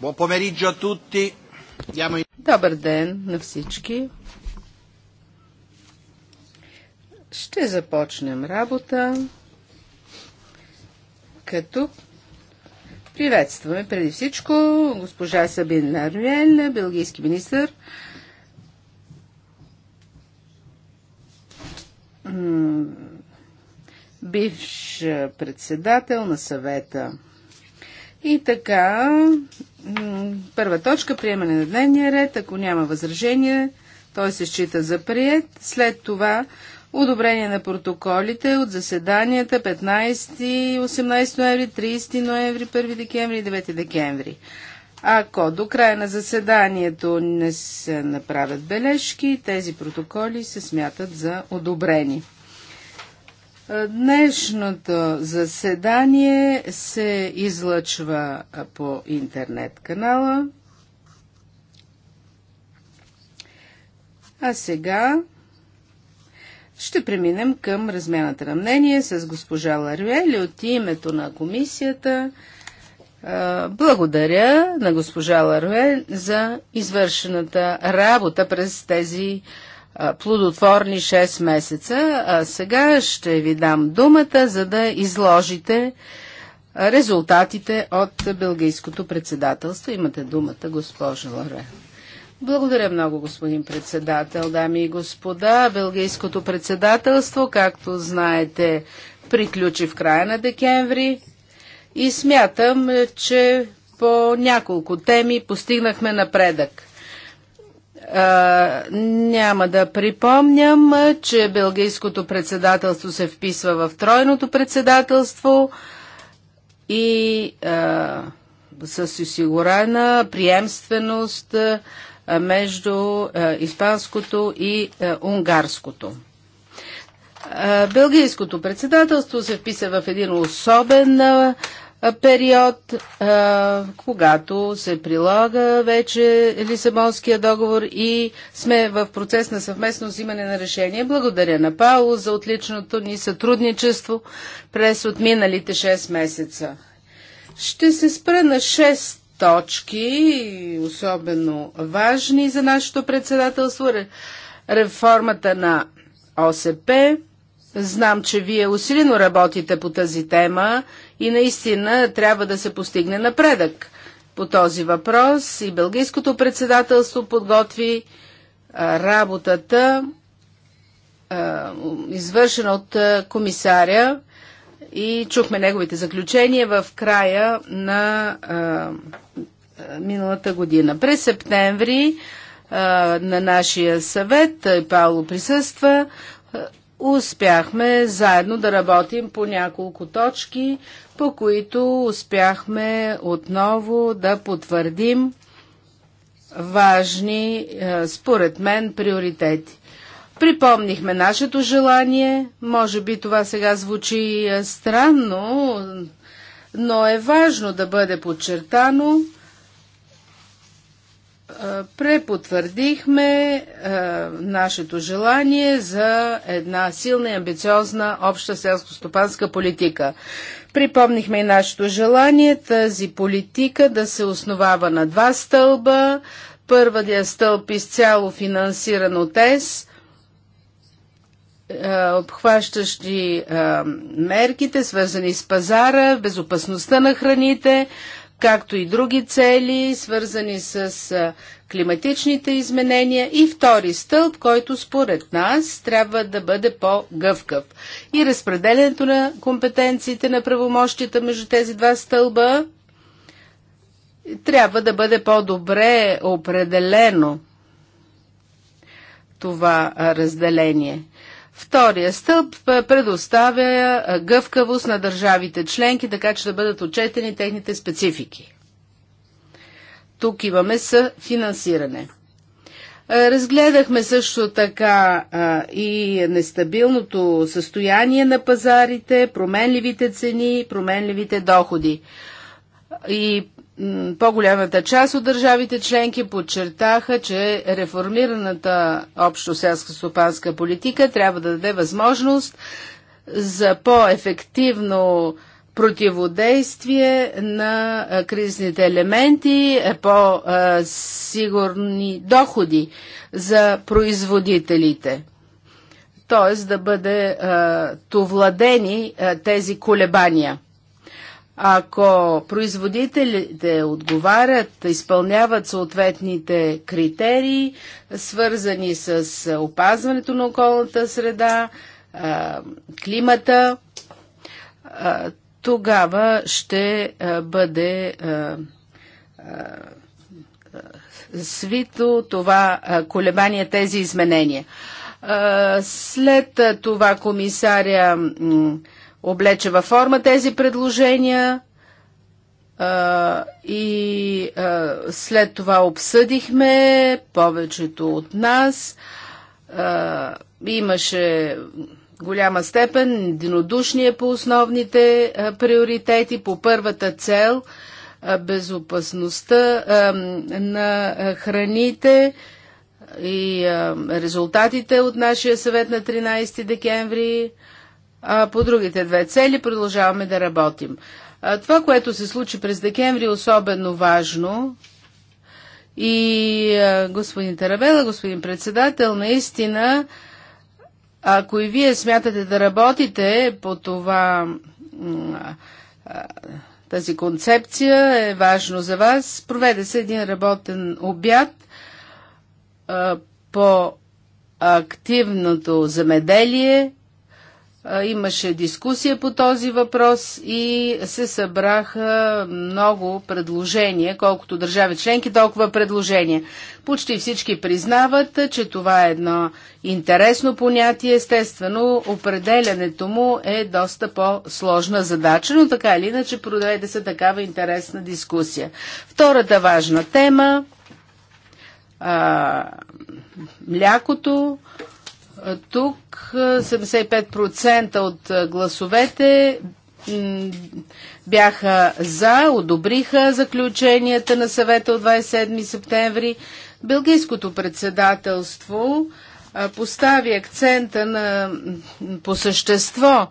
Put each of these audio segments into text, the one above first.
Buon pomeriggio a tutti. Добър ден на всички. Ще започнем работа, като приветстваме преди всичко госпожа Сабин Нарвен, белгийски министр. Бивш председател на съвета и така, първа точка, приемане на дневния ред. Ако няма възражение, той се счита за прият. След това одобрение на протоколите от заседанията 15 и 18 ноември, 30 ноември, 1 декември и 9 декември. Ако до края на заседанието не се направят бележки, тези протоколи се смятат за одобрени. Е, днешното заседание се излъчва по интернет канала. А сега ще преминем към размяната на мнение с госпожа Ларвели от името на комисията. Е, благодаря на госпожа Ларвели за извършената работа през тези плодотворни 6 месеца. А сега ще ви дам думата, за да изложите резултатите от Белгийското председателство. Имате думата, госпожо Лоре. Благодаря много, господин председател, дами и господа. Белгийското председателство, както знаете, приключи в края на декември и смятам, че по няколко теми постигнахме напредък няма да припомням, че Белгийското председателство се вписва в тройното председателство и с осигурена приемственост между испанското и унгарското. Белгийското председателство се вписа в един особен а, период, когато се прилага вече Лисабонския договор и сме в процес на съвместно взимане на решение. Благодаря на Пауло за отличното ни сътрудничество през отминалите 6 месеца. Ще се спра на 6 точки, особено важни за нашето председателство. Реформата на ОСП. Знам, че вие усилено работите по тази тема и наистина трябва да се постигне напредък по този въпрос и Белгийското председателство подготви работата, извършена от комисаря и чухме неговите заключения в края на миналата година. През септември на нашия съвет Пауло присъства успяхме заедно да работим по няколко точки, по които успяхме отново да потвърдим важни, е, според мен, приоритети. Припомнихме нашето желание, може би това сега звучи е, странно, но е важно да бъде подчертано, препотвърдихме а, нашето желание за една силна и амбициозна обща селско-стопанска политика. Припомнихме и нашето желание тази политика да се основава на два стълба. Първият стълб изцяло финансиран от ЕС, обхващащи мерките, свързани с пазара, безопасността на храните, както и други цели, свързани с климатичните изменения и втори стълб, който според нас трябва да бъде по-гъвкав. И разпределението на компетенциите на правомощията между тези два стълба трябва да бъде по-добре определено това разделение. Втория стълб е, предоставя е, гъвкавост на държавите членки, така че да бъдат отчетени техните специфики. Тук имаме съфинансиране. Е, разгледахме също така и нестабилното състояние на пазарите, променливите цени, променливите доходи. И по-голямата част от държавите членки подчертаха, че реформираната общо селско-стопанска политика трябва да даде възможност за по-ефективно противодействие на кризните елементи, по-сигурни доходи за производителите. Т.е. да бъде товладени тези колебания. Ако производителите отговарят, изпълняват съответните критерии, свързани с опазването на околната среда, климата, тогава ще бъде свито това колебание, тези изменения. След това комисаря облече във форма тези предложения а, и а, след това обсъдихме повечето от нас. А, имаше голяма степен единодушния по основните а, приоритети, по първата цел а, безопасността а, на храните и резултатите от нашия съвет на 13 декември. А по другите две цели продължаваме да работим. А, това, което се случи през декември, е особено важно. И а, господин Тарабела, господин председател, наистина, ако и вие смятате да работите по това, тази концепция е важно за вас, проведе се един работен обяд по активното замеделие Имаше дискусия по този въпрос и се събраха много предложения, колкото държави членки, толкова предложения. Почти всички признават, че това е едно интересно понятие. Естествено, определянето му е доста по-сложна задача, но така или иначе проведе се такава интересна дискусия. Втората важна тема а, млякото, тук 75% от гласовете бяха за, одобриха заключенията на съвета от 27 септември. Белгийското председателство постави акцента на, по същество.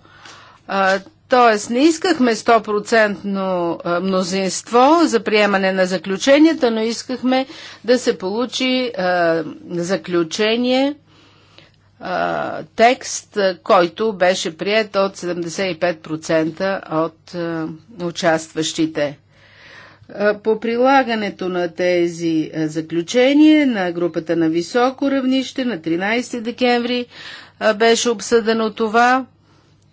Тоест, не искахме 100% мнозинство за приемане на заключенията, но искахме да се получи заключение текст, който беше прият от 75% от а, участващите. По прилагането на тези заключения на групата на високо равнище на 13 декември беше обсъдено това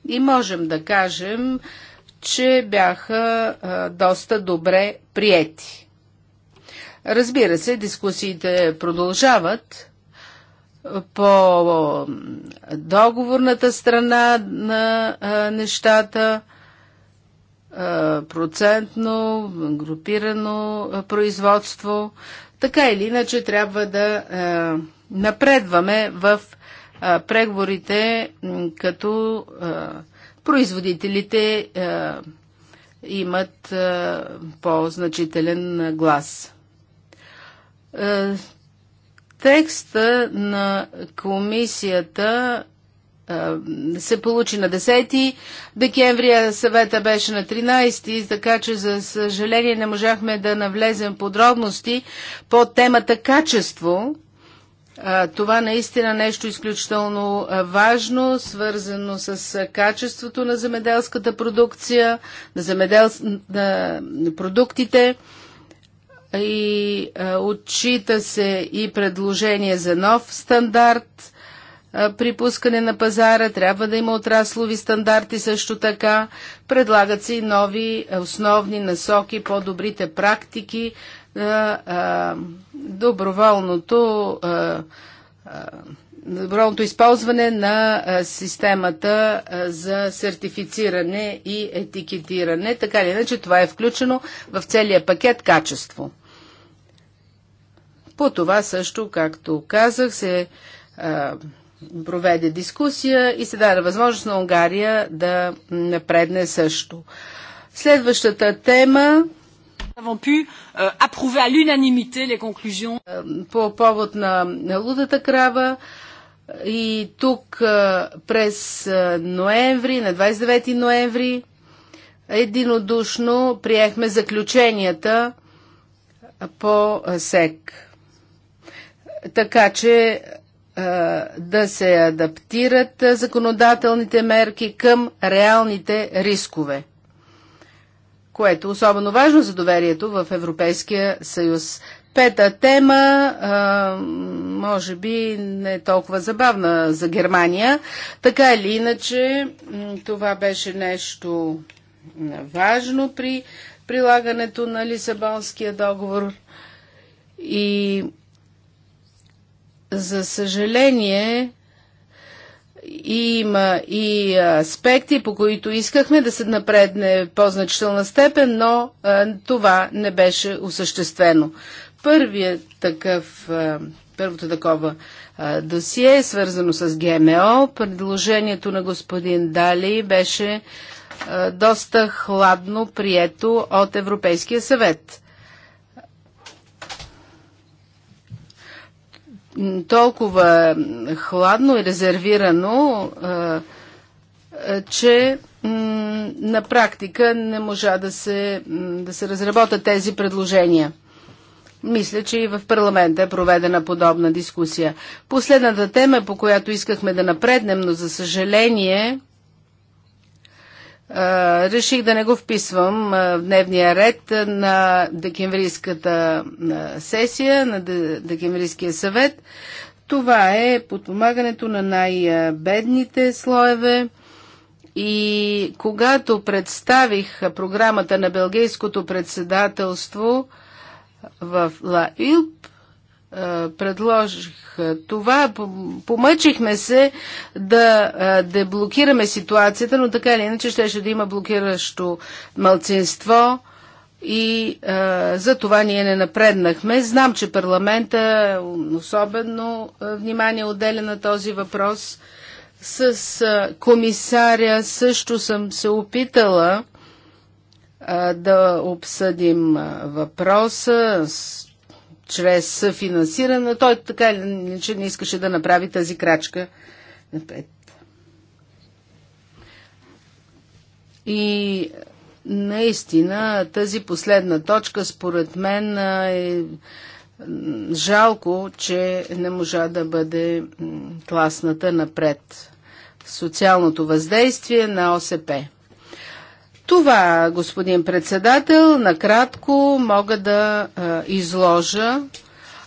и можем да кажем, че бяха доста добре приети. Разбира се, дискусиите продължават по договорната страна на нещата, процентно, групирано производство. Така или иначе трябва да напредваме в преговорите, като производителите имат по-значителен глас Текста на комисията се получи на 10 декември, а съвета беше на 13, така че за съжаление не можахме да навлезем подробности по темата качество. Това наистина нещо изключително важно, свързано с качеството на земеделската продукция, на, земедел... на продуктите и е, отчита се и предложение за нов стандарт е, при пускане на пазара. Трябва да има отраслови стандарти също така. Предлагат се и нови е, основни насоки, по-добрите практики а, доброволното доброволното използване на системата за сертифициране и етикетиране. Така или иначе това е включено в целия пакет качество. По това също, както казах, се а, проведе дискусия и се даде възможност на Унгария да напредне също. Следващата тема euh, по повод на лудата крава и тук през ноември, на 29 ноември, единодушно приехме заключенията по СЕК така че да се адаптират законодателните мерки към реалните рискове, което е особено важно за доверието в Европейския съюз. Пета тема, може би не е толкова забавна за Германия. Така или иначе, това беше нещо важно при прилагането на Лисабонския договор и за съжаление, има и аспекти, по които искахме да се напредне по-значителна степен, но а, това не беше осъществено. Първият такъв, а, първото такова а, досие е свързано с ГМО. Предложението на господин Дали беше доста хладно прието от Европейския съвет. толкова хладно и резервирано, че на практика не можа да се, да се разработят тези предложения. Мисля, че и в парламента е проведена подобна дискусия. Последната тема, по която искахме да напреднем, но за съжаление реших да не го вписвам в дневния ред на декемврийската сесия, на декемврийския съвет. Това е подпомагането на най-бедните слоеве. И когато представих програмата на Белгийското председателство в Ла Илп, е, предложих това. Помъчихме се да е, деблокираме ситуацията, но така или иначе щеше да има блокиращо мълцинство и а, е, за това ние не напреднахме. Знам, че парламента особено внимание отделя на този въпрос. С а, комисаря също съм се опитала а, да обсъдим въпроса. С чрез финансиране. Той така или че не искаше да направи тази крачка напред. И наистина тази последна точка според мен е жалко, че не можа да бъде класната напред. Социалното въздействие на ОСП. Това, господин председател, накратко мога да а, изложа,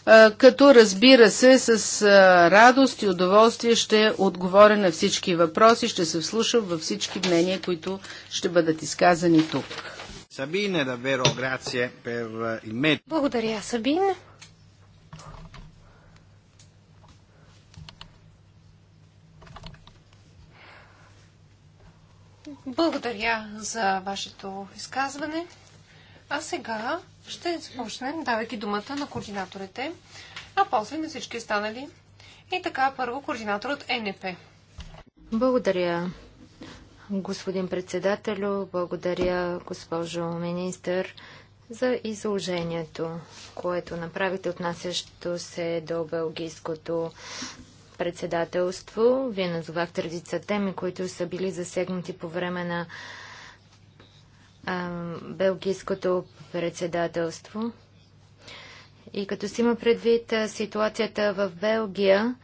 а, като разбира се с а, радост и удоволствие ще отговоря на всички въпроси, ще се вслушам във всички мнения, които ще бъдат изказани тук. Сабине, да веро, грация, пер, Благодаря, Сабин. Благодаря за вашето изказване. А сега ще започнем, давайки думата на координаторите, а после на всички останали. И така, първо координаторът е НП. Благодаря, господин председателю, благодаря, госпожо министър, за изложението, което направите, отнасящо се до белгийското председателство. Вие назовахте редица теми, които са били засегнати по време на а, белгийското председателство. И като си има предвид а, ситуацията в Белгия,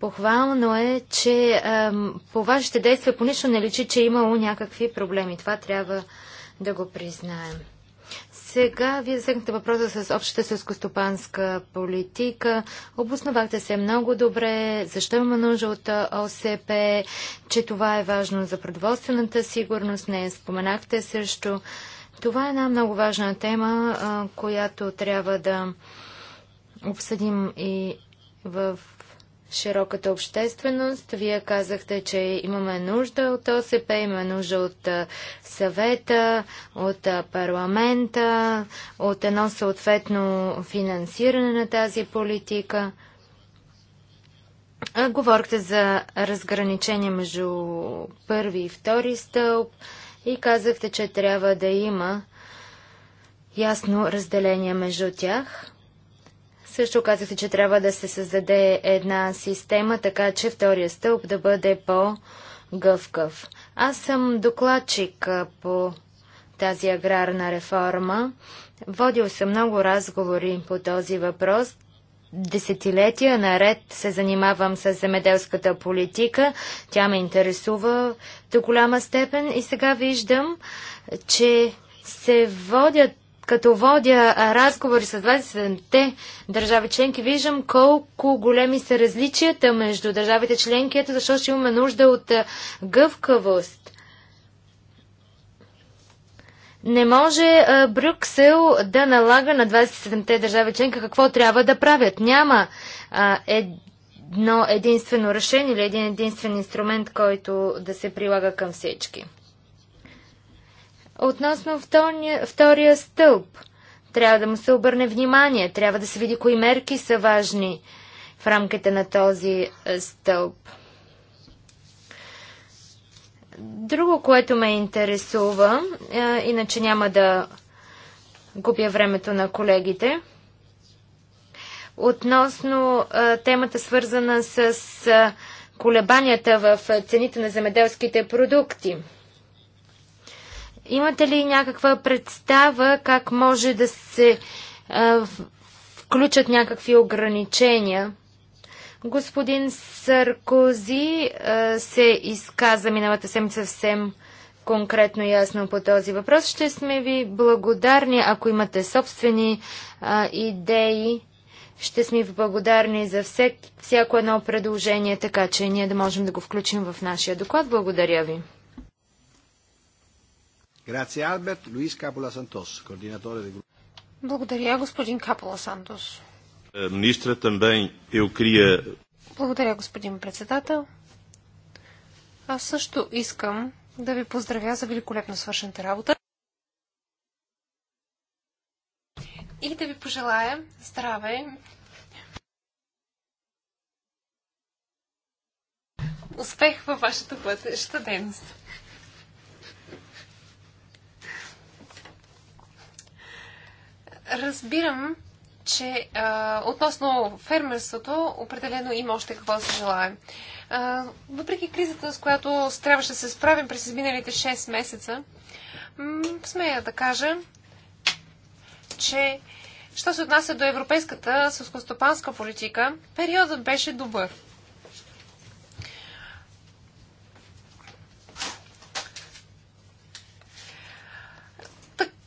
похвално е, че а, по вашите действия по нищо не личи, че е имало някакви проблеми. Това трябва да го признаем. Сега вие засегнахте въпроса с общата селскостопанска политика. Обосновахте се много добре, защо има нужда от ОСП, че това е важно за продоволствената сигурност. Не споменахте също. Това е една много важна тема, която трябва да обсъдим и в широката общественост. Вие казахте, че имаме нужда от ОСП, имаме нужда от съвета, от парламента, от едно съответно финансиране на тази политика. Говорихте за разграничение между първи и втори стълб и казахте, че трябва да има ясно разделение между тях. Също казах, че трябва да се създаде една система, така че втория стълб да бъде по-гъвкав. Аз съм докладчик по тази аграрна реформа. Водил съм много разговори по този въпрос. Десетилетия наред се занимавам с земеделската политика. Тя ме интересува до голяма степен и сега виждам, че се водят като водя разговори с 27-те държави членки, виждам колко големи са различията между държавите членки, ето защо ще имаме нужда от гъвкавост. Не може Брюксел да налага на 27-те държави членки какво трябва да правят. Няма едно единствено решение или един единствен инструмент, който да се прилага към всички. Относно втория, втория стълб, трябва да му се обърне внимание, трябва да се види кои мерки са важни в рамките на този е, стълб. Друго, което ме интересува, е, иначе няма да губя времето на колегите, относно е, темата свързана с колебанията в цените на земеделските продукти – Имате ли някаква представа как може да се а, включат някакви ограничения? Господин Саркози а, се изказа миналата седмица съвсем конкретно и ясно по този въпрос. Ще сме ви благодарни, ако имате собствени а, идеи. Ще сме ви благодарни за всек, всяко едно предложение, така че ние да можем да го включим в нашия доклад. Благодаря ви. Grazie Albert. Luis Capola Santos, del Благодаря, господин Капола Сантос. Е, Министра, também Благодаря, господин председател. Аз също искам да ви поздравя за великолепно свършената работа и да ви пожелая здраве. Успех във вашата бъдеща дейност. Разбирам, че а, относно фермерството определено има още какво да се желаем. А, въпреки кризата, с която трябваше да се справим през изминалите 6 месеца, смея да кажа, че що се отнася до европейската сълскостопанска политика, периодът беше добър.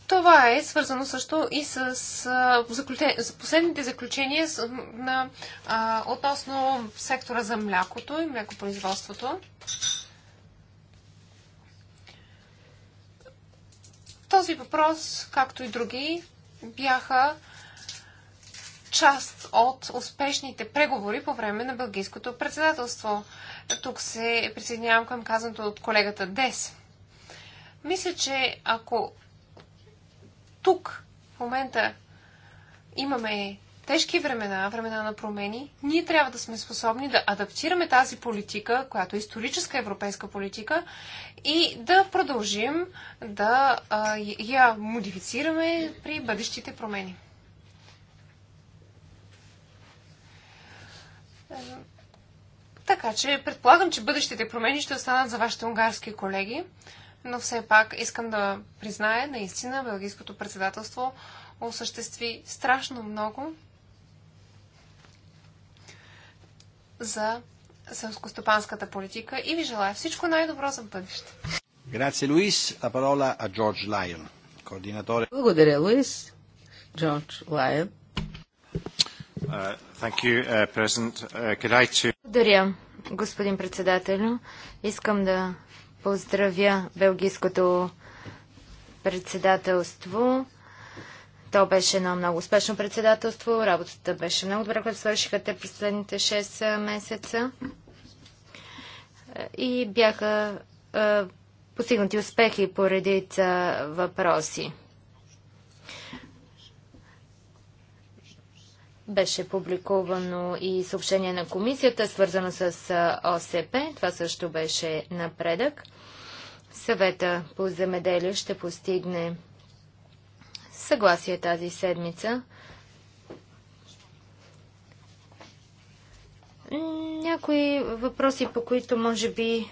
Това е свързано също и с а, последните заключения с, на, а, относно сектора за млякото и млекопроизводството. Този въпрос, както и други, бяха част от успешните преговори по време на бългийското председателство. Тук се присъединявам към казаното от колегата Дес. Мисля, че ако тук, в момента, имаме тежки времена, времена на промени, ние трябва да сме способни да адаптираме тази политика, която е историческа европейска политика, и да продължим да а, я модифицираме при бъдещите промени. Така че предполагам, че бъдещите промени ще останат за вашите унгарски колеги но все пак искам да призная, наистина Белгийското председателство осъществи страшно много за селскостопанската политика и ви желая всичко най-добро за бъдеще. Grazie Luis, la parola a George Lyon, coordinatore. Благодаря, Луис. Джордж Лайон. Uh, you, uh, uh, to... Благодаря, господин председател. Искам да поздравя Белгийското председателство. То беше едно много успешно председателство. Работата беше много добре, която свършиха те последните 6 месеца. И бяха е, постигнати успехи по редица въпроси. Беше публикувано и съобщение на комисията, свързано с ОСП. Това също беше напредък. Съвета по земеделие ще постигне съгласие тази седмица. Някои въпроси, по които може би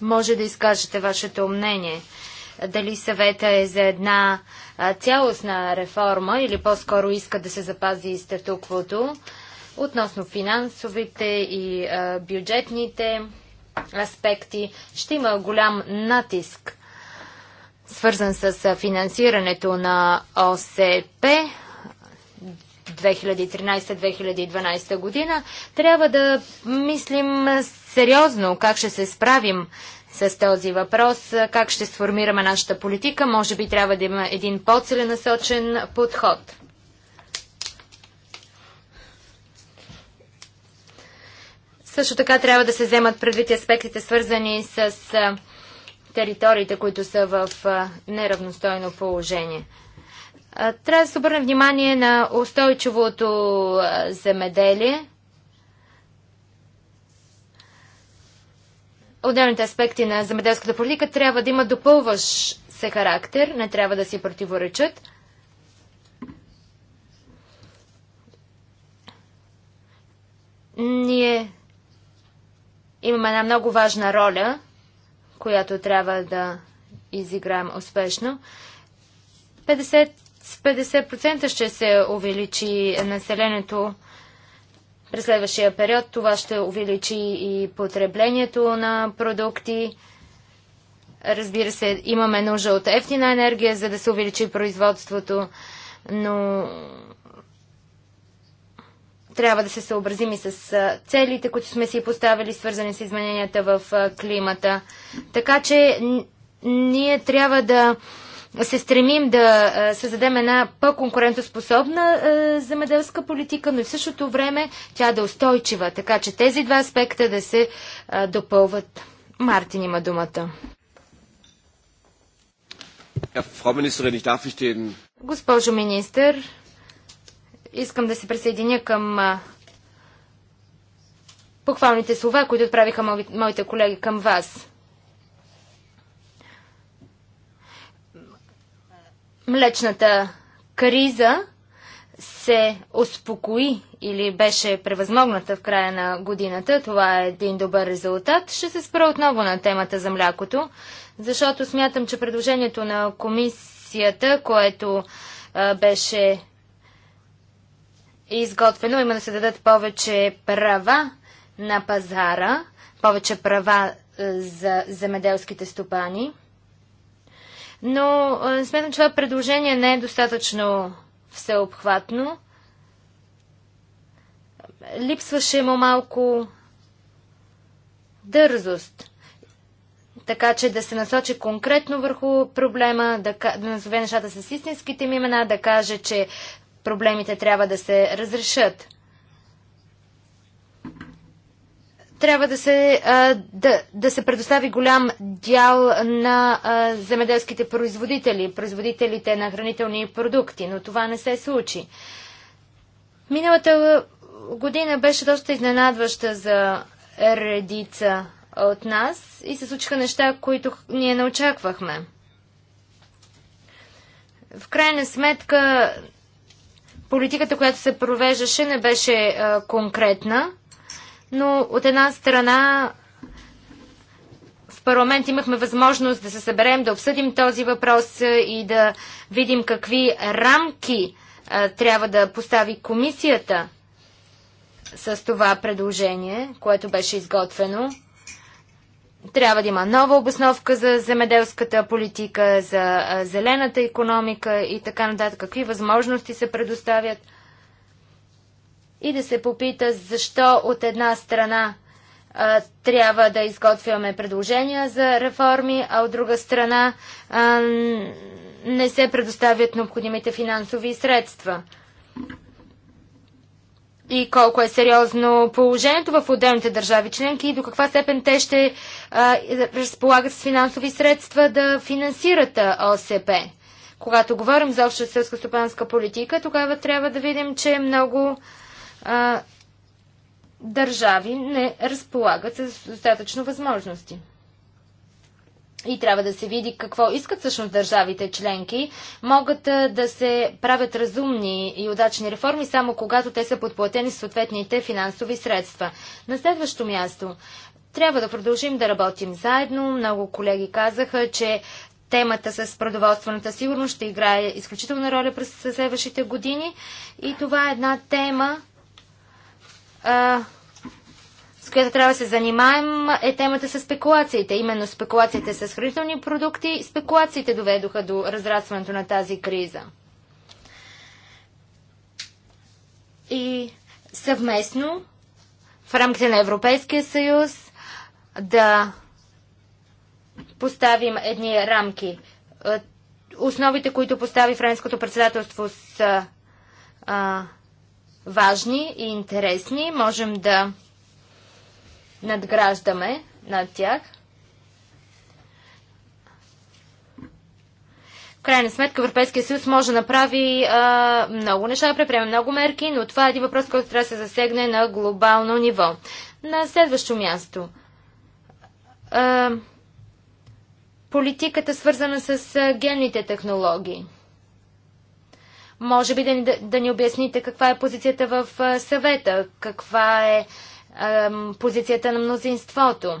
може да изкажете вашето мнение. Дали съвета е за една цялостна реформа или по-скоро иска да се запази статуквото относно финансовите и бюджетните аспекти. Ще има голям натиск, свързан с финансирането на ОСП 2013-2012 година. Трябва да мислим сериозно как ще се справим с този въпрос, как ще сформираме нашата политика. Може би трябва да има един по-целенасочен подход. Също така трябва да се вземат предвид аспектите, свързани с териториите, които са в неравностойно положение. Трябва да се обърне внимание на устойчивото земеделие. Отделните аспекти на земеделската политика трябва да имат допълващ се характер, не трябва да си противоречат. Ние имаме една много важна роля, която трябва да изиграем успешно. 50, с 50% ще се увеличи населението през следващия период. Това ще увеличи и потреблението на продукти. Разбира се, имаме нужда от ефтина енергия, за да се увеличи производството, но трябва да се съобразим и с целите, които сме си поставили, свързани с измененията в климата. Така че ние трябва да се стремим да създадем една по-конкурентоспособна земеделска политика, но и в същото време тя да е устойчива. Така че тези два аспекта да се допълват. Мартин има думата. Госпожо министър, Искам да се присъединя към похвалните слова, които отправиха моите колеги към вас. Млечната криза се успокои или беше превъзмогната в края на годината. Това е един добър резултат. Ще се спра отново на темата за млякото, защото смятам, че предложението на комисията, което беше изготвено, има да се дадат повече права на пазара, повече права е, за земеделските стопани. Но е, смятам, че това предложение не е достатъчно всеобхватно. Липсваше му малко дързост, така че да се насочи конкретно върху проблема, да, да назове нещата с истинските им имена, да каже, че проблемите трябва да се разрешат. Трябва да се, да, да се предостави голям дял на земеделските производители, производителите на хранителни продукти, но това не се случи. Миналата година беше доста изненадваща за редица от нас и се случиха неща, които ние не очаквахме. В крайна сметка Политиката, която се провеждаше, не беше а, е, конкретна, но от една страна в парламент имахме възможност да се съберем, да обсъдим този въпрос е, и да видим какви рамки а, е, трябва да постави комисията с това предложение, което беше изготвено. Трябва да има нова обосновка за земеделската политика, за зелената економика и така нататък. Какви възможности се предоставят? И да се попита защо от една страна а, трябва да изготвяме предложения за реформи, а от друга страна а, не се предоставят необходимите финансови средства и колко е сериозно положението в отделните държави членки и до каква степен те ще а, разполагат с финансови средства да финансират ОСП. Когато говорим за обща селско-стопанска политика, тогава трябва да видим, че много а, държави не разполагат с достатъчно възможности и трябва да се види какво искат всъщност държавите членки. Могат да се правят разумни и удачни реформи само когато те са подплатени с съответните финансови средства. На следващо място. Трябва да продължим да работим заедно. Много колеги казаха, че темата с продоволствената сигурност ще играе изключителна роля през следващите години. И това е една тема, с която трябва да се занимаем, е темата с спекулациите. Именно спекулациите с хранителни продукти, спекулациите доведоха до разрастването на тази криза. И съвместно в рамките на Европейския съюз да поставим едни рамки. Е, основите, които постави френското председателство са а, важни и интересни. Можем да надграждаме над тях. крайна сметка Европейския съюз може да направи а, много неща, да преприеме много мерки, но това е един въпрос, който трябва да се засегне на глобално ниво. На следващо място. А, политиката свързана с генните технологии. Може би да ни, да, да ни обясните каква е позицията в а, съвета, каква е позицията на мнозинството.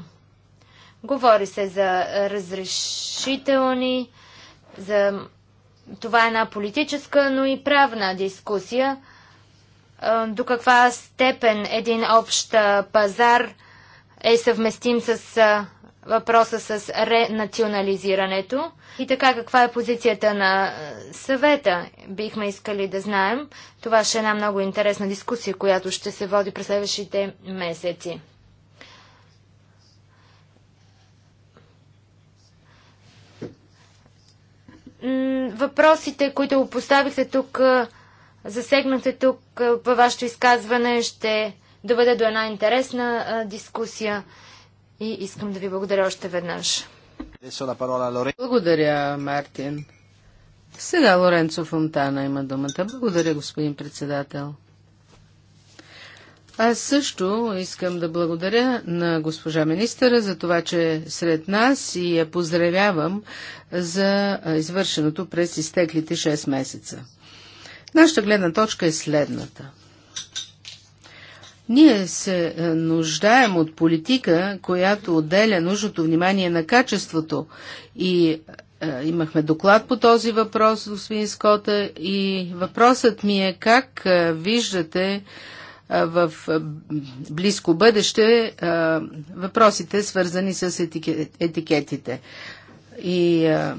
Говори се за разрешителни, за... Това е една политическа, но и правна дискусия. До каква степен един общ пазар е съвместим с въпроса с ренационализирането. И така, каква е позицията на е, съвета, бихме искали да знаем. Това ще е една много интересна дискусия, която ще се води през следващите месеци. Въпросите, които поставихте тук, е, засегнахте тук е, във вашето изказване, ще доведе до една интересна дискусия. И искам да ви благодаря още веднъж. Благодаря, Мартин. Сега Лоренцо Фонтана има думата. Благодаря, господин председател. Аз също искам да благодаря на госпожа министъра за това, че е сред нас и я поздравявам за извършеното през изтеклите 6 месеца. Нашата гледна точка е следната – ние се е, нуждаем от политика, която отделя нужното внимание на качеството. И е, имахме доклад по този въпрос, господин Скота, и въпросът ми е как е, виждате е, в близко бъдеще е, въпросите, свързани с етикет, етикетите. И е,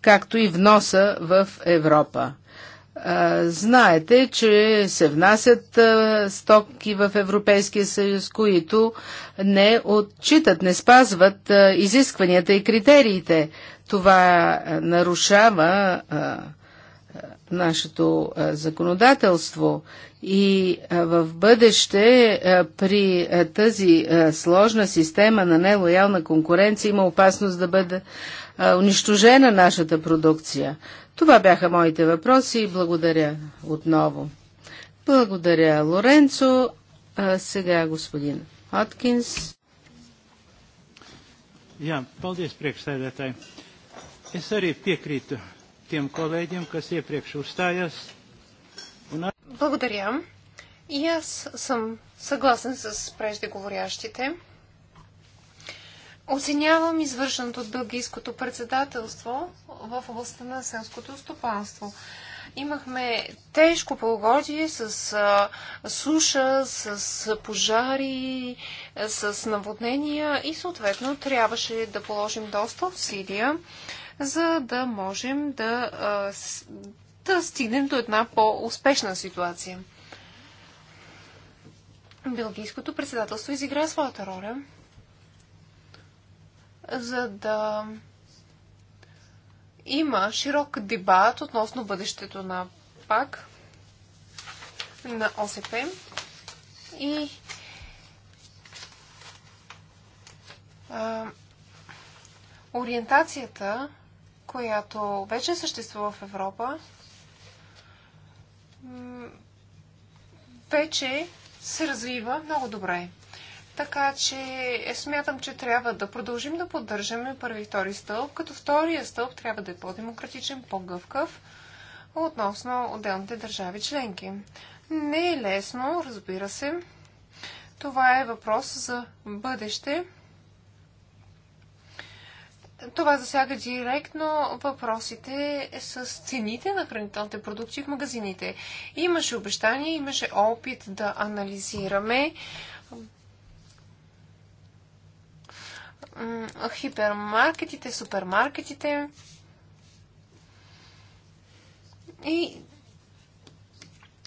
както и вноса в Европа. Знаете, че се внасят стоки в Европейския съюз, които не отчитат, не спазват изискванията и критериите. Това нарушава нашето законодателство и в бъдеще при тази сложна система на нелоялна конкуренция има опасност да бъде унищожена нашата продукция. Това бяха моите въпроси и благодаря отново. Благодаря, Лоренцо. А сега господин Откинс. Ja, paldies priekšsēdētāji. Es arī piekrītu тем колегям, къс е прекше устаяс. Благодаря. И аз съм съгласен с преждеговорящите. Оценявам извършеното от бългийското председателство в областта на селското стопанство. Имахме тежко полугодие с а, суша, с а, пожари, с наводнения и съответно трябваше да положим доста усилия за да можем да, да стигнем до една по-успешна ситуация. Белгийското председателство изигра своята роля, за да има широк дебат относно бъдещето на ПАК, на ОСП и а, ориентацията която вече съществува в Европа, вече се развива много добре. Така че е, смятам, че трябва да продължим да поддържаме първи и втори стълб, като втория стълб трябва да е по-демократичен, по-гъвкав относно отделните държави членки. Не е лесно, разбира се. Това е въпрос за бъдеще това засяга директно въпросите с цените на хранителните продукти в магазините. Имаше обещания, имаше опит да анализираме хипермаркетите, супермаркетите и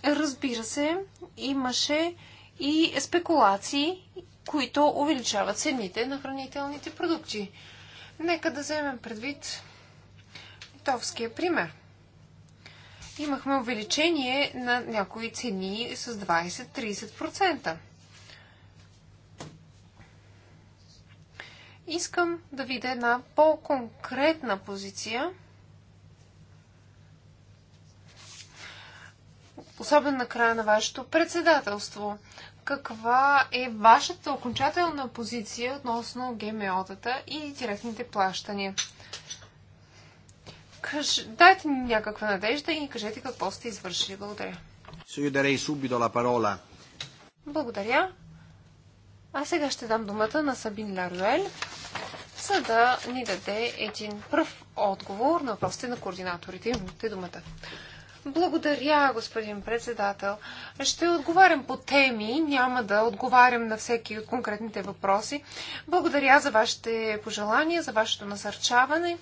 разбира се, имаше и спекулации, които увеличават цените на хранителните продукти. Нека да вземем предвид литовския пример. Имахме увеличение на някои цени с 20-30%. Искам да видя една по-конкретна позиция, особено на края на вашето председателство каква е вашата окончателна позиция относно ГМО-тата и директните плащания. Каж... Дайте ни някаква надежда и кажете какво сте извършили. Благодаря. Благодаря. А сега ще дам думата на Сабин Ларуел, за да ни даде един пръв отговор на въпросите на координаторите. Имате думата. Благодаря, господин председател. Ще отговарям по теми, няма да отговарям на всеки от конкретните въпроси. Благодаря за вашите пожелания, за вашето насърчаване.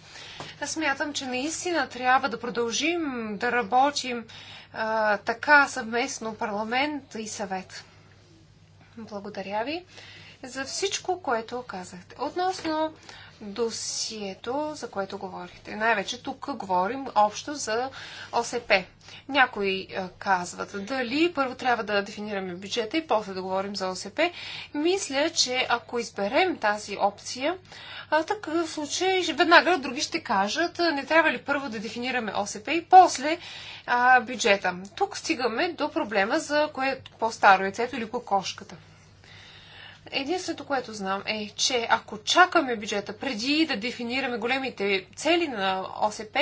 Аз смятам, че наистина трябва да продължим да работим а, така съвместно парламент и съвет. Благодаря ви за всичко, което казахте. Относно досието, за което говорихте. Най-вече тук говорим общо за ОСП. Някои е, казват дали първо трябва да дефинираме бюджета и после да говорим за ОСП. Мисля, че ако изберем тази опция, а, в случай веднага други ще кажат, не трябва ли първо да дефинираме ОСП и после а, бюджета. Тук стигаме до проблема за кое по-старо яйцето или кокошката. Единственото, което знам е, че ако чакаме бюджета преди да дефинираме големите цели на ОСП,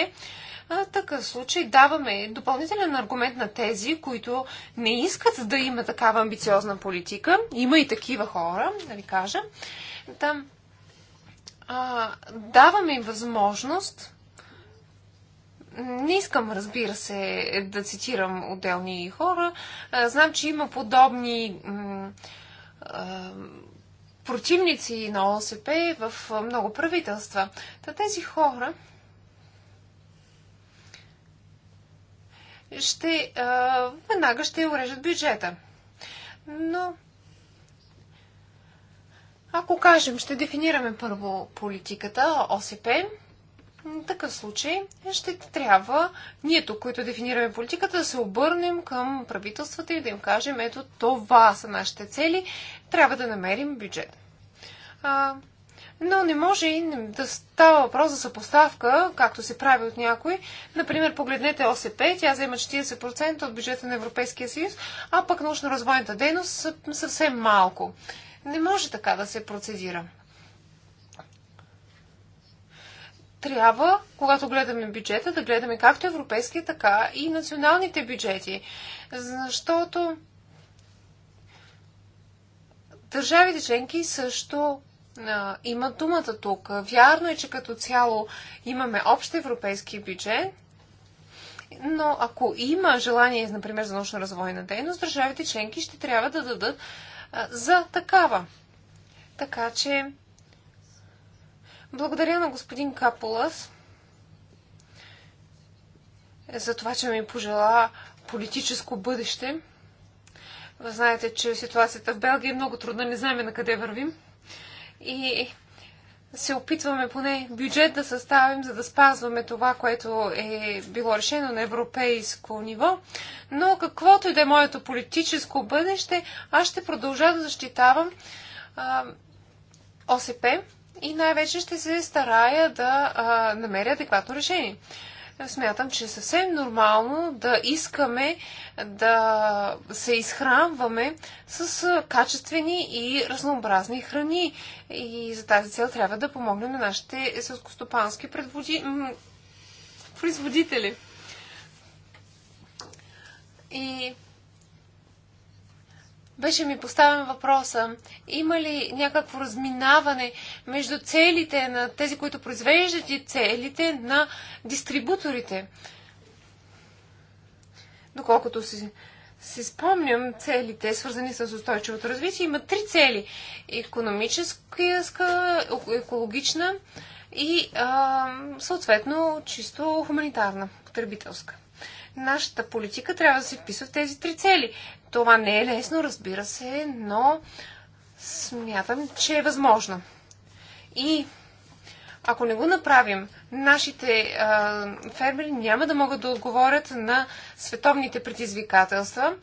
а, такъв случай даваме допълнителен аргумент на тези, които не искат да има такава амбициозна политика. Има и такива хора, да ви кажа. Да, а, даваме им възможност. Не искам, разбира се, да цитирам отделни хора. А, знам, че има подобни. М- противници на ОСП в много правителства. Та тези хора ще, веднага ще урежат бюджета. Но ако кажем, ще дефинираме първо политиката ОСП, такъв случай ще трябва ние тук, които дефинираме политиката, да се обърнем към правителствата и да им кажем, ето това са нашите цели, трябва да намерим бюджет. А, но не може и да става въпрос за съпоставка, както се прави от някой. Например, погледнете ОСП, тя взема 40% от бюджета на Европейския съюз, а пък научно-развойната дейност съвсем малко. Не може така да се процедира. трябва, когато гледаме бюджета, да гледаме както европейския, така и националните бюджети. Защото държавите членки също а, имат думата тук. Вярно е, че като цяло имаме общ европейски бюджет, но ако има желание, например, за научно-развойна дейност, държавите членки ще трябва да дадат а, за такава. Така че благодаря на господин Капулас за това, че ми пожела политическо бъдеще. Знаете, че ситуацията в Белгия е много трудна, не знаем на къде вървим. И се опитваме поне бюджет да съставим, за да спазваме това, което е било решено на европейско ниво. Но каквото и да е моето политическо бъдеще, аз ще продължа да защитавам а, ОСП и най-вече ще се старая да а, намеря адекватно решение. Смятам, че е съвсем нормално да искаме да се изхранваме с качествени и разнообразни храни. И за тази цел трябва да помогнем на нашите селскостопански предводи... производители. И беше ми поставен въпроса, има ли някакво разминаване между целите на тези, които произвеждат и целите на дистрибуторите? Доколкото си, си спомням целите, свързани с устойчивото развитие, има три цели. Економическа, екологична и а, съответно чисто хуманитарна, потребителска. Нашата политика трябва да се вписва в тези три цели. Това не е лесно, разбира се, но смятам, че е възможно. И ако не го направим, нашите а, фермери няма да могат да отговорят на световните предизвикателства,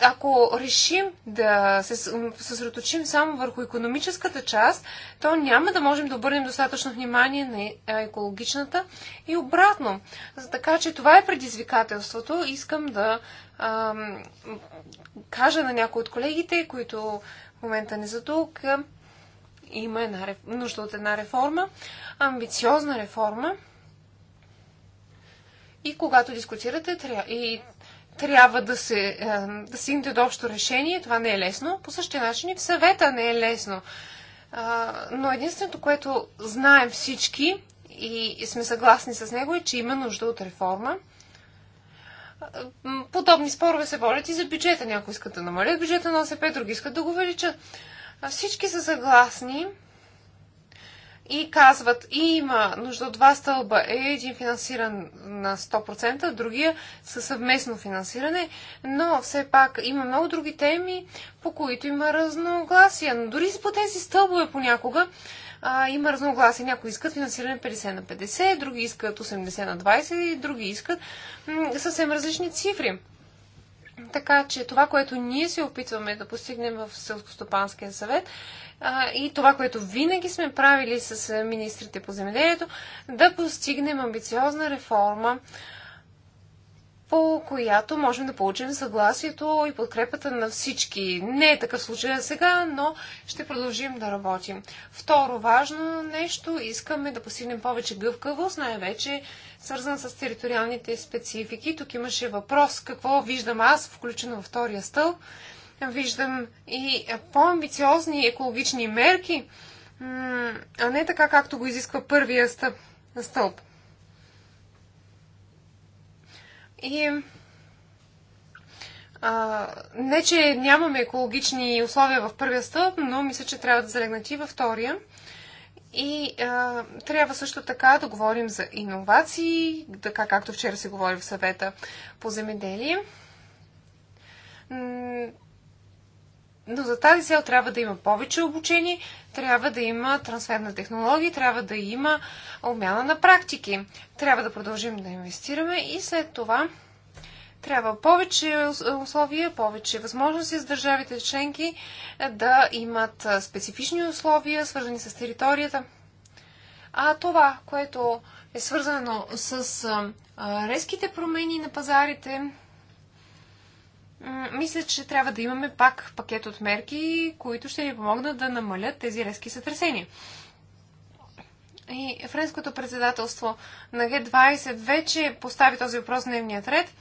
ако решим да се съсредоточим само върху економическата част, то няма да можем да обърнем достатъчно внимание на е, екологичната и обратно. Така че това е предизвикателството. Искам да ам, кажа на някои от колегите, които в момента не са тук, има една, нужда от една реформа, амбициозна реформа. И когато дискутирате и трябва да се, е, да стигнете до общо решение. Това не е лесно. По същия начин и в съвета не е лесно. Но единственото, което знаем всички и сме съгласни с него е, че има нужда от реформа. Подобни спорове се водят и за бюджета. Някои искат да намалят бюджета на ОСП, други искат да го увеличат. Всички са съгласни, и казват, има нужда от два стълба. Е, един финансиран на 100%, другия със съвместно финансиране, но все пак има много други теми, по които има разногласия. Но дори по тези стълбове понякога а, има разногласия. Някои искат финансиране 50 на 50, други искат 80 на 20, други искат съвсем различни цифри. Така че това, което ние се опитваме да постигнем в Селскостопанския съвет, а, и това, което винаги сме правили с министрите по земеделието, да постигнем амбициозна реформа, по която можем да получим съгласието и подкрепата на всички. Не е такъв случай сега, но ще продължим да работим. Второ важно нещо, искаме да постигнем повече гъвкавост, най-вече свързан с териториалните специфики. Тук имаше въпрос какво виждам аз, включено във втория стълб виждам и по-амбициозни екологични мерки, а не така, както го изисква първия стъп, стълб. И а, не, че нямаме екологични условия в първия стълб, но мисля, че трябва да залегнат и във втория. И а, трябва също така да говорим за иновации, така както вчера се говори в съвета по земеделие. Но за тази цел трябва да има повече обучение, трябва да има трансфер на технологии, трябва да има обмяна на практики. Трябва да продължим да инвестираме и след това трябва повече условия, повече възможности с държавите членки е, да имат е, специфични условия, свързани с територията. А това, което е свързано с е, резките промени на пазарите, мисля, че трябва да имаме пак пакет от мерки, които ще ни помогнат да намалят тези резки сътресения. И френското председателство на Г-20 вече постави този въпрос в дневният ред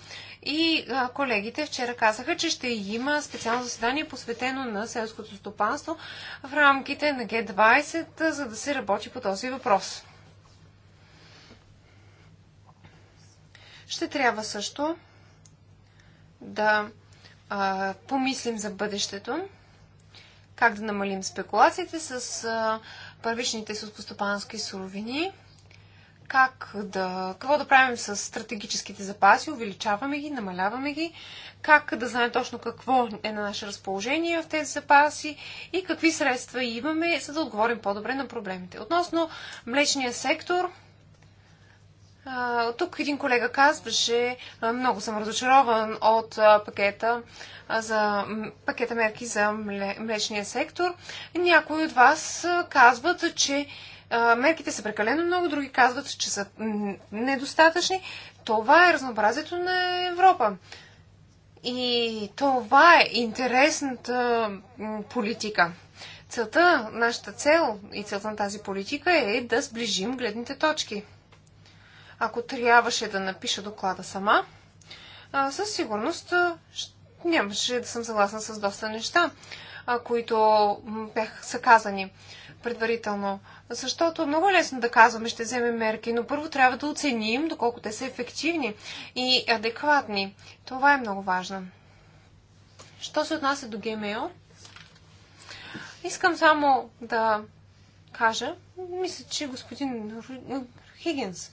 и колегите вчера казаха, че ще има специално заседание посветено на селското стопанство в рамките на Г-20, за да се работи по този въпрос. Ще трябва също да а, помислим за бъдещето, как да намалим спекулациите с а, първичните сълскостопански суровини, как да, какво да правим с стратегическите запаси, увеличаваме ги, намаляваме ги, как да знаем точно какво е на наше разположение в тези запаси и какви средства имаме, за да отговорим по-добре на проблемите. Относно млечния сектор – тук един колега казваше, много съм разочарован от пакета, за, пакета мерки за млечния сектор. Някои от вас казват, че мерките са прекалено много, други казват, че са недостатъчни. Това е разнообразието на Европа. И това е интересната политика. Целта, нашата цел и целта на тази политика е да сближим гледните точки – ако трябваше да напиша доклада сама, със сигурност нямаше да съм съгласна с доста неща, които бях са казани предварително. Защото е много лесно да казваме, ще вземем мерки, но първо трябва да оценим доколко те са ефективни и адекватни. Това е много важно. Що се отнася до ГМО? Искам само да кажа, мисля, че господин Хигинс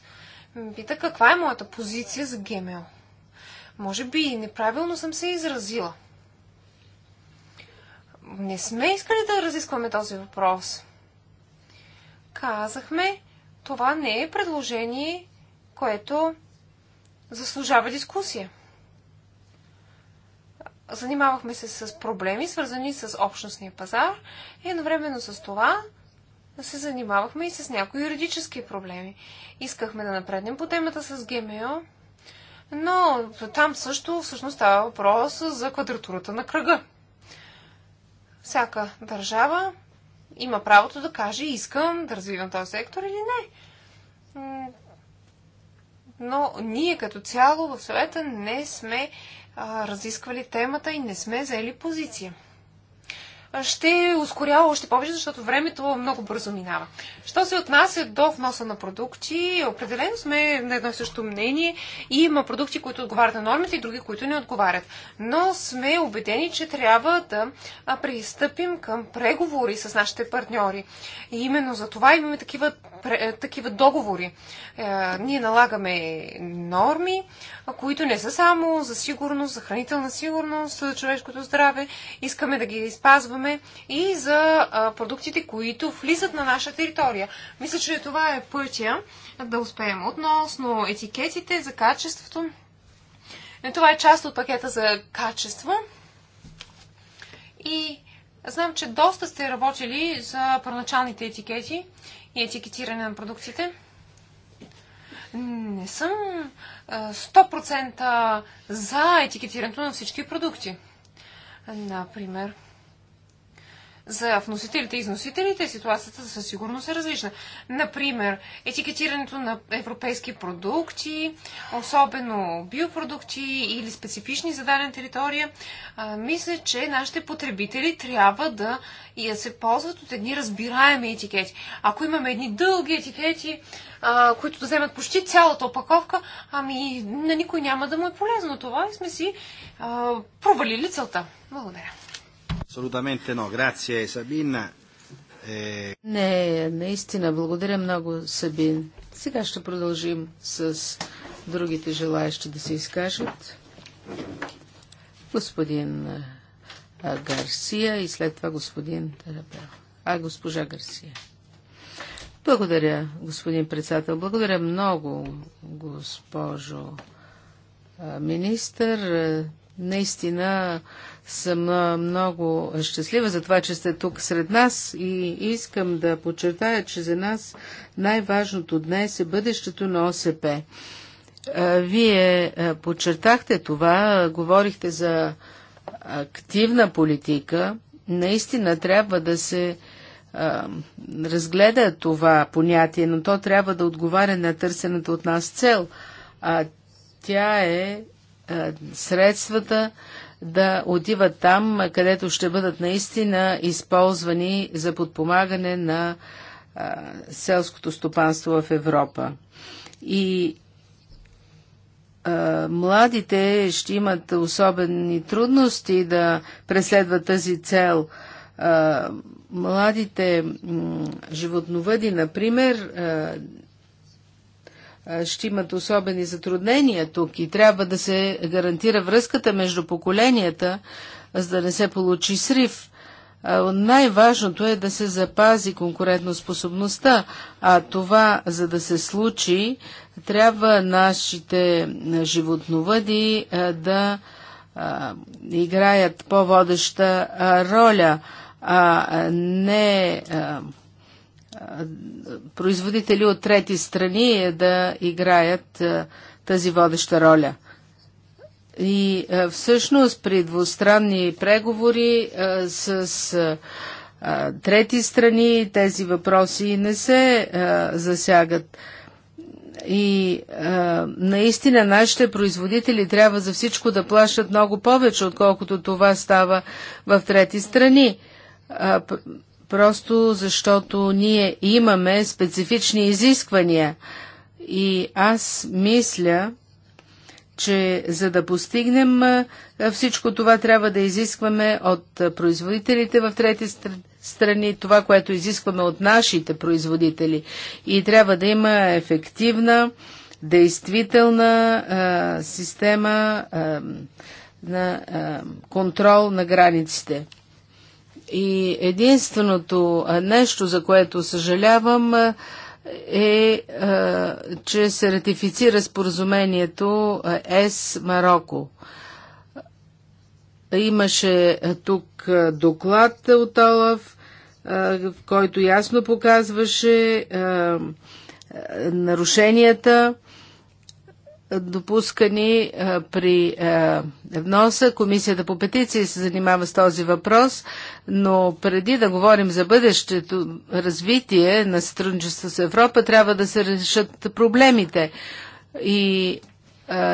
ме пита каква е моята позиция за ГМО. Може би неправилно съм се изразила. Не сме искали да разискваме този въпрос. Казахме, това не е предложение, което заслужава дискусия. Занимавахме се с проблеми, свързани с общностния пазар и едновременно с това се занимавахме и с някои юридически проблеми. Искахме да напреднем по темата с ГМО, но там също всъщност става въпрос за квадратурата на кръга. Всяка държава има правото да каже искам да развивам този сектор или не. Но ние като цяло в съвета не сме а, разисквали темата и не сме заели позиция ще ускорява още повече, защото времето много бързо минава. Що се отнася до вноса на продукти, определено сме на едно и също мнение. И има продукти, които отговарят на нормите и други, които не отговарят. Но сме убедени, че трябва да пристъпим към преговори с нашите партньори. И именно за това имаме такива е, такива договори. Е, ние налагаме норми, които не са само за сигурност, за хранителна сигурност, за човешкото здраве. Искаме да ги изпазваме и за продуктите, които влизат на наша територия. Мисля, че това е пътя да успеем. Относно етикетите за качеството, е, това е част от пакета за качество. И знам, че доста сте работили за първоначалните етикети и етикетиране на продуктите. Не съм 100% за етикетирането на всички продукти. Например, за вносителите и износителите, ситуацията със сигурност е различна. Например, етикетирането на европейски продукти, особено биопродукти или специфични за дадена територия, а, мисля, че нашите потребители трябва да и да се ползват от едни разбираеми етикети. Ако имаме едни дълги етикети, а, които да вземат почти цялата опаковка, ами на никой няма да му е полезно това и сме си а, провалили целта. Благодаря. Абсолютно не. Грация, Сабина. Е... Не, наистина, благодаря много, Сабин. Сега ще продължим с другите желаящи да се изкажат. Господин Гарсия и след това господин Тарабел. А, госпожа Гарсия. Благодаря, господин председател. Благодаря много, госпожо министър. Наистина съм много щастлива за това, че сте тук сред нас и искам да подчертая, че за нас най-важното днес е бъдещето на ОСП. Вие подчертахте това, говорихте за активна политика. Наистина трябва да се разгледа това понятие, но то трябва да отговаря на търсената от нас цел. А тя е средствата да отиват там, където ще бъдат наистина използвани за подпомагане на а, селското стопанство в Европа. И а, младите ще имат особени трудности да преследват тази цел. А, младите животновъди, например, ще имат особени затруднения тук и трябва да се гарантира връзката между поколенията, за да не се получи срив. Най-важното е да се запази конкурентоспособността, а това, за да се случи, трябва нашите животновъди да играят по-водеща роля, а не производители от трети страни е да играят е, тази водеща роля. И е, всъщност при двустранни преговори с трети страни тези въпроси не се засягат. И а, наистина нашите производители трябва за всичко да плащат много повече, отколкото това става в трети страни. А, просто защото ние имаме специфични изисквания. И аз мисля, че за да постигнем всичко това, трябва да изискваме от производителите в трети страни това, което изискваме от нашите производители. И трябва да има ефективна, действителна а, система а, на а, контрол на границите. И единственото нещо, за което съжалявам, е, че се ратифицира споразумението С Марокко. Имаше тук доклад от Олаф, който ясно показваше нарушенията допускани при вноса. Комисията по петиции се занимава с този въпрос, но преди да говорим за бъдещето развитие на сътрудничество с Европа, трябва да се решат проблемите. И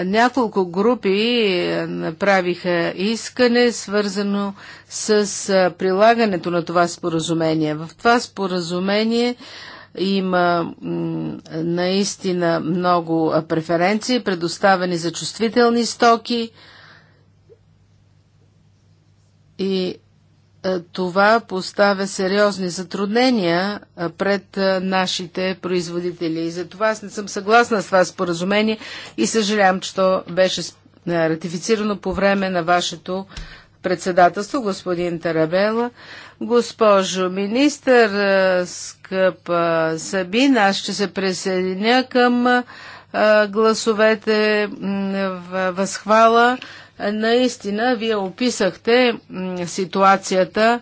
няколко групи направиха искане, свързано с прилагането на това споразумение. В това споразумение има наистина много преференции, предоставени за чувствителни стоки и това поставя сериозни затруднения пред нашите производители. И затова аз не съм съгласна с това споразумение и съжалявам, че то беше ратифицирано по време на вашето председателство, господин Тарабела. Госпожо министър, скъпа Сабин, аз ще се присъединя към гласовете в възхвала. Наистина, вие описахте ситуацията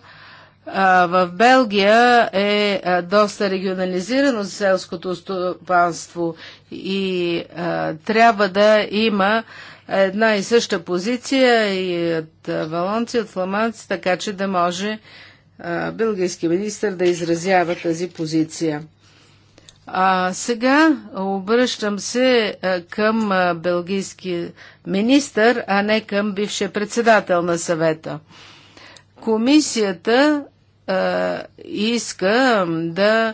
в Белгия е доста регионализирано за селското стопанство и трябва да има една и съща позиция и от валонци, от фламанци, така че да може Белгийски министр да изразява тази позиция. А сега обръщам се към белгийски министр, а не към бившия председател на съвета. Комисията а, иска да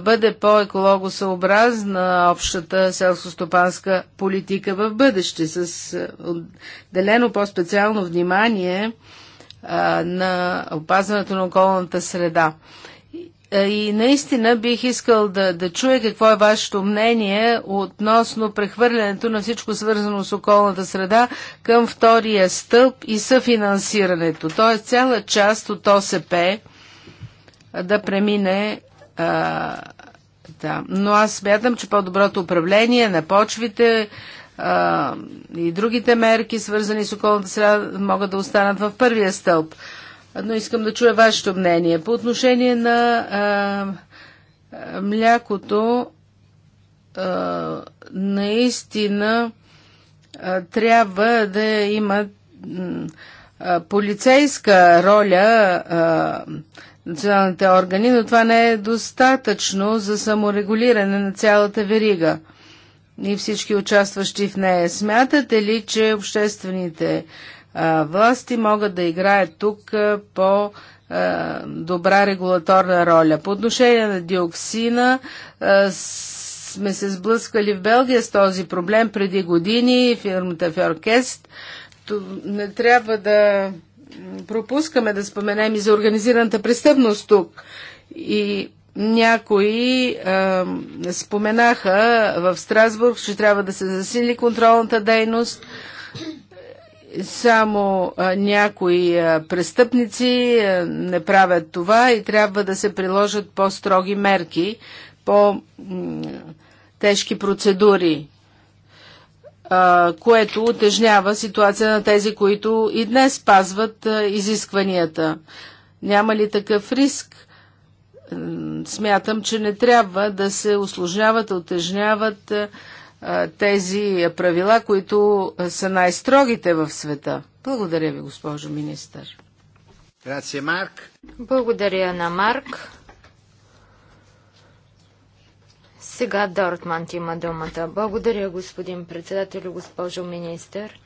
бъде по-екологосъобразна общата селскостопанска политика в бъдеще, с отделено по-специално внимание на опазването на околната среда. Е, и наистина бих искал да, да чуя какво е вашето мнение относно прехвърлянето на всичко свързано с околната среда към втория стълб и съфинансирането. Тоест, цяла част от ОСП да премине. А, да. Но аз смятам, че по-доброто управление на почвите, а, и другите мерки, свързани с околната среда, могат да останат в първия стълб. Но искам да чуя вашето мнение. По отношение на а, млякото, а, наистина а, трябва да има а, полицейска роля. А, националните органи, но това не е достатъчно за саморегулиране на цялата верига и всички участващи в нея. Смятате ли, че обществените а, власти могат да играят тук а, по а, добра регулаторна роля? По отношение на диоксина, сме се сблъскали в Белгия с този проблем преди години, фирмата Феоркест Не трябва да пропускаме да споменем и за организираната престъпност тук. И някои е, споменаха в Страсбург, че трябва да се засили контролната дейност. Само е, някои е, престъпници е, не правят това и трябва да се приложат по-строги мерки, по-тежки процедури, което утежнява ситуация на тези, които и днес спазват изискванията. Няма ли такъв риск? смятам, че не трябва да се осложняват, отежняват тези правила, които са най-строгите в света. Благодаря ви, госпожо министър. Грация, Марк. Благодаря на Марк. Сега Дортманд има думата. Благодаря, господин председател, госпожо министър.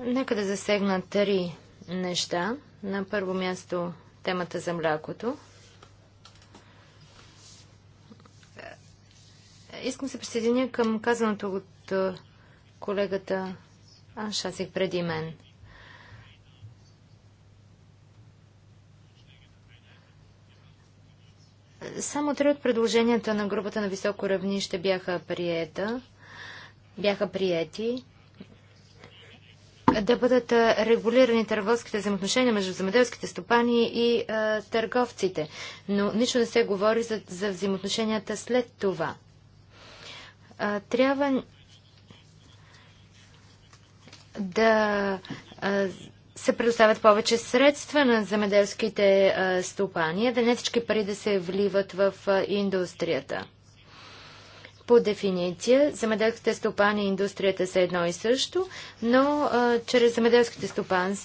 Нека да засегна три неща. На първо място темата за млякото. Искам се присъединя към казаното от колегата Аншасик преди мен. Само три от предложенията на групата на високо равнище бяха приета, бяха приети да бъдат регулирани търговските взаимоотношения между земеделските стопани и а, търговците. Но нищо не се говори за, за взаимоотношенията след това а, трябва да а, се предоставят повече средства на земеделските стопани, да не всички пари да се вливат в а, индустрията. По дефиниция, земеделските стопани и индустрията са едно и също, но а, чрез земеделските стопани,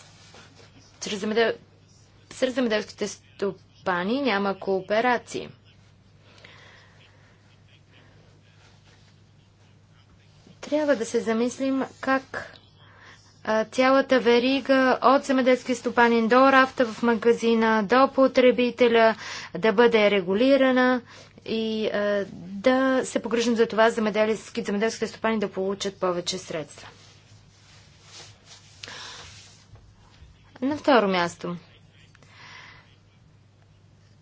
чрез земедел... земеделските стопани няма кооперации. Трябва да се замислим как а, цялата верига от земеделски стопанин до рафта в магазина, до потребителя да бъде регулирана и а, да се погрижим за това земеделски, земеделските стопани да получат повече средства. На второ място.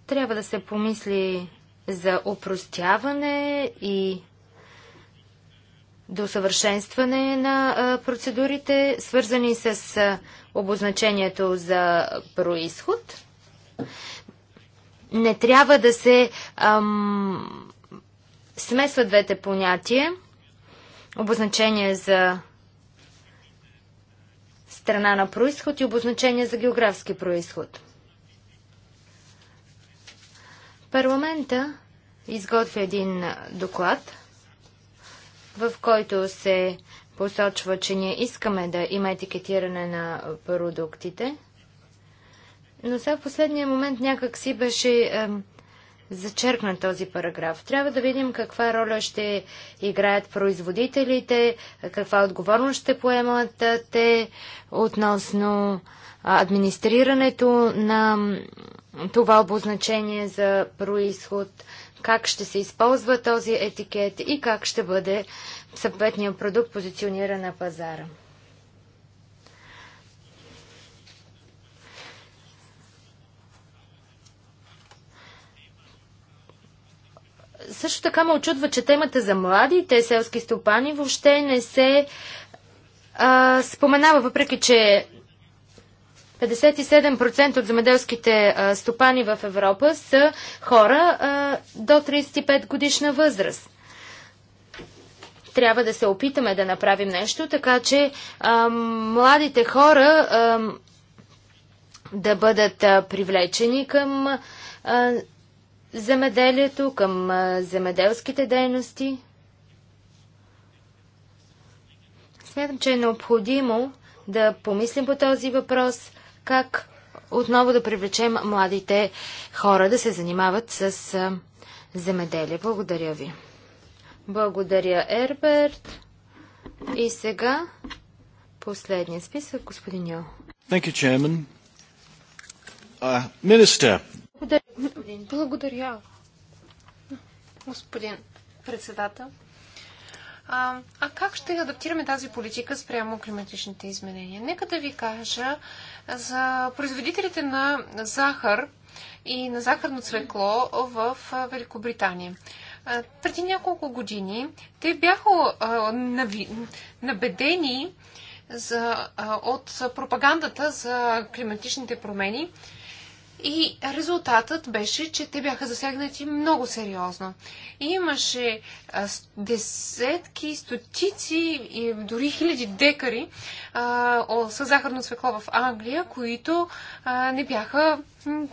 Трябва да се помисли за опростяване и до съвършенстване на процедурите, свързани с обозначението за происход. Не трябва да се ам, смесват двете понятия. Обозначение за страна на происход и обозначение за географски происход. Парламента изготвя един доклад – в който се посочва, че ние искаме да има етикетиране на продуктите. Но сега в последния момент някак си беше е, зачеркнат този параграф. Трябва да видим каква роля ще играят производителите, каква отговорност ще поемат те относно администрирането на това обозначение за происход – как ще се използва този етикет и как ще бъде съответния продукт позициониран на пазара. Също така ме очудва, че темата за младите селски стопани въобще не се а, споменава, въпреки че 57% от земеделските стопани в Европа са хора до 35 годишна възраст. Трябва да се опитаме да направим нещо, така че младите хора да бъдат привлечени към земеделието, към земеделските дейности. Смятам, че е необходимо да помислим по този въпрос – как отново да привлечем младите хора да се занимават с земеделие. Благодаря ви. Благодаря, Ерберт. И сега последния списък, господин Йо. Thank you, Chairman. Uh, minister. Благодаря, господин. Благодаря, господин председател. А, а как ще адаптираме тази политика спрямо климатичните изменения? Нека да ви кажа, за производителите на захар и на захарно цвекло в Великобритания. Преди няколко години те бяха набедени за, от пропагандата за климатичните промени и резултатът беше, че те бяха засегнати много сериозно. И имаше а, десетки, стотици и дори хиляди декари а, с захарно свекло в Англия, които а, не бяха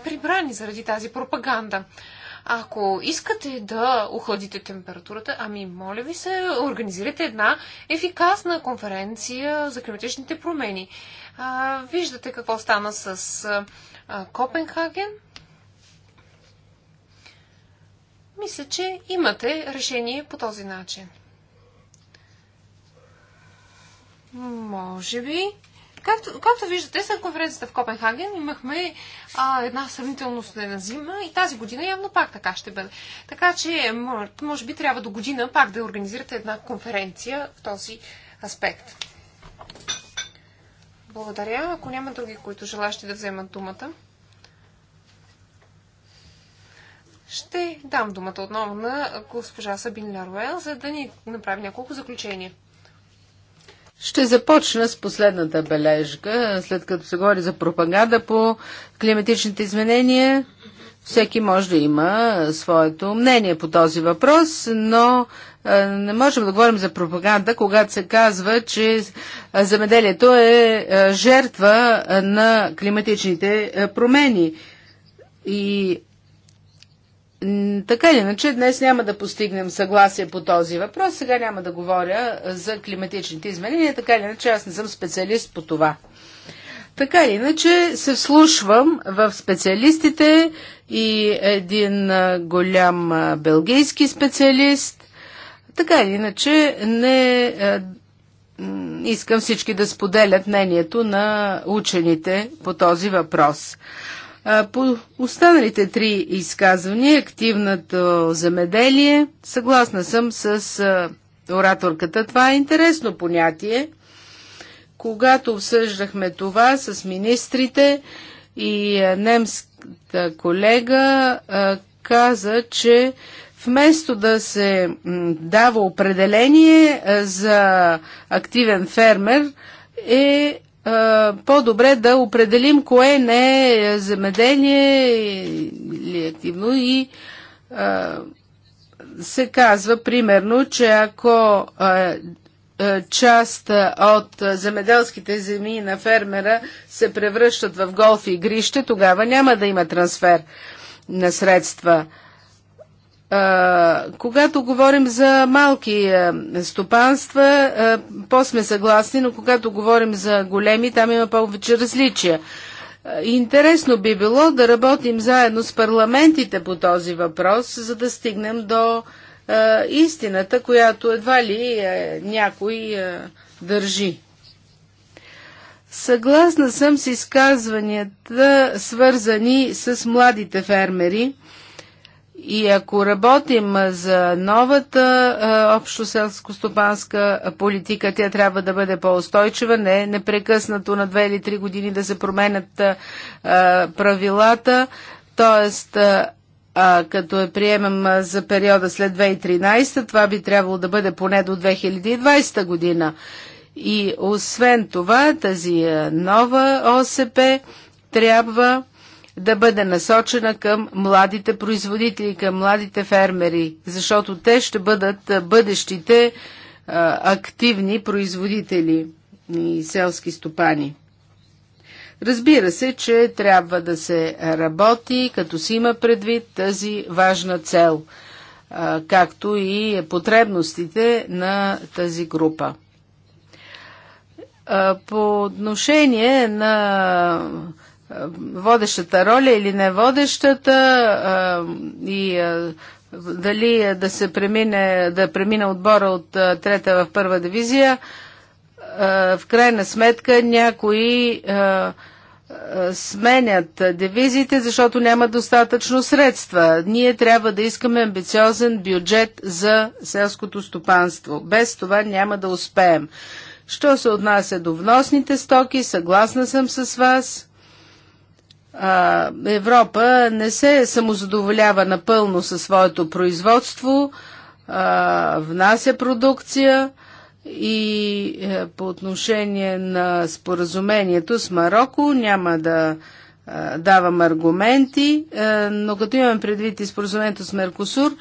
прибрани заради тази пропаганда. Ако искате да охладите температурата, ами моля ви се, организирайте една ефикасна конференция за климатичните промени. А, виждате какво стана с Копенхаген. Мисля, че имате решение по този начин. Може би. Както, както виждате, след конференцията в Копенхаген имахме а, една сравнително студена зима и тази година явно пак така ще бъде. Така че, може би трябва до година пак да организирате една конференция в този аспект. Благодаря. Ако няма други, които желащи да вземат думата, ще дам думата отново на госпожа Сабин Ларуел, за да ни направи няколко заключения. Ще започна с последната бележка. След като се говори за пропаганда по климатичните изменения, всеки може да има своето мнение по този въпрос, но е, не можем да говорим за пропаганда, когато се казва, че е, земеделието е, е жертва на климатичните промени. И така или иначе, днес няма да постигнем съгласие по този въпрос. Сега няма да говоря за климатичните изменения. Така или иначе, аз не съм специалист по това. Така или иначе, се вслушвам в специалистите и един голям белгийски специалист така или иначе, не е, искам всички да споделят мнението на учените по този въпрос. Е, по останалите три изказвания, активното замеделие, съгласна съм с е, ораторката. Това е интересно понятие. Когато обсъждахме това с министрите и немската колега каза, че Вместо да се дава определение е, за активен фермер, е, е по-добре да определим кое не е, е земеделие или активно и се казва примерно, че ако част от земеделските земи на фермера се превръщат в голф игрище, тогава няма да има трансфер на средства когато говорим за малки стопанства, по-сме съгласни, но когато говорим за големи, там има повече различия. Интересно би било да работим заедно с парламентите по този въпрос, за да стигнем до е, истината, която едва ли е, някой е, държи. Съгласна съм с изказванията, свързани с младите фермери – и ако работим за новата общо селско-стопанска политика, тя трябва да бъде по-устойчива, не непрекъснато на две или три години да се променят а, правилата, т.е. като е приемам за периода след 2013, това би трябвало да бъде поне до 2020 година. И освен това, тази нова ОСП трябва да бъде насочена към младите производители, към младите фермери, защото те ще бъдат бъдещите активни производители и селски стопани. Разбира се, че трябва да се работи, като си има предвид тази важна цел, както и потребностите на тази група. по отношение на водещата роля или не водещата и дали да се премине, да премине отбора от трета в първа дивизия, в крайна сметка някои сменят дивизиите, защото няма достатъчно средства. Ние трябва да искаме амбициозен бюджет за селското стопанство. Без това няма да успеем. Що се отнася до вносните стоки, съгласна съм с вас а, Европа не се самозадоволява напълно със своето производство, а, внася продукция и а, е, по отношение на споразумението с Марокко няма да а, давам аргументи, а, е, но като имам предвид и споразумението с Меркосур,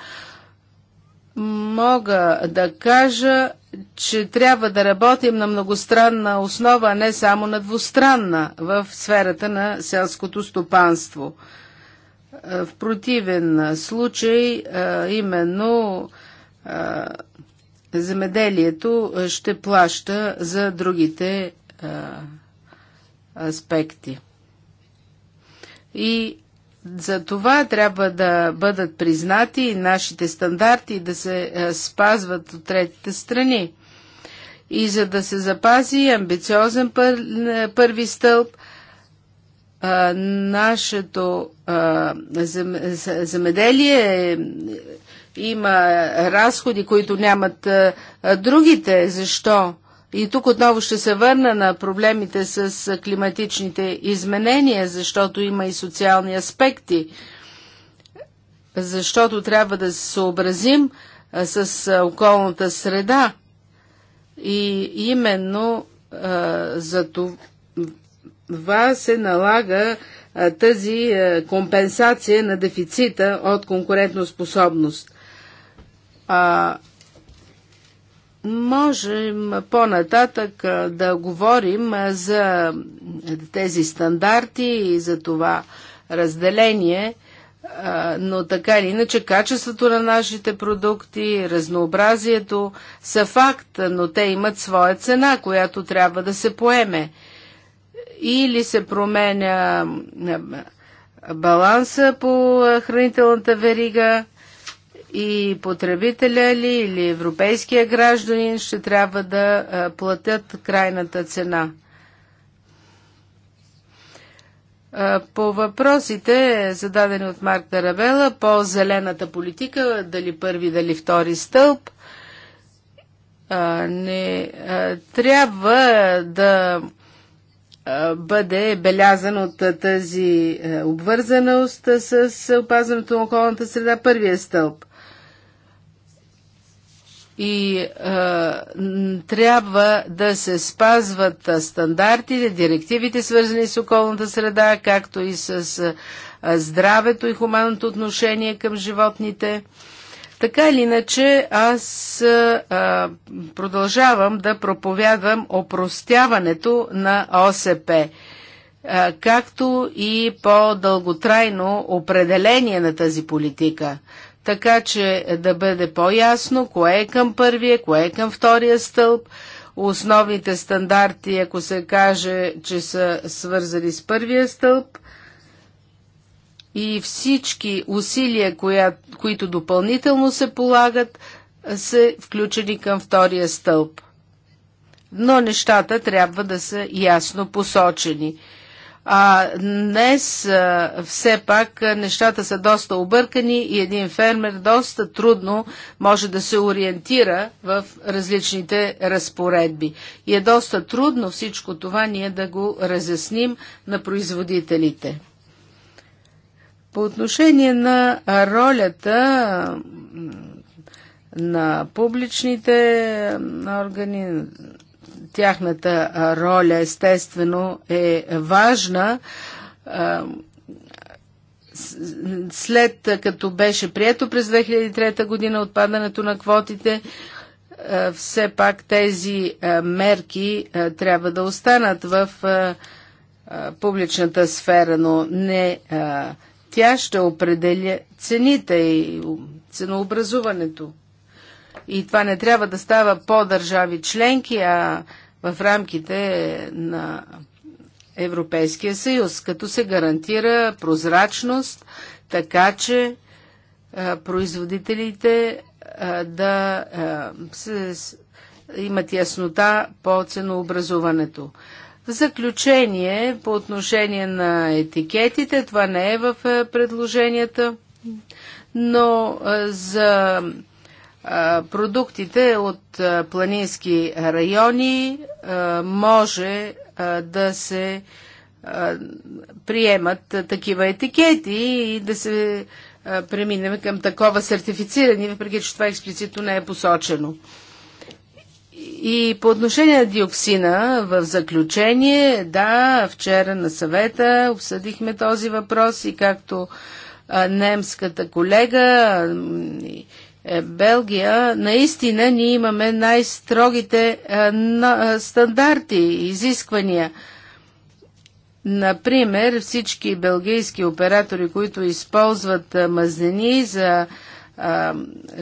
мога да кажа, че трябва да работим на многостранна основа, а не само на двустранна в сферата на селското стопанство. Е, в противен случай, е, именно е, земеделието ще плаща за другите аспекти. И за това трябва да бъдат признати и нашите стандарти и да се е, спазват от третите страни. И за да се запази амбициозен пър, е, първи стълб, е, нашето земеделие има разходи, които нямат другите. Защо? И тук отново ще се върна на проблемите с климатичните изменения, защото има и социални аспекти. Защото трябва да се съобразим с околната среда. И именно а, за това се налага а, тази а, компенсация на дефицита от конкурентоспособност. способност. Можем по-нататък да говорим за тези стандарти и за това разделение, но така или иначе качеството на нашите продукти, разнообразието са факт, но те имат своя цена, която трябва да се поеме. Или се променя баланса по хранителната верига, и потребителя ли или европейския гражданин ще трябва да платят крайната цена. По въпросите, зададени от Марк Тарабела, по зелената политика, дали първи, дали втори стълб, не трябва да бъде белязан от тази обвързаност с опазването на околната среда първия стълб и е, трябва да се спазват стандартите, директивите свързани с околната среда, както и с здравето и хуманното отношение към животните. Така или иначе, аз е, продължавам да проповядвам опростяването на ОСП, е, както и по-дълготрайно определение на тази политика така че да бъде по-ясно кое е към първия, кое е към втория стълб. Основните стандарти, ако се каже, че са свързани с първия стълб и всички усилия, коя, които допълнително се полагат, са включени към втория стълб. Но нещата трябва да са ясно посочени. А днес все пак нещата са доста объркани и един фермер доста трудно може да се ориентира в различните разпоредби. И е доста трудно всичко това ние да го разясним на производителите. По отношение на ролята на публичните органи, Тяхната роля естествено е важна. След като беше прието през 2003 година отпадането на квотите, все пак тези мерки трябва да останат в публичната сфера, но не тя ще определя цените и ценообразуването. И това не трябва да става по държави членки, а в рамките на Европейския съюз, като се гарантира прозрачност, така че а, производителите а, да а, се, имат яснота по ценообразуването. В заключение, по отношение на етикетите, това не е в предложенията, но за продуктите от планински райони може да се приемат такива етикети и да се преминем към такова сертифициране, въпреки че това експлицитно не е посочено. И по отношение на диоксина, в заключение, да, вчера на съвета обсъдихме този въпрос и както немската колега е, Белгия, наистина ние имаме най-строгите е, е, стандарти, изисквания. Например, всички белгийски оператори, които използват мазнини за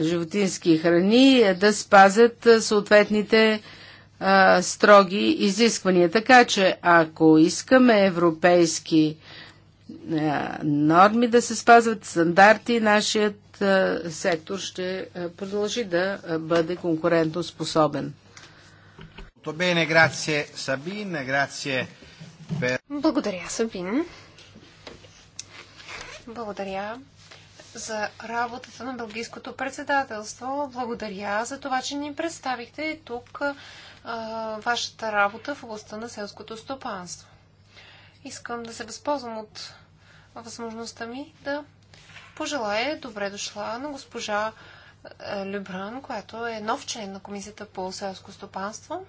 животински храни, да спазят съответните строги изисквания. Така че, ако искаме европейски норми да се спазват, стандарти, нашият сектор ще продължи да бъде конкурентно способен. Благодаря, Сабин. Благодаря за работата на Белгийското председателство. Благодаря за това, че ни представихте тук а, вашата работа в областта на селското стопанство. Искам да се възползвам от възможността ми да пожелая е, добре дошла на госпожа е, Любран, която е нов член на Комисията по селско стопанство.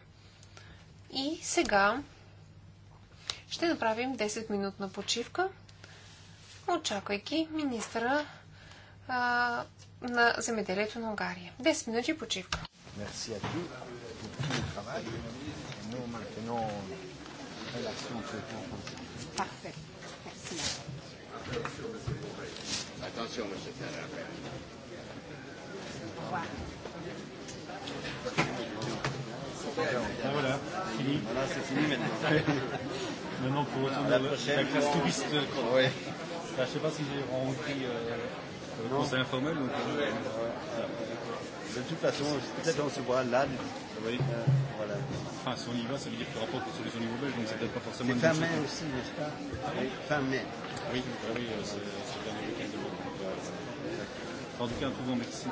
И сега ще направим 10-минутна почивка, очаквайки министра а, е, на земеделието на Унгария. 10 минути почивка. Merci à tous Nous maintenant, l'action Parfait. Merci. Attention, monsieur Ferrer. Ah, voilà, fini. Voilà, c'est fini maintenant. maintenant, pour retourner la, la classe touriste. Ouais. Bah, je sais pas si j'ai rencontré euh, le conseil informel. Donc, euh, euh, de toute façon, peut-être on se voit là. Oui. Euh, voilà. Enfin, si on y va, ça veut dire qu'il rapporte sur les au niveau belge, donc c'est peut-être pas forcément. C'est fin mai aussi, n'est-ce pas oui. Fin mai. Oui, oui, c'est Tandis qu'un trouvant Mexique.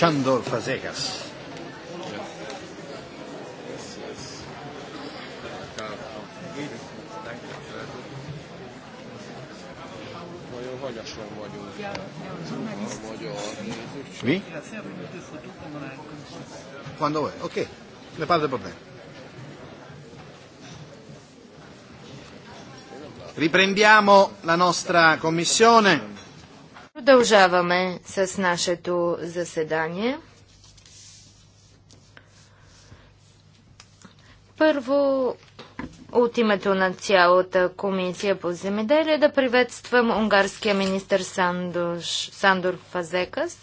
Sándor Fazekas. Oui Quando vuoi, ok, ne parlo per me. Riprendiamo la nostra commissione. Продължаваме с нашето заседание. Първо, от името на цялата комисия по земеделие да приветствам унгарския министр Сандор Фазекас.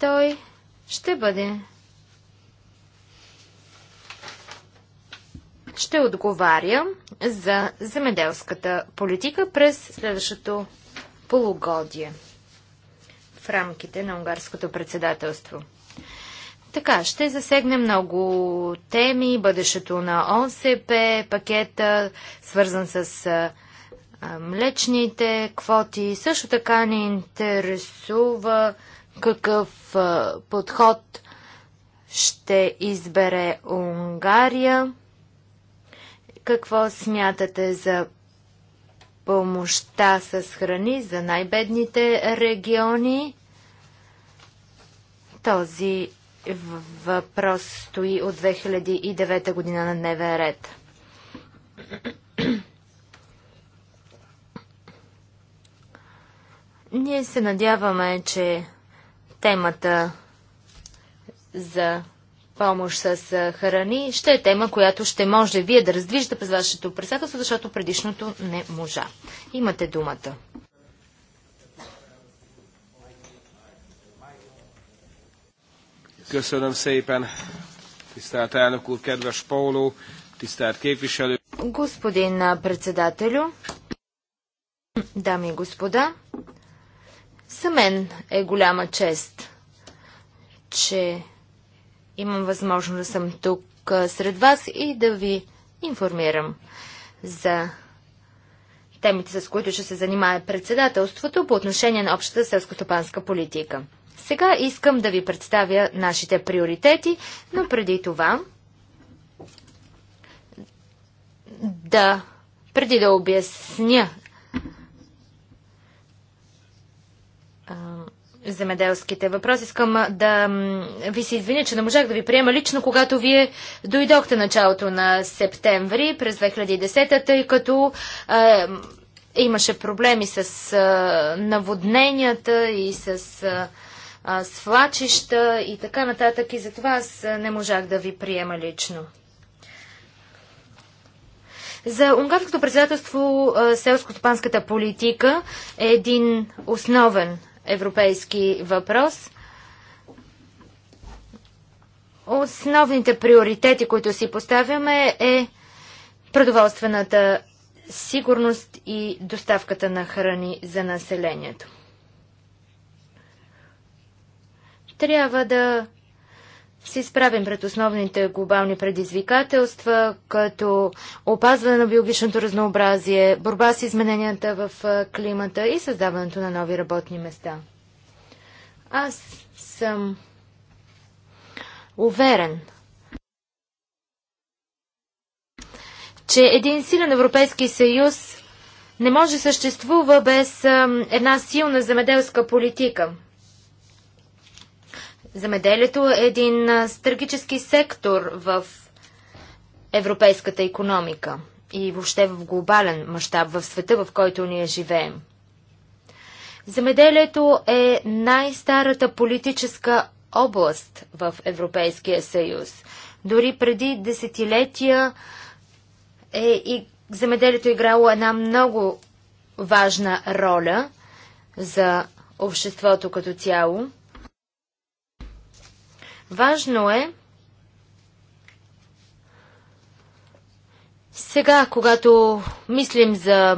Той ще бъде ще отговаря за земеделската политика през следващото полугодие в рамките на унгарското председателство. Така, ще засегне много теми, бъдещето на ОСП, пакета, свързан с а, млечните квоти. Също така ни интересува какъв а, подход ще избере Унгария. Какво смятате за помощта с храни за най-бедните региони. Този въпрос стои от 2009 година на дневен ред. Ние се надяваме, че темата за помощ с храни, ще е тема, която ще може вие да раздвижите през вашето председателство, защото предишното не можа. Имате думата. Köszönöm szépen, tisztelt elnök úr, kedves Pauló, tisztelt képviselő. Господин председателю, дами и господа, за мен е голяма чест, че имам възможност да съм тук сред вас и да ви информирам за темите, с които ще се занимае председателството по отношение на общата селскостопанска политика. Сега искам да ви представя нашите приоритети, но преди това да преди да обясня земеделските въпроси. Искам да ви се извиня, че не можах да ви приема лично, когато вие дойдохте началото на септември през 2010, тъй като е, имаше проблеми с е, наводненията и с е, свлачища и така нататък. И затова аз не можах да ви приема лично. За унгарското председателство селско-стопанската политика е един основен европейски въпрос. Основните приоритети, които си поставяме е продоволствената сигурност и доставката на храни за населението. Трябва да се изправим пред основните глобални предизвикателства, като опазване на биологичното разнообразие, борба с измененията в климата и създаването на нови работни места. Аз съм уверен, че един силен Европейски съюз не може съществува без една силна земеделска политика – Замеделието е един стратегически сектор в европейската економика и въобще в глобален мащаб, в света, в който ние живеем. Земеделието е най-старата политическа област в Европейския съюз. Дори преди десетилетия е и земеделието играло една много важна роля за обществото като цяло. Важно е сега, когато мислим за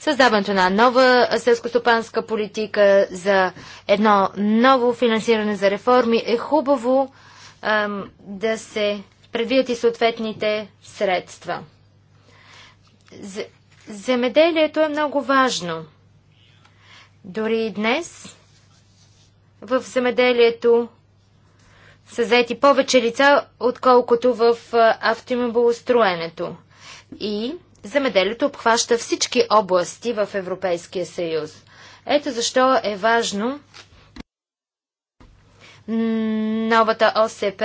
създаването на нова селскостопанска политика, за едно ново финансиране за реформи, е хубаво ам, да се предвидят и съответните средства. З земеделието е много важно. Дори и днес в земеделието са заети повече лица, отколкото в автомобилостроенето. И земеделието обхваща всички области в Европейския съюз. Ето защо е важно новата ОСП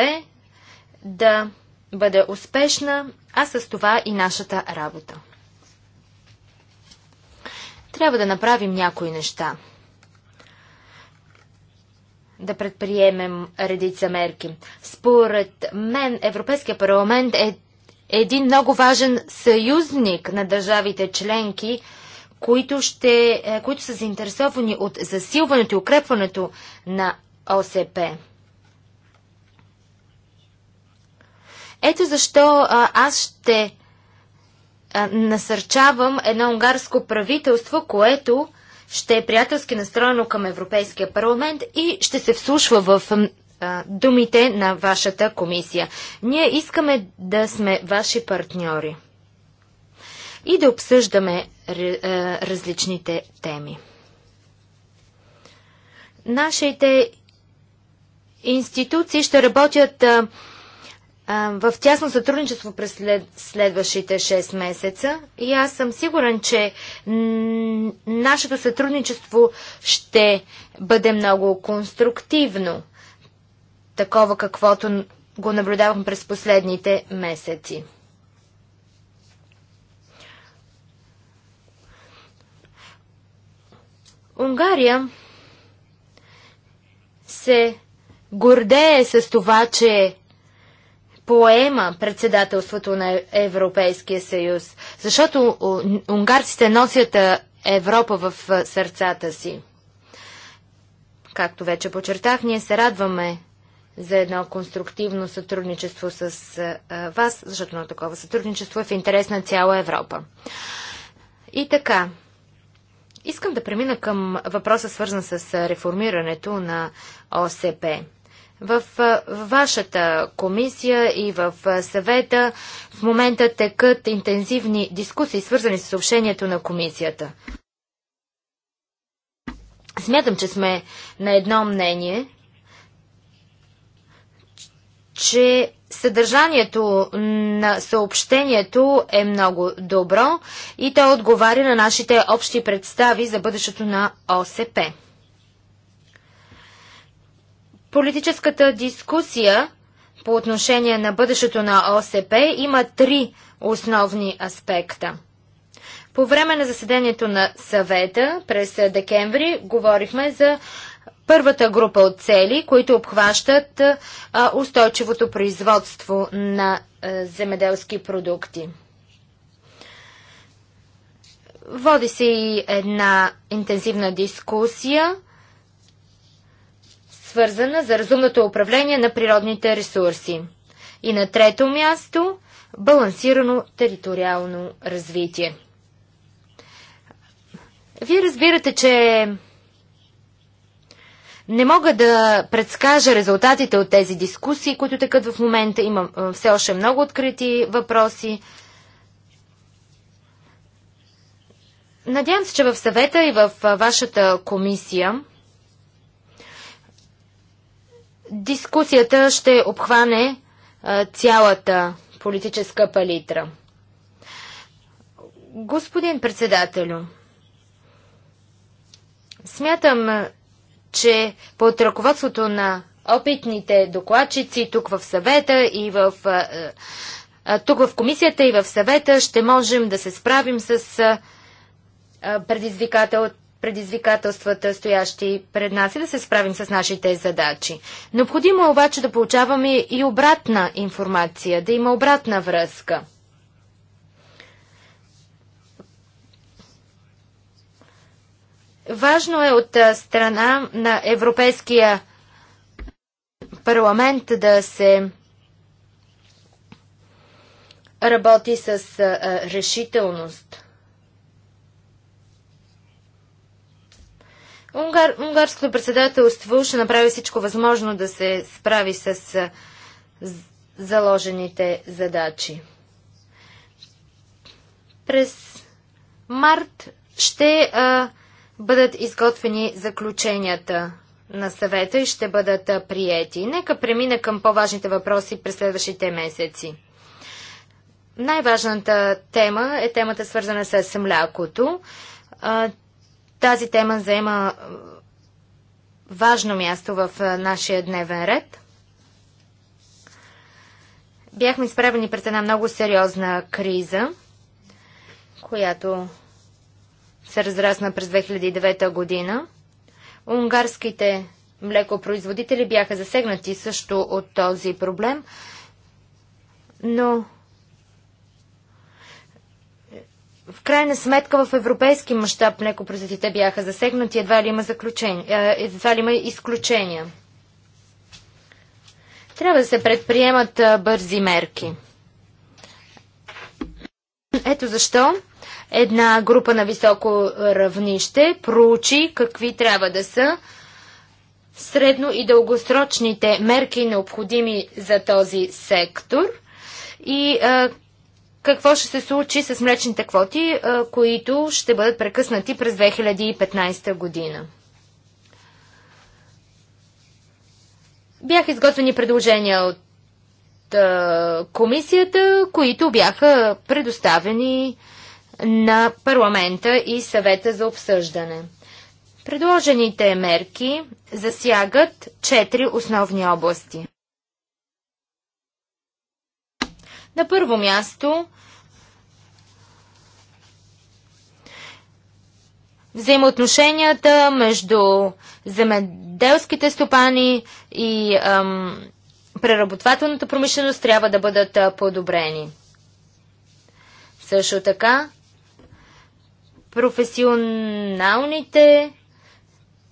да бъде успешна, а с това и нашата работа. Трябва да направим някои неща да предприемем редица мерки. Според мен Европейския парламент е един много важен съюзник на държавите членки, които, ще, е, които са заинтересовани от засилването и укрепването на ОСП. Ето защо а, аз ще а, насърчавам едно унгарско правителство, което ще е приятелски настроено към Европейския парламент и ще се вслушва в думите на вашата комисия. Ние искаме да сме ваши партньори и да обсъждаме различните теми. Нашите институции ще работят а, в тясно сътрудничество през след, следващите 6 месеца и аз съм сигурен, че нашето сътрудничество ще бъде много конструктивно, такова каквото го наблюдавам през последните месеци. Унгария се гордее с това, че поема председателството на Европейския съюз, защото унгарците носят Европа в сърцата си. Както вече почертах, ние се радваме за едно конструктивно сътрудничество с вас, защото на такова сътрудничество е в интерес на цяла Европа. И така, искам да премина към въпроса свързан с реформирането на ОСП. В вашата комисия и в съвета в момента текат интензивни дискусии, свързани с съобщението на комисията. Смятам, че сме на едно мнение, че съдържанието на съобщението е много добро и то отговаря на нашите общи представи за бъдещето на ОСП. Политическата дискусия по отношение на бъдещето на ОСП има три основни аспекта. По време на заседанието на съвета през декември говорихме за първата група от цели, които обхващат устойчивото производство на земеделски продукти. Води се и една интензивна дискусия свързана за разумното управление на природните ресурси. И на трето място балансирано териториално развитие. Вие разбирате, че не мога да предскажа резултатите от тези дискусии, които тъкат в момента. Имам все още много открити въпроси. Надявам се, че в съвета и в вашата комисия Дискусията ще обхване цялата политическа палитра. Господин председателю, смятам, че под ръководството на опитните докладчици тук в съвета и в тук в комисията и в съвета ще можем да се справим с предизвикателството предизвикателствата, стоящи пред нас и да се справим с нашите задачи. Необходимо е обаче да получаваме и обратна информация, да има обратна връзка. Важно е от страна на Европейския парламент да се работи с решителност. Унгар, унгарското председателство ще направи всичко възможно да се справи с заложените задачи. През март ще а, бъдат изготвени заключенията на съвета и ще бъдат а, приети. Нека премина към по-важните въпроси през следващите месеци. Най-важната тема е темата свързана с млякото. А, тази тема заема важно място в нашия дневен ред. Бяхме изправени пред една много сериозна криза, която се разрасна през 2009 година. Унгарските млекопроизводители бяха засегнати също от този проблем, но в крайна сметка в европейски мащаб млекопроизводителите бяха засегнати, едва ли има, е, едва ли има изключения. Трябва да се предприемат е, бързи мерки. Ето защо една група на високо равнище проучи какви трябва да са средно и дългосрочните мерки необходими за този сектор и а, е, какво ще се случи с млечните квоти, които ще бъдат прекъснати през 2015 година. Бяха изготвени предложения от комисията, които бяха предоставени на парламента и съвета за обсъждане. Предложените мерки засягат четири основни области. На първо място, взаимоотношенията между земеделските стопани и ам, преработвателната промишленост трябва да бъдат подобрени. Също така, професионалните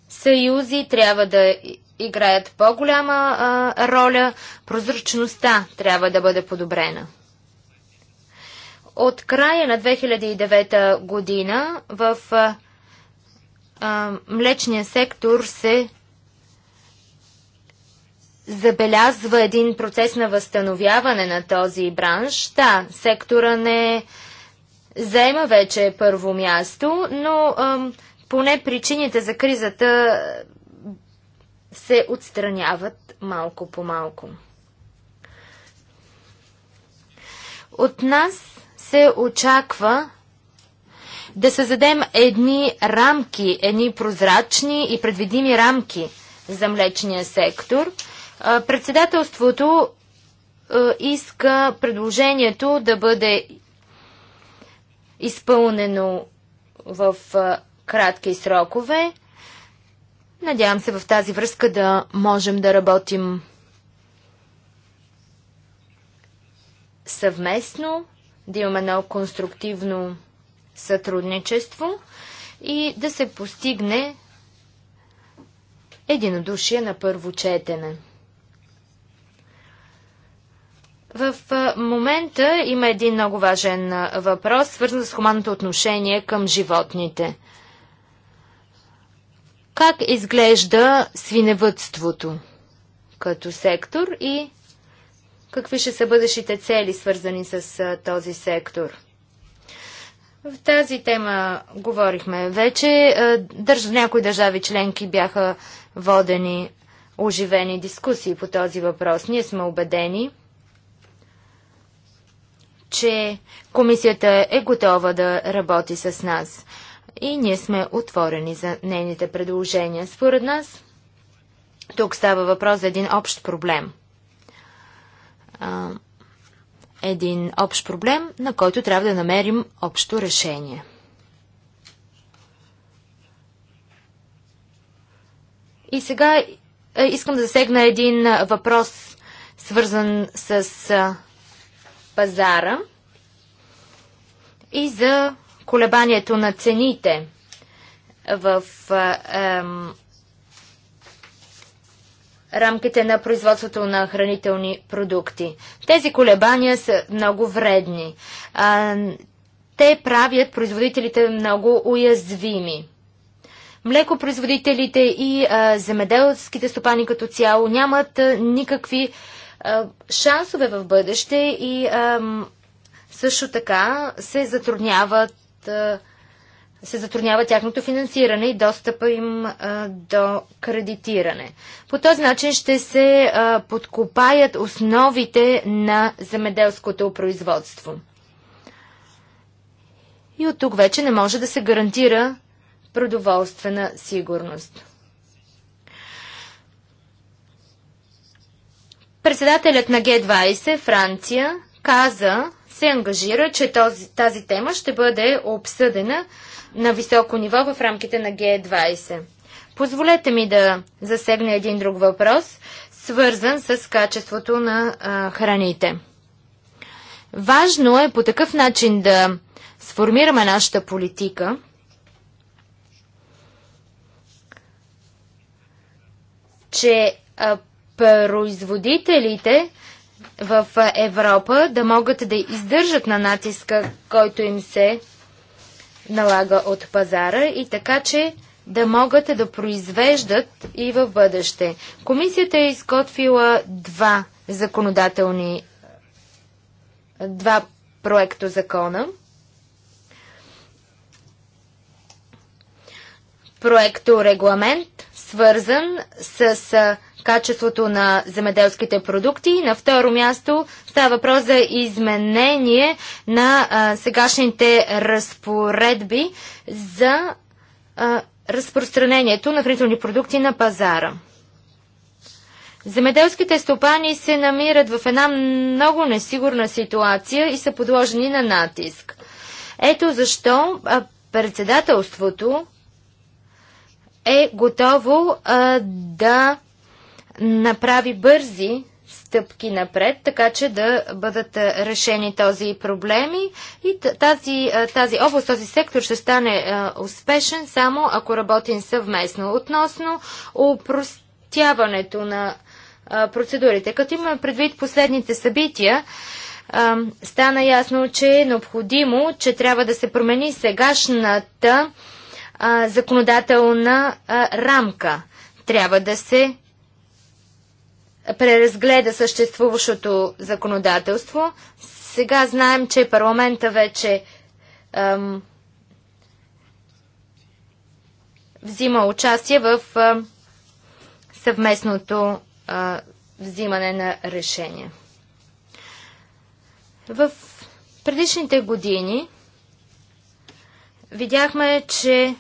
съюзи трябва да играят по-голяма роля, прозрачността трябва да бъде подобрена. От края на 2009 година в а, млечния сектор се забелязва един процес на възстановяване на този бранш. Да, сектора не заема вече първо място, но а, поне причините за кризата се отстраняват малко по малко. От нас се очаква да създадем едни рамки, едни прозрачни и предвидими рамки за млечния сектор. Председателството иска предложението да бъде изпълнено в кратки срокове. Надявам се в тази връзка да можем да работим съвместно да имаме едно конструктивно сътрудничество и да се постигне единодушие на първо четене. В момента има един много важен въпрос, свързан с хуманното отношение към животните. Как изглежда свиневътството като сектор и какви ще са бъдещите цели, свързани с този сектор. В тази тема говорихме вече. Държ... Някои държави членки бяха водени оживени дискусии по този въпрос. Ние сме убедени, че комисията е готова да работи с нас и ние сме отворени за нейните предложения. Според нас, тук става въпрос за един общ проблем – а, един общ проблем, на който трябва да намерим общо решение. И сега искам да засегна един въпрос, свързан с пазара и за колебанието на цените в рамките на производството на хранителни продукти. Тези колебания са много вредни. А, те правят производителите много уязвими. Млекопроизводителите и а, земеделските стопани като цяло нямат а, никакви а, шансове в бъдеще и а, също така се затрудняват а, се затруднява тяхното финансиране и достъпа им а, до кредитиране. По този начин ще се а, подкопаят основите на земеделското производство. И от тук вече не може да се гарантира продоволствена сигурност. Председателят на Г-20 Франция каза, се ангажира, че този, тази тема ще бъде обсъдена на високо ниво в рамките на Г20. Позволете ми да засегна един друг въпрос, свързан с качеството на а, храните. Важно е по такъв начин да сформираме нашата политика, че а, производителите в Европа да могат да издържат на натиска, който им се налага от пазара и така, че да могат да произвеждат и в бъдеще. Комисията е изготвила два законодателни два проекто закона. Проекто регламент, свързан с качеството на земеделските продукти. На второ място става въпрос за изменение на а, сегашните разпоредби за а, разпространението на хранителни продукти на пазара. Земеделските стопани се намират в една много несигурна ситуация и са подложени на натиск. Ето защо а, председателството е готово а, да направи бързи стъпки напред, така че да бъдат решени този проблеми и тази, тази област, този сектор ще стане успешен само ако работим съвместно. Относно упростяването на процедурите. Като имаме предвид последните събития, стана ясно, че е необходимо, че трябва да се промени сегашната законодателна рамка. Трябва да се преразгледа съществуващото законодателство. Сега знаем, че парламента вече ам, взима участие в ам, съвместното а, взимане на решения. В предишните години видяхме, че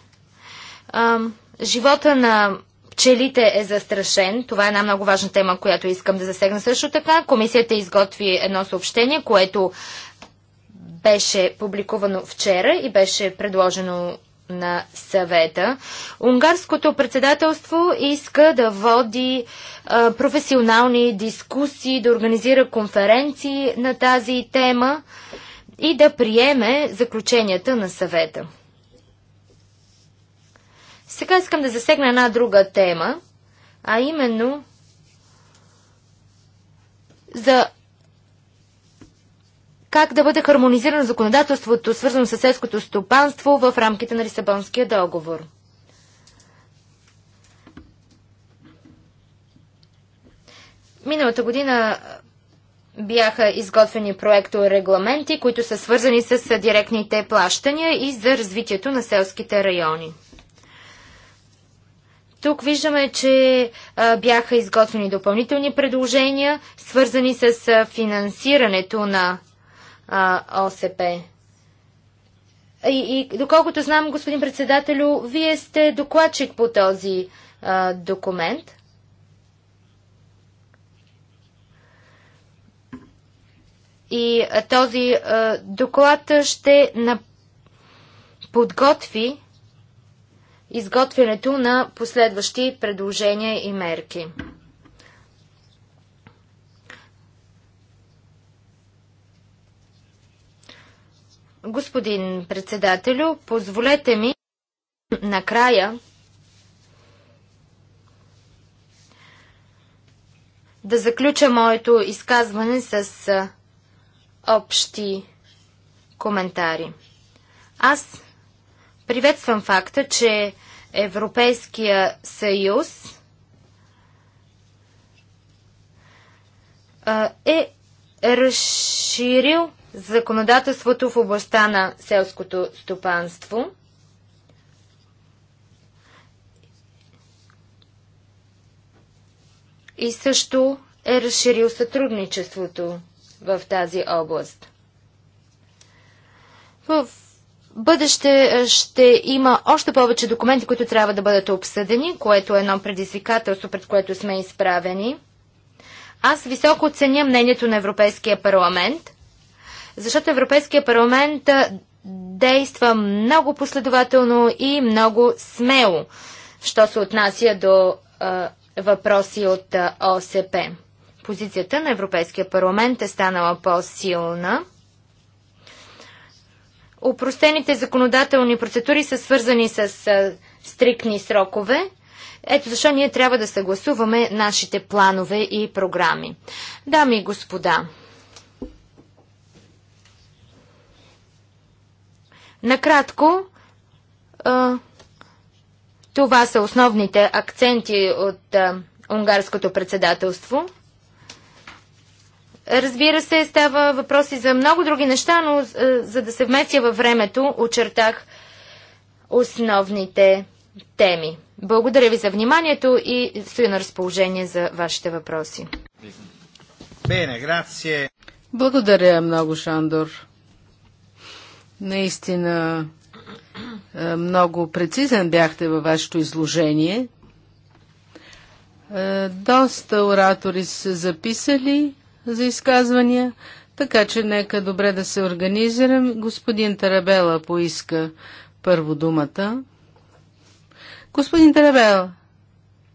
а, живота на пчелите е застрашен. Това е една много важна тема, която искам да засегна също така. Комисията изготви едно съобщение, което беше публикувано вчера и беше предложено на съвета. Унгарското председателство иска да води а, професионални дискусии, да организира конференции на тази тема и да приеме заключенията на съвета. Сега искам да засегна една друга тема, а именно за как да бъде хармонизирано законодателството, свързано с селското стопанство в рамките на Лисабонския договор. Миналата година бяха изготвени проекто регламенти, които са свързани с директните плащания и за развитието на селските райони. Тук виждаме, че бяха изготвени допълнителни предложения, свързани с финансирането на ОСП. И, и доколкото знам, господин председателю, вие сте докладчик по този а, документ. И а, този а, доклад ще на... подготви изготвянето на последващи предложения и мерки. Господин председателю, позволете ми накрая да заключа моето изказване с общи коментари. Аз Приветствам факта, че Европейския съюз е разширил законодателството в областта на селското стопанство. И също е разширил сътрудничеството в тази област. В бъдеще е, ще има още повече документи, които трябва да бъдат обсъдени, което е едно предизвикателство, пред което сме изправени. Аз високо оценя мнението на Европейския парламент, защото Европейския парламент е, действа много последователно и много смело, що се отнася до а, е, въпроси от ОСП. Позицията на Европейския парламент е станала по-силна. Опростените законодателни процедури са свързани с стрикни срокове. Ето защо ние трябва да съгласуваме нашите планове и програми. Дами и господа, накратко, това са основните акценти от унгарското председателство – Разбира се, става въпроси за много други неща, но е, за да се вместя във времето, очертах основните теми. Благодаря ви за вниманието и стоя на разположение за вашите въпроси. Бене, грация. Благодаря много, Шандор. Наистина е, много прецизен бяхте във вашето изложение. Е, доста оратори са записали за изказвания, така че нека добре да се организирам. Господин Тарабела поиска първо думата. Господин Тарабела,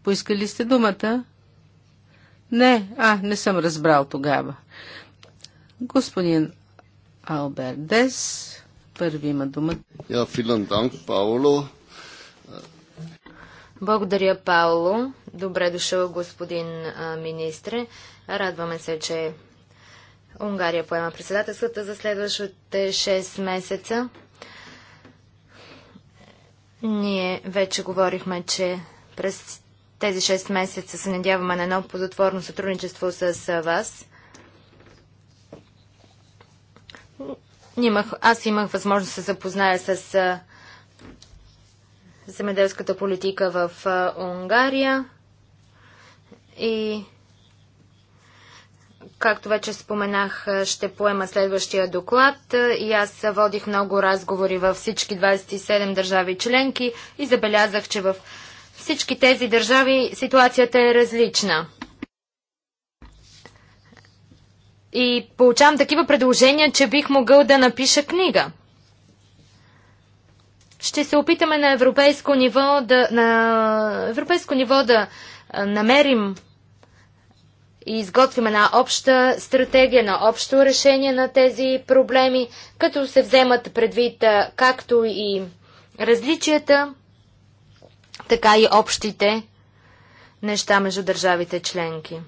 поискали сте думата? Не, а, не съм разбрал тогава. Господин Албердес, първи има думата. Я, филан данк, Пауло. Благодаря, Пауло. Добре дошъл, господин министре. Радваме се, че Унгария поема председателствата за следващите 6 месеца. Ние вече говорихме, че през тези 6 месеца се надяваме на едно плодотворно сътрудничество с вас. Аз имах възможност да се запозная с земеделската политика в Унгария и както вече споменах, ще поема следващия доклад и аз водих много разговори във всички 27 държави членки и забелязах, че в всички тези държави ситуацията е различна. И получавам такива предложения, че бих могъл да напиша книга. Ще се опитаме на европейско ниво да, на европейско ниво да намерим и изготвим една обща стратегия, на общо решение на тези проблеми, като се вземат предвид както и различията, така и общите неща между държавите членки.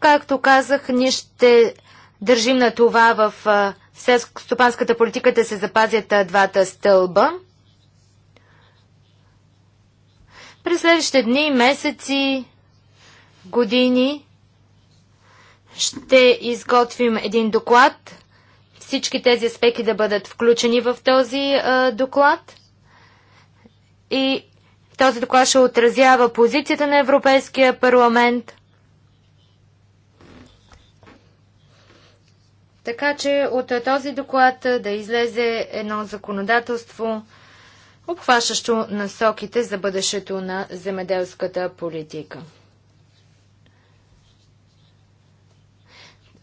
Както казах, ние ще Държим на това в селско-стопанската политика да се запазят двата стълба. През следващите дни, месеци, години ще изготвим един доклад. Всички тези аспекти да бъдат включени в този а, доклад. И този доклад ще отразява позицията на Европейския парламент Така че от този доклад да излезе едно законодателство, обхващащо насоките за бъдещето на земеделската политика.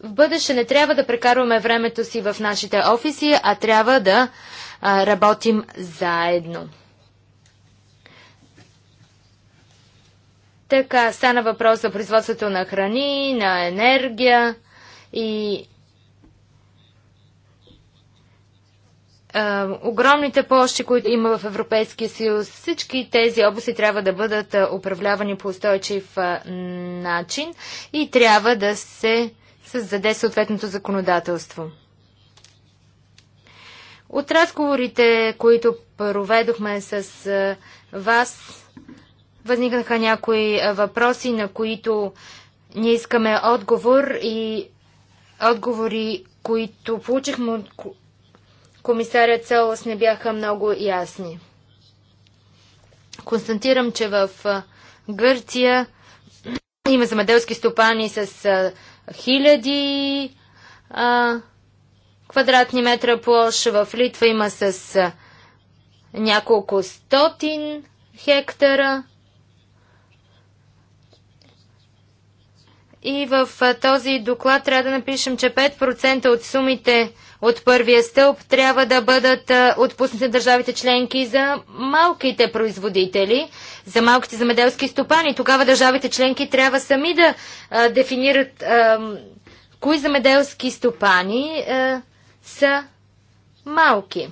В бъдеще не трябва да прекарваме времето си в нашите офиси, а трябва да а, работим заедно. Така, стана въпрос за производството на храни, на енергия и огромните площи, които има в Европейския съюз, всички тези области трябва да бъдат управлявани по устойчив начин и трябва да се създаде съответното законодателство. От разговорите, които проведохме с вас, възникнаха някои въпроси, на които ние искаме отговор и отговори, които получихме от комисарят Солос не бяха много ясни. Константирам, че в Гърция има замеделски стопани с хиляди квадратни метра площ, в Литва има с няколко стотин хектара. И в този доклад трябва да напишем, че 5% от сумите от първия стълб трябва да бъдат отпуснати държавите членки за малките производители, за малките замеделски стопани. Тогава държавите членки трябва сами да а, дефинират а, кои замеделски стопани а, са малки.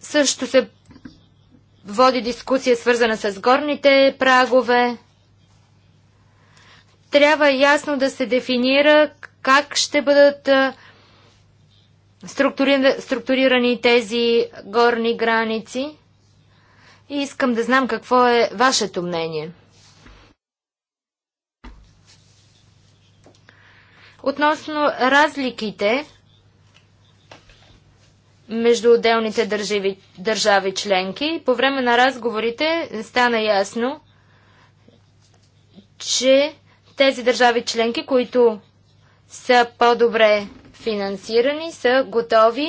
Също се води дискусия свързана с горните прагове трябва ясно да се дефинира как ще бъдат структурирани тези горни граници. И искам да знам какво е вашето мнение. Относно разликите между отделните държави, държави членки, по време на разговорите стана ясно, че тези държави членки, които са по-добре финансирани, са готови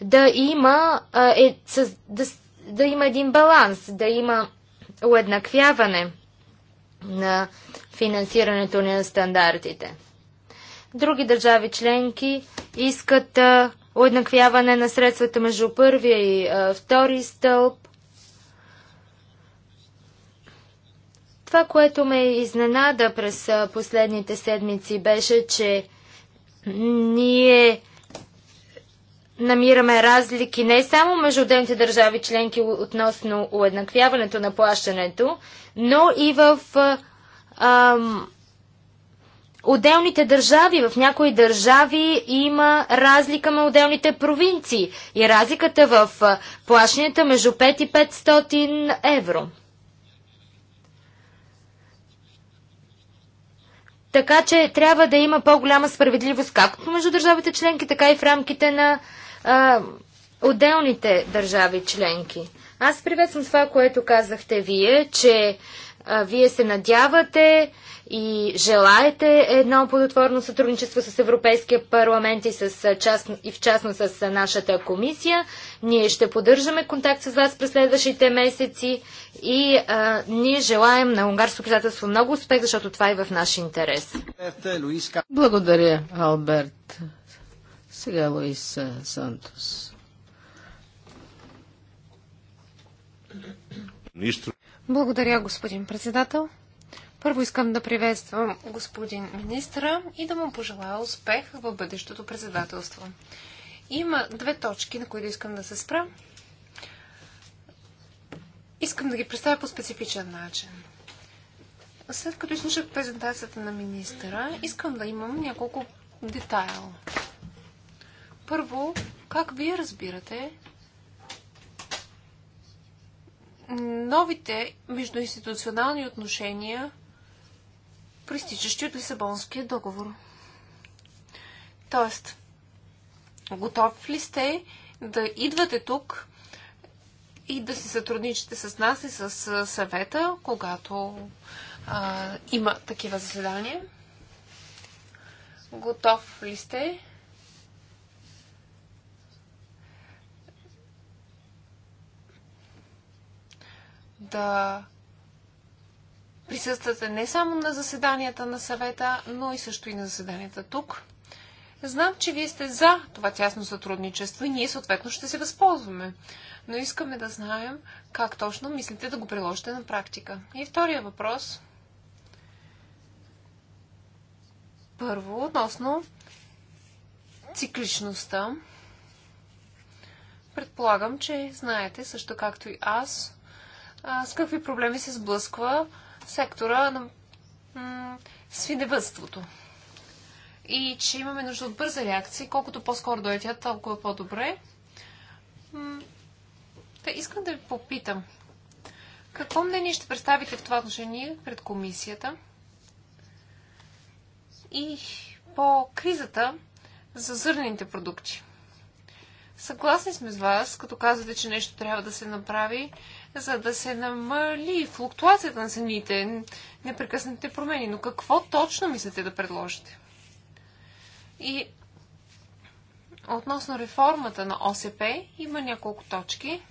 да има, е, с, да, да има един баланс, да има уеднаквяване на финансирането на стандартите. Други държави членки искат уеднаквяване на средствата между първия и втори стълб. Това, което ме изненада през последните седмици беше, че ние намираме разлики не само между отделните държави членки относно уеднаквяването на плащането, но и в ам, отделните държави. В някои държави има разлика на отделните провинции и разликата в плащането между 5 и 500 евро. Така че трябва да има по-голяма справедливост както между държавите членки, така и в рамките на а, отделните държави членки. Аз приветствам това, което казахте вие, че а, вие се надявате и желаете едно плодотворно сътрудничество с Европейския парламент и, с част, и в частно с нашата комисия, ние ще поддържаме контакт с вас през следващите месеци и а, ние желаем на унгарското председателство много успех, защото това е в наш интерес. Благодаря, Алберт. Сега Луис Сантос. Благодаря, господин председател. Първо искам да приветствам господин министра и да му пожелая успех в бъдещото председателство. Има две точки, на които искам да се спра. Искам да ги представя по специфичен начин. След като изслушах презентацията на министра, искам да имам няколко детайл. Първо, как вие разбирате новите междуинституционални отношения проистичащи от Лисабонския договор. Тоест, готов ли сте да идвате тук и да се сътрудничите с нас и с съвета, когато а, има такива заседания? Готов ли сте? да присъствате не само на заседанията на съвета, но и също и на заседанията тук. Знам, че вие сте за това тясно сътрудничество и ние съответно ще се възползваме. Но искаме да знаем как точно мислите да го приложите на практика. И втория въпрос. Първо, относно цикличността. Предполагам, че знаете също както и аз с какви проблеми се сблъсква сектора на свиневътството. И че имаме нужда от бърза реакция. Колкото по-скоро дойде тя, толкова по-добре. да, искам да ви попитам. Какво мнение ще представите в това отношение пред комисията? И по кризата за зърнените продукти. Съгласни сме с вас, като казвате, че нещо трябва да се направи, за да се намали флуктуацията на цените, непрекъснатите промени. Но какво точно мислите да предложите? И относно реформата на ОСП има няколко точки.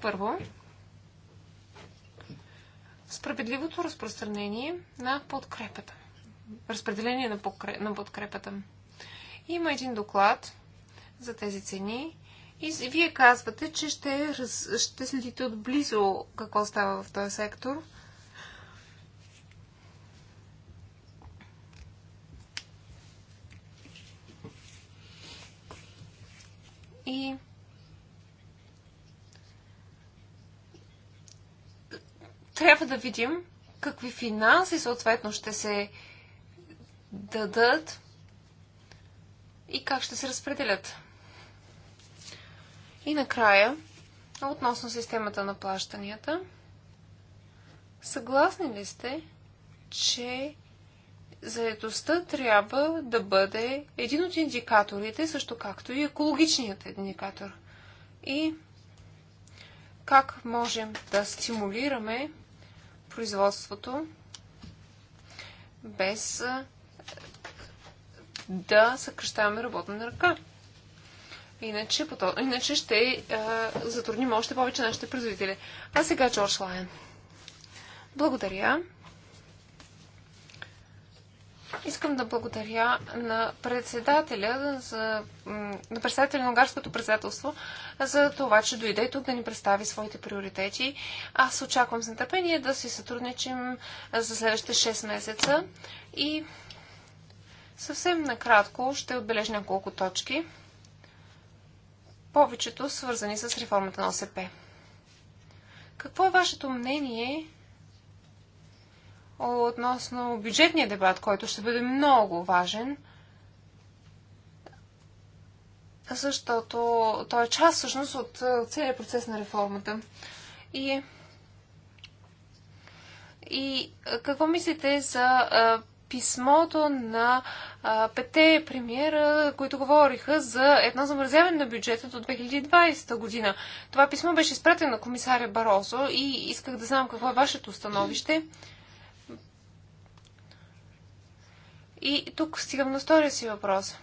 Първо, справедливото разпространение на подкрепата. Разпределение на, на подкрепата. Има един доклад за тези цени и вие казвате, че ще, раз... ще следите отблизо какво става в този сектор. И трябва да видим какви финанси съответно ще се дадат и как ще се разпределят. И накрая, относно системата на плащанията, съгласни ли сте, че заедостта трябва да бъде един от индикаторите, също както и екологичният индикатор? И как можем да стимулираме производството без да съкръщаваме работна ръка? Иначе, потом, иначе ще а, затрудним още повече нашите производители. А сега Джордж Лайен. Благодаря. Искам да благодаря на председателя, за, на председателя на унгарското председателство за това, че дойде тук да ни представи своите приоритети. Аз очаквам с нетърпение да си сътрудничим за следващите 6 месеца и съвсем накратко ще отбележа няколко точки повечето свързани с реформата на ОСП. Какво е вашето мнение относно бюджетния дебат, който ще бъде много важен, защото той е част всъщност от целият процес на реформата. И, и какво мислите за писмото на а, пете премиера, които говориха за едно замразяване на бюджета до 2020 година. Това писмо беше изпратено на комисаря Барозо и исках да знам какво е вашето становище. И тук стигам на втория си въпрос.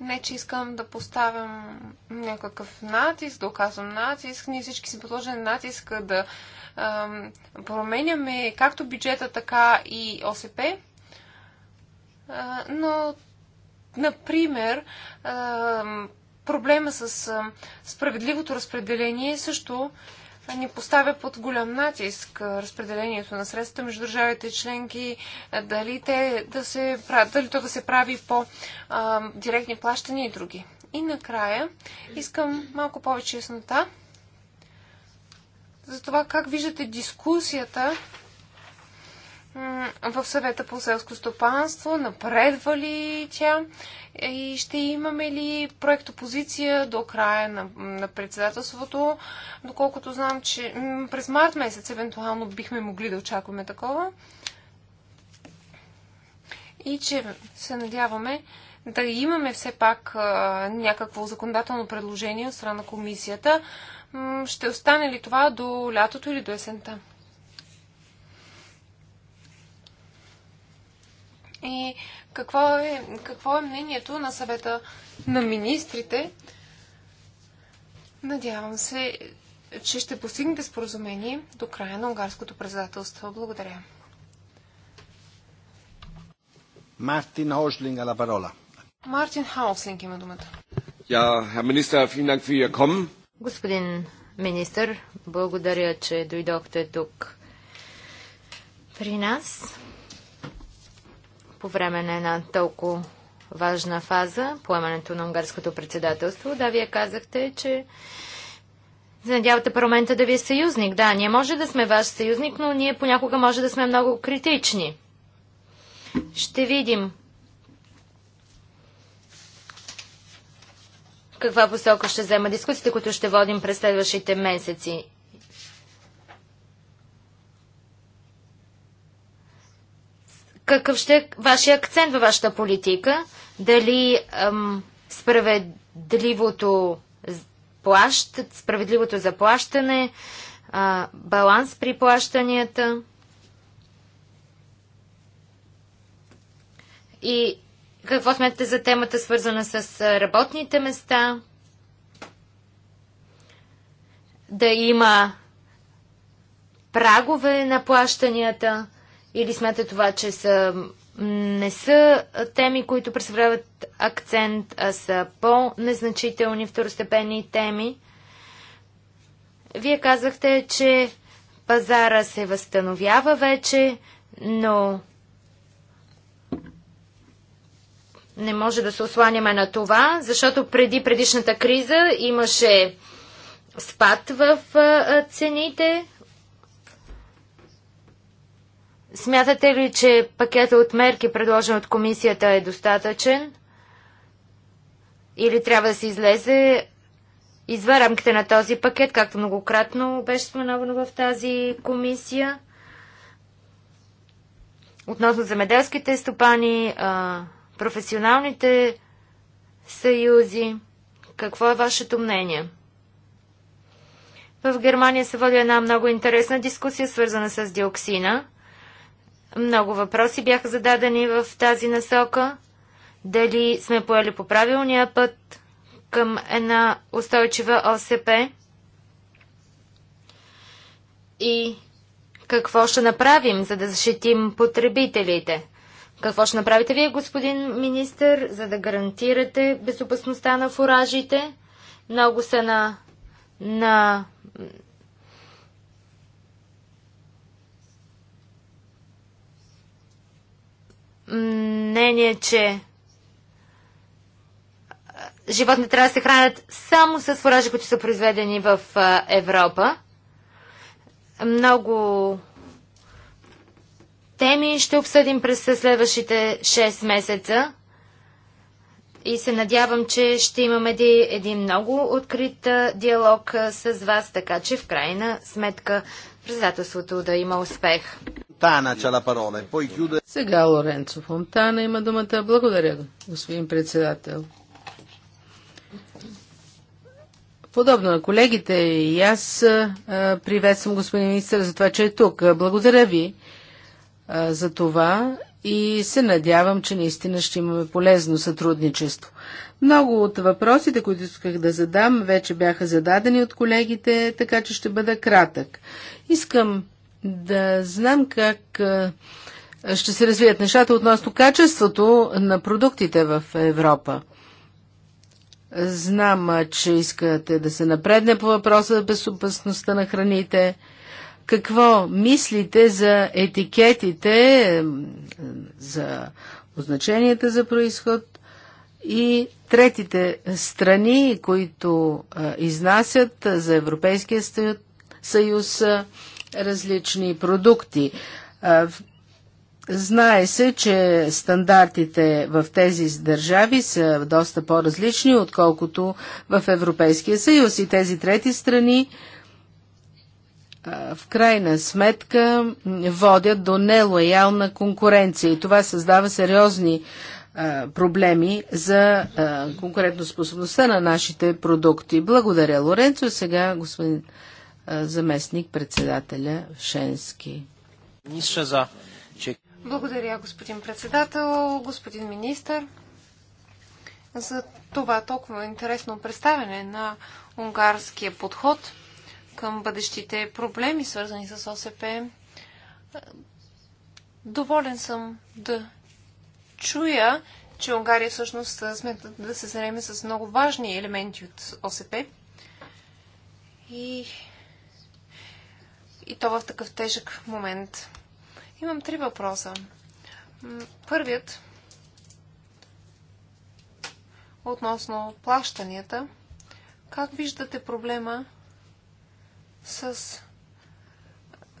Не, че искам да поставям някакъв натиск, да оказвам натиск. Ние всички си подложени натиск да променяме както бюджета, така и ОСП. Но, например, проблема с справедливото разпределение също ни поставя под голям натиск разпределението на средствата между държавите членки, дали, те да се, дали то да се прави по а, директни плащания и други. И накрая искам малко повече яснота за това как виждате дискусията в съвета по селско стопанство, напредва ли тя и ще имаме ли проект опозиция до края на, на председателството, доколкото знам, че през март месец евентуално бихме могли да очакваме такова и че се надяваме да имаме все пак а, някакво законодателно предложение от страна на комисията, ще остане ли това до лятото или до есента? И какво е, какво е мнението на съвета на министрите? Надявам се, че ще постигнете споразумение до края на унгарското председателство. Благодаря. Мартин Хошлинг ала парола. Мартин Хауслинг има думата. Ja, Herr Minister, vielen Dank für Ihr Kommen. Господин министр, благодаря, че дойдохте тук при нас по време на една толкова важна фаза, поемането на унгарското председателство. Да, вие казахте, че се надявате парламента да ви е съюзник. Да, ние може да сме ваш съюзник, но ние понякога може да сме много критични. Ще видим каква посока ще взема дискусите, които ще водим през следващите месеци. Какъв ще е вашия акцент във вашата политика? Дали ам, справедливото плащ, справедливото заплащане, а, баланс при плащанията и какво смятате за темата, свързана с работните места? Да има прагове на плащанията? Или смятате това, че са, не са теми, които представляват акцент, а са по-незначителни второстепенни теми? Вие казахте, че пазара се възстановява вече, но Не може да се осланяме на това, защото преди предишната криза имаше спад в цените. Смятате ли, че пакета от мерки, предложен от комисията, е достатъчен? Или трябва да се излезе извън рамките на този пакет, както многократно беше споменавано в тази комисия? Относно земеделските стопани, професионалните съюзи. Какво е вашето мнение? В Германия се води една много интересна дискусия, свързана с диоксина. Много въпроси бяха зададени в тази насока. Дали сме поели по правилния път към една устойчива ОСП? И какво ще направим, за да защитим потребителите? Какво ще направите вие, господин министр, за да гарантирате безопасността на фуражите? Много са на, на мнение, че животни трябва да се хранят само с фуражи, които са произведени в Европа. Много теми ще обсъдим през следващите 6 месеца и се надявам, че ще имаме един много открит диалог с вас, така че в крайна сметка председателството да има успех. Сега Лоренцо Фонтана има думата. Благодаря, господин председател. Подобно на колегите и аз приветствам господин министър за това, че е тук. Благодаря ви за това и се надявам, че наистина ще имаме полезно сътрудничество. Много от въпросите, които исках да задам, вече бяха зададени от колегите, така че ще бъда кратък. Искам да знам как ще се развият нещата относно качеството на продуктите в Европа. Знам, че искате да се напредне по въпроса за безопасността на храните. Какво мислите за етикетите, за означенията за происход и третите страни, които изнасят за Европейския съюз различни продукти? Знае се, че стандартите в тези държави са доста по-различни, отколкото в Европейския съюз и тези трети страни в крайна сметка водят до нелоялна конкуренция и това създава сериозни проблеми за конкурентоспособността на нашите продукти. Благодаря, Лоренцо. Сега господин заместник председателя Шенски. Благодаря, господин председател, господин министър, за това толкова интересно представяне на унгарския подход – към бъдещите проблеми, свързани с ОСП. Доволен съм да чуя, че Унгария всъщност смета да се зареме с много важни елементи от ОСП. И, и то в такъв тежък момент. Имам три въпроса. Първият относно плащанията. Как виждате проблема с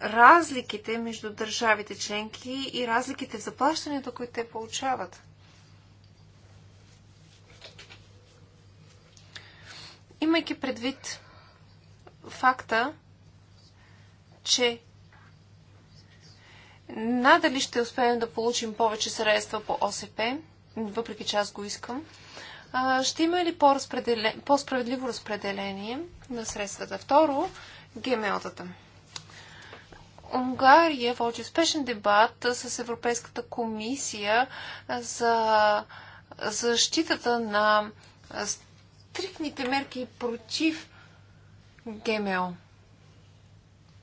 разликите между държавите членки и разликите в заплащането, които те получават. Имайки предвид факта, че надали ще успеем да получим повече средства по ОСП, въпреки че аз го искам, ще има ли по-справедливо разпределение на средствата? Второ, ГМО-тата. Унгария води успешен дебат с Европейската комисия за защитата на стрикните мерки против ГМО.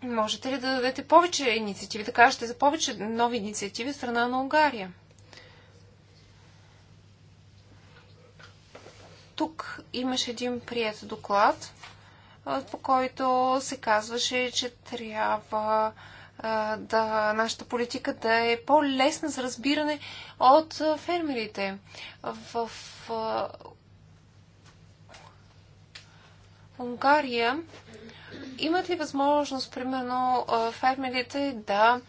Можете ли да дадете повече инициативи, да кажете за повече нови инициативи в страна на Унгария? Тук имаш един прият доклад – по който се казваше, че трябва да, нашата политика да е по-лесна за разбиране от фермерите. В, в Унгария имат ли възможност, примерно, фермерите да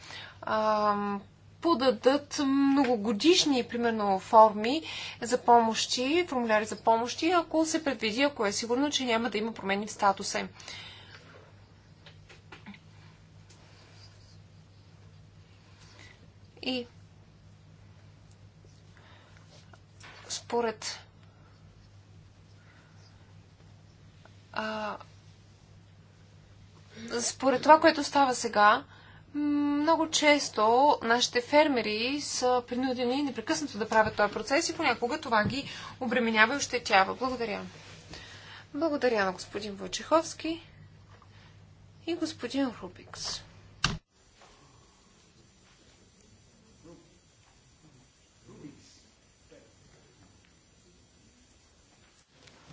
подадат многогодишни, примерно, форми за помощи, формуляри за помощи, ако се предвиди, ако е сигурно, че няма да има промени в статуса. И според а, според това, което става сега, много често нашите фермери са принудени непрекъснато да правят този процес и понякога това ги обременява и ощетява. Благодаря. Благодаря на господин Войчеховски и господин Рубикс.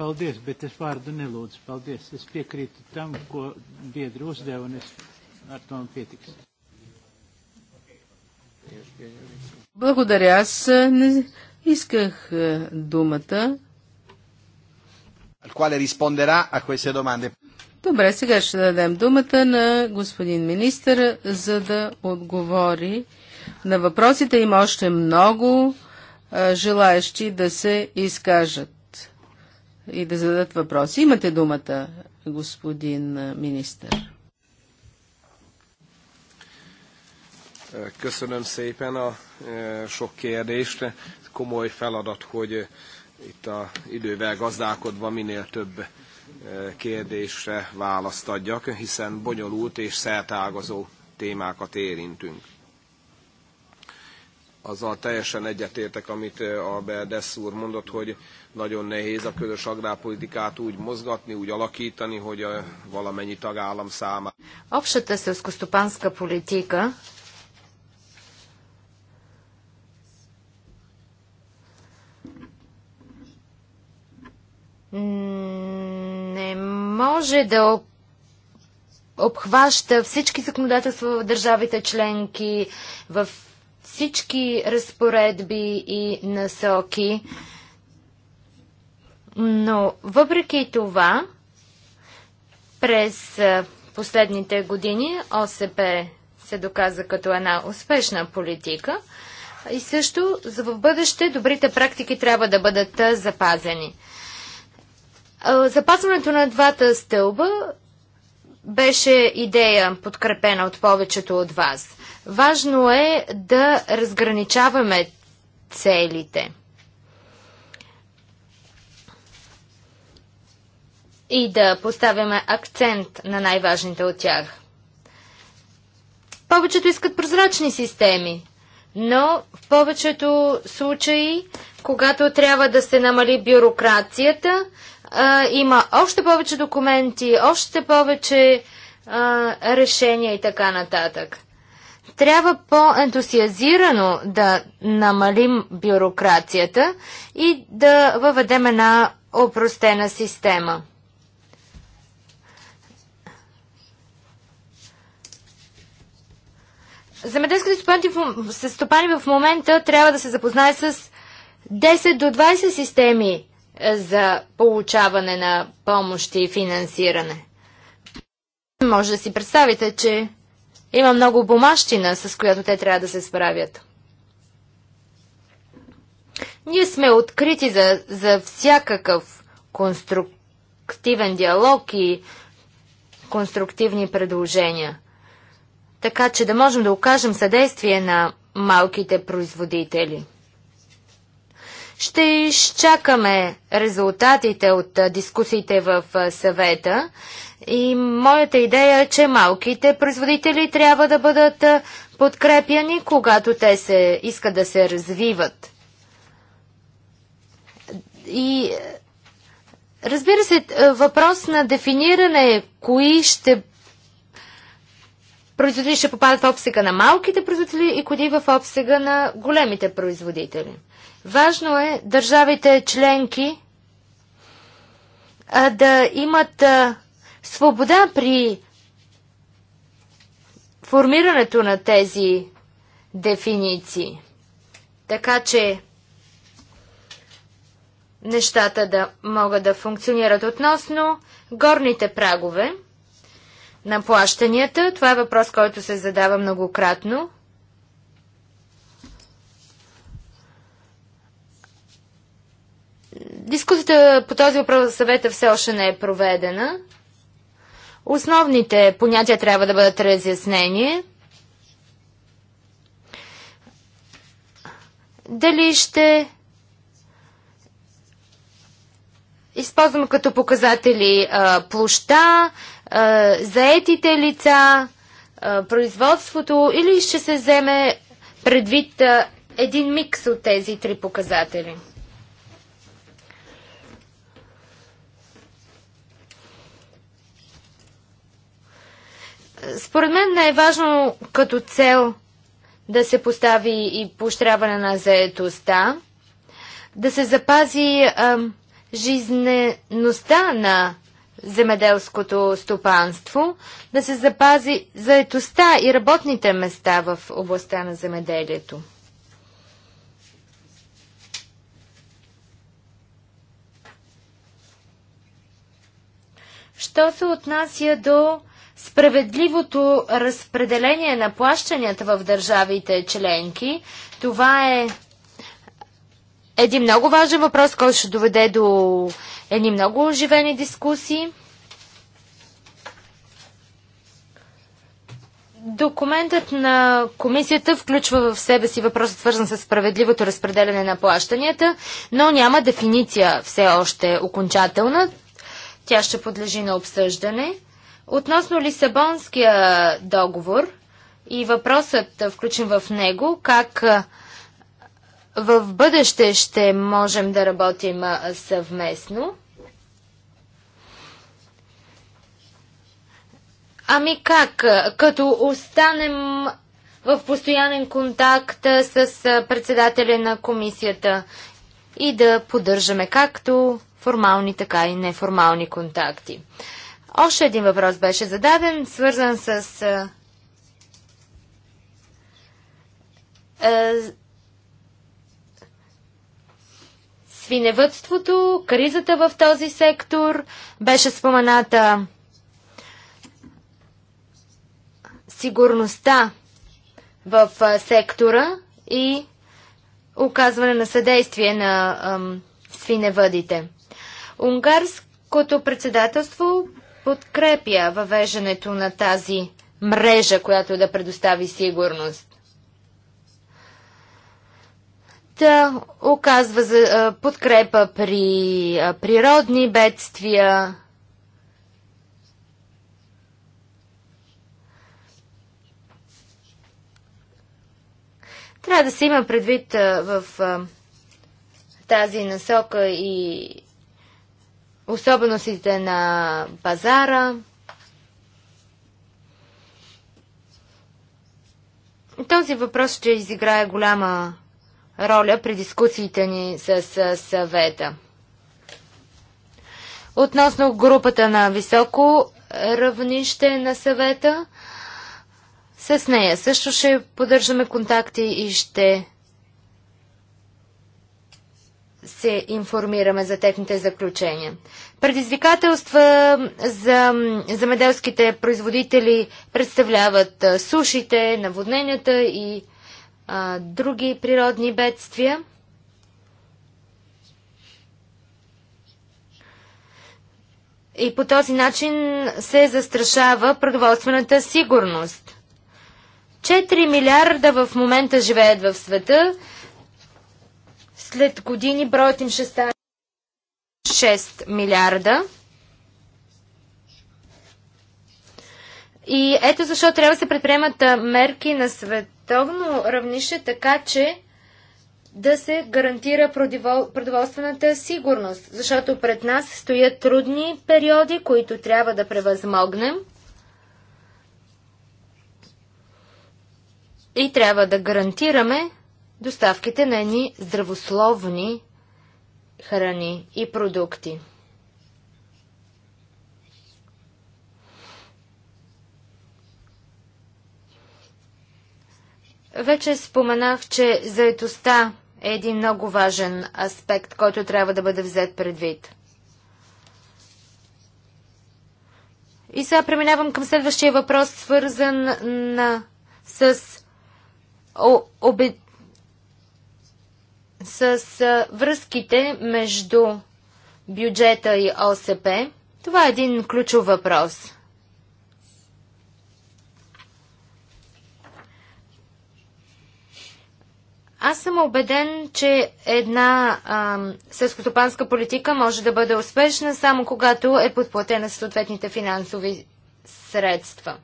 Paldies, bet es vārdu nelūdzu. Paldies. Es piekrītu tam, ko biedri uzdeva, un es ar to pietiks. Благодаря. Аз не исках думата. Добре, сега ще дадем думата на господин министър, за да отговори на въпросите. Има още много желаящи да се изкажат и да зададат въпроси. Имате думата, господин министър. Köszönöm szépen a sok kérdést. Komoly feladat, hogy itt a idővel gazdálkodva minél több kérdésre választ adjak, hiszen bonyolult és szertágazó témákat érintünk. Azzal teljesen egyetértek, amit Albert Dess úr mondott, hogy nagyon nehéz a közös agrárpolitikát úgy mozgatni, úgy alakítani, hogy a valamennyi tagállam számára. Общата селскостопанска политика не може да обхваща всички законодателства в държавите членки, в всички разпоредби и насоки. Но въпреки това, през последните години ОСП се доказа като една успешна политика и също за в бъдеще добрите практики трябва да бъдат запазени. Запазването на двата стълба беше идея подкрепена от повечето от вас. Важно е да разграничаваме целите. И да поставяме акцент на най-важните от тях. Повечето искат прозрачни системи, но в повечето случаи, когато трябва да се намали бюрокрацията, а, има още повече документи, още повече а, решения и така нататък. Трябва по-ентусиазирано да намалим бюрокрацията и да въведем една опростена система. Земеделските стопани стопани в момента трябва да се запознае с 10 до 20 системи за получаване на помощи и финансиране. Може да си представите, че има много бумащина, с която те трябва да се справят. Ние сме открити за, за всякакъв конструктивен диалог и конструктивни предложения, така че да можем да окажем съдействие на малките производители. Ще изчакаме резултатите от дискусиите в съвета и моята идея е, че малките производители трябва да бъдат подкрепяни, когато те се искат да се развиват. И разбира се, въпрос на дефиниране е кои ще производители ще попадат в обсега на малките производители и кои в обсега на големите производители. Важно е държавите членки а, да имат а, свобода при формирането на тези дефиниции. Така че нещата да могат да функционират относно горните прагове на плащанията. Това е въпрос, който се задава многократно. Дискусията по този въпрос за съвета все още не е проведена. Основните понятия трябва да бъдат разяснени. Дали ще използваме като показатели а, площа, а, заетите лица, а, производството или ще се вземе предвид а, един микс от тези три показатели? Според мен е важно като цел да се постави и поощряване на заетостта, да се запази а, жизнеността на земеделското стопанство, да се запази заетостта и работните места в областта на земеделието. Що се отнася до Справедливото разпределение на плащанията в държавите членки, това е един много важен въпрос, който ще доведе до едни много оживени дискусии. Документът на комисията включва в себе си въпрос, свързан с справедливото разпределяне на плащанията, но няма дефиниция все още окончателна. Тя ще подлежи на обсъждане. Относно Лисабонския договор и въпросът включен в него, как в бъдеще ще можем да работим съвместно. Ами как? Като останем в постоянен контакт с председателя на комисията и да поддържаме както формални, така и неформални контакти. Още един въпрос беше зададен, свързан с свиневътството, кризата в този сектор, беше спомената сигурността в сектора и оказване на съдействие на ам, свиневъдите. Унгарското председателство подкрепя въвеждането на тази мрежа, която да предостави сигурност. Та да оказва за, подкрепа при природни бедствия, Трябва да се има предвид в тази насока и особеностите на пазара. Този въпрос ще изиграе голяма роля при дискусиите ни с съвета. Относно групата на високо равнище на съвета, с нея също ще поддържаме контакти и ще се информираме за техните заключения. Предизвикателства за земеделските производители представляват сушите, наводненията и а, други природни бедствия. И по този начин се застрашава продоволствената сигурност. 4 милиарда в момента живеят в света след години броят им ще стане 6 милиарда. И ето защо трябва да се предприемат мерки на световно равнище, така че да се гарантира продоволствената сигурност, защото пред нас стоят трудни периоди, които трябва да превъзмогнем и трябва да гарантираме доставките на едни здравословни храни и продукти. Вече споменах, че заетостта е един много важен аспект, който трябва да бъде взет предвид. И сега преминавам към следващия въпрос, свързан на, с обед с връзките между бюджета и ОСП? Това е един ключов въпрос. Аз съм убеден, че една селскостопанска политика може да бъде успешна само когато е подплатена съответните финансови средства.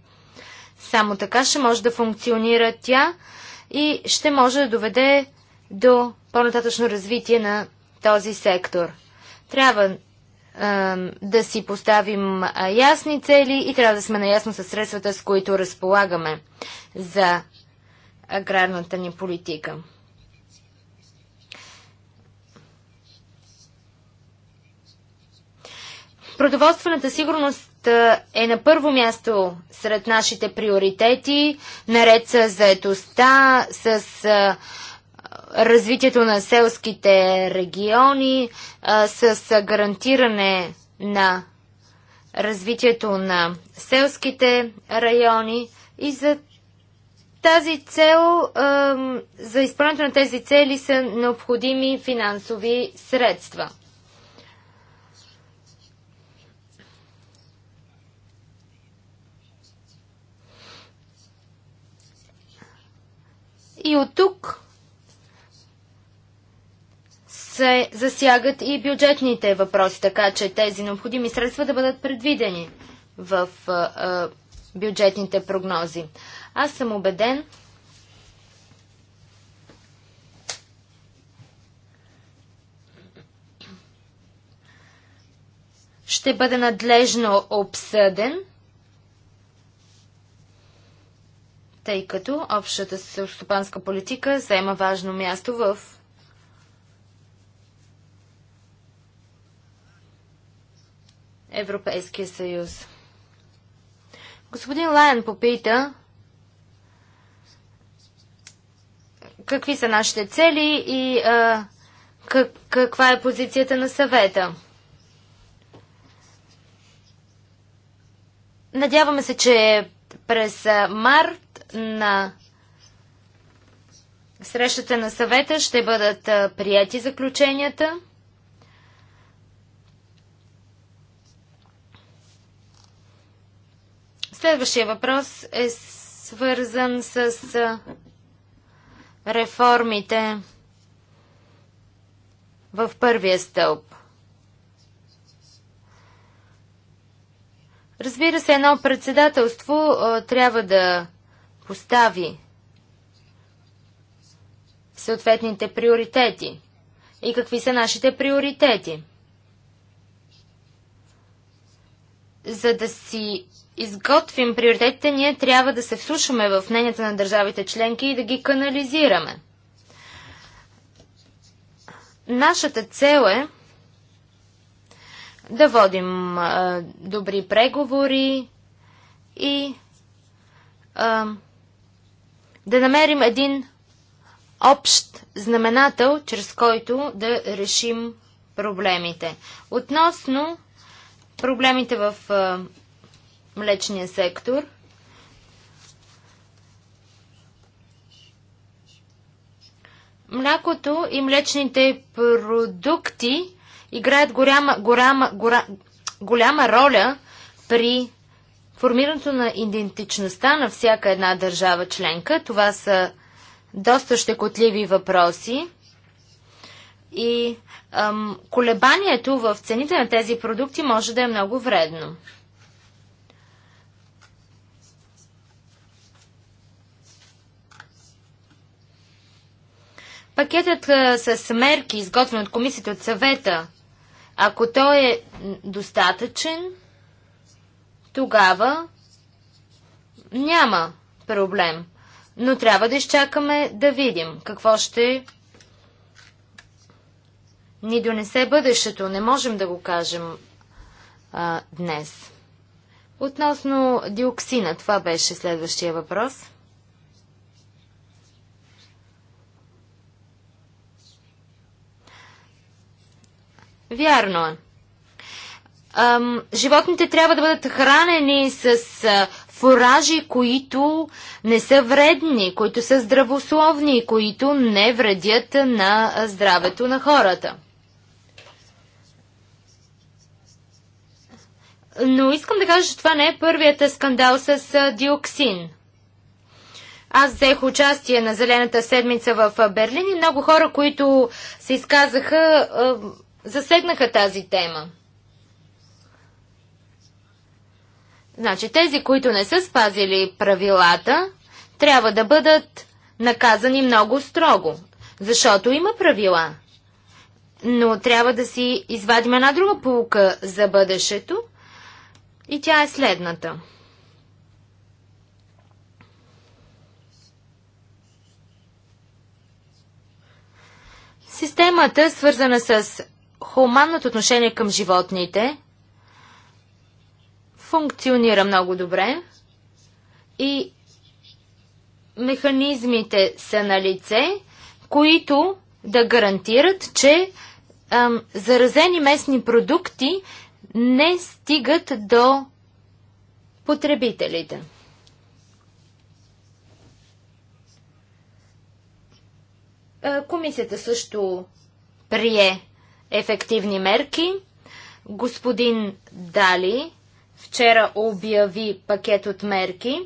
Само така ще може да функционира тя и ще може да доведе до по-нататъчно развитие на този сектор. Трябва а, да си поставим ясни цели и трябва да сме наясно с средствата, с които разполагаме за аграрната ни политика. Продоволствената сигурност е на първо място сред нашите приоритети, наред с заетостта, с развитието на селските региони, а, с гарантиране на развитието на селските райони и за тази цел, а, за изпълнението на тези цели са необходими финансови средства. И от тук се засягат и бюджетните въпроси, така че тези необходими средства да бъдат предвидени в а, бюджетните прогнози. Аз съм убеден, ще бъде надлежно обсъден, тъй като общата стопанска политика заема важно място в Европейския съюз. Господин Лайен попита какви са нашите цели и а, как, каква е позицията на съвета. Надяваме се, че през март на срещата на съвета ще бъдат прияти заключенията. Следващия въпрос е свързан с реформите в първия стълб. Разбира се, едно председателство трябва да постави съответните приоритети. И какви са нашите приоритети? За да си изготвим приоритетите, ние трябва да се вслушаме в мненията на държавите членки и да ги канализираме. Нашата цел е да водим а, добри преговори и а, да намерим един общ знаменател, чрез който да решим проблемите. Относно проблемите в а, млечния сектор. Млякото и млечните продукти играят голяма, голяма, голяма, голяма роля при формирането на идентичността на всяка една държава членка. Това са доста щекотливи въпроси. И ам, колебанието в цените на тези продукти може да е много вредно. Пакетът а, с мерки, изготвен от комисията от съвета, ако той е достатъчен, тогава няма проблем. Но трябва да изчакаме да видим какво ще ни донесе бъдещето. Не можем да го кажем а, днес. Относно диоксина, това беше следващия въпрос. Вярно е. Животните трябва да бъдат хранени с фуражи, които не са вредни, които са здравословни, които не вредят на здравето на хората. Но искам да кажа, че това не е първият скандал с диоксин. Аз взех участие на Зелената седмица в Берлин и много хора, които се изказаха, засегнаха тази тема. Значи тези, които не са спазили правилата, трябва да бъдат наказани много строго, защото има правила. Но трябва да си извадим една друга полука за бъдещето и тя е следната. Системата, свързана с хуманното отношение към животните функционира много добре и механизмите са на лице, които да гарантират, че ам, заразени местни продукти не стигат до потребителите. Е, комисията също прие ефективни мерки. Господин Дали вчера обяви пакет от мерки,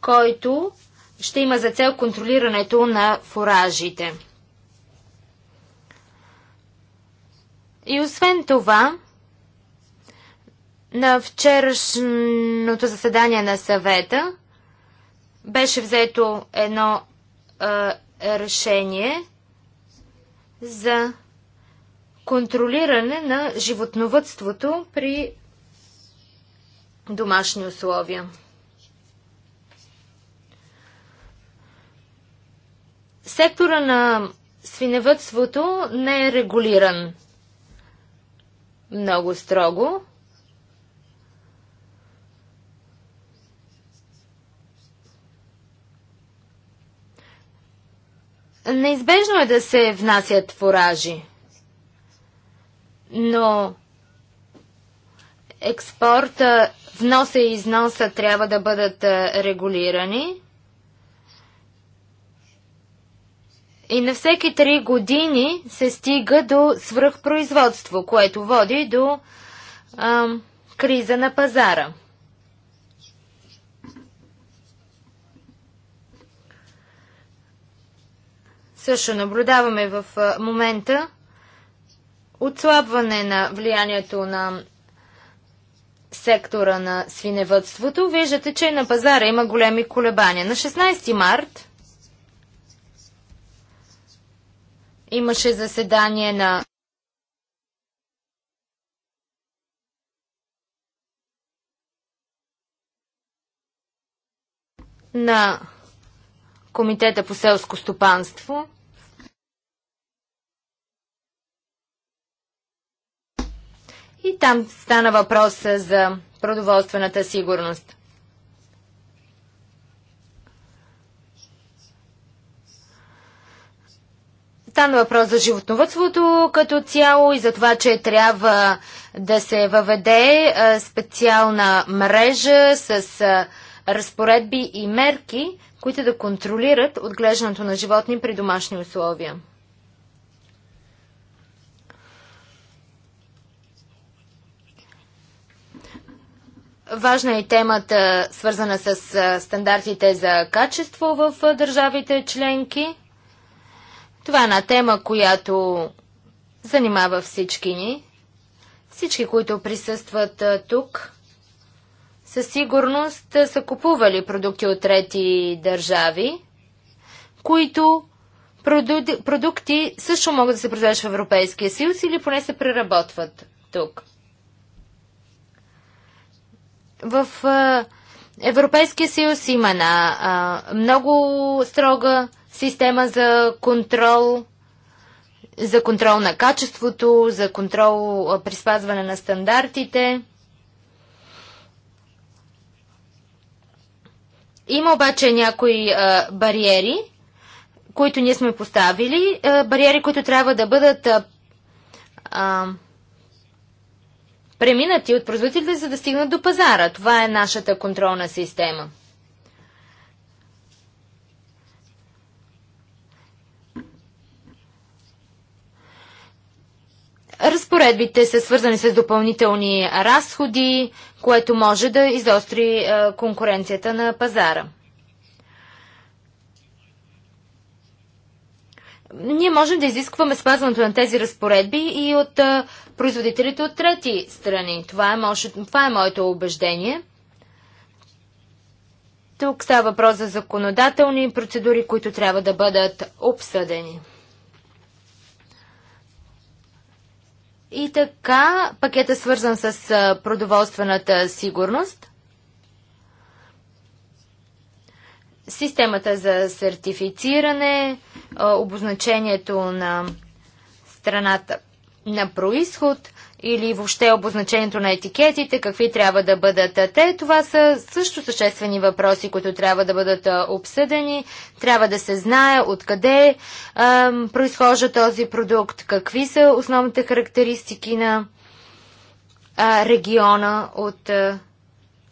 който ще има за цел контролирането на фуражите. И освен това, на вчерашното заседание на съвета беше взето едно е, решение за контролиране на животновътството при домашни условия. Сектора на свиневътството не е регулиран много строго. Неизбежно е да се внасят фуражи но експорта, вноса и износа трябва да бъдат регулирани. И на всеки три години се стига до свръхпроизводство, което води до ам, криза на пазара. Също наблюдаваме в момента отслабване на влиянието на сектора на свиневътството, виждате, че на пазара има големи колебания. На 16 март имаше заседание на на Комитета по селско стопанство. И там стана въпрос за продоволствената сигурност. Стана въпрос за животновътството като цяло и за това, че трябва да се въведе специална мрежа с разпоредби и мерки, които да контролират отглеждането на животни при домашни условия. Важна е темата, свързана с стандартите за качество в държавите членки. Това е една тема, която занимава всички ни. Всички, които присъстват тук, със сигурност са купували продукти от трети държави, които продукти също могат да се продават в Европейския съюз или поне се преработват тук в Европейския съюз има на много строга система за контрол, за контрол на качеството, за контрол при спазване на стандартите. Има обаче някои а, бариери, които ние сме поставили, а, бариери, които трябва да бъдат а, преминати от производителите, за да стигнат до пазара. Това е нашата контролна система. Разпоредбите са свързани с допълнителни разходи, което може да изостри е, конкуренцията на пазара. ние можем да изискваме спазването на тези разпоредби и от а, производителите от трети страни. Това е, може, това е моето убеждение. Тук става въпрос за законодателни процедури, които трябва да бъдат обсъдени. И така, пакета свързан с продоволствената сигурност. Системата за сертифициране, обозначението на страната на происход или въобще обозначението на етикетите, какви трябва да бъдат те. Това са също съществени въпроси, които трябва да бъдат обсъдени. Трябва да се знае откъде е, произхожда този продукт, какви са основните характеристики на региона, от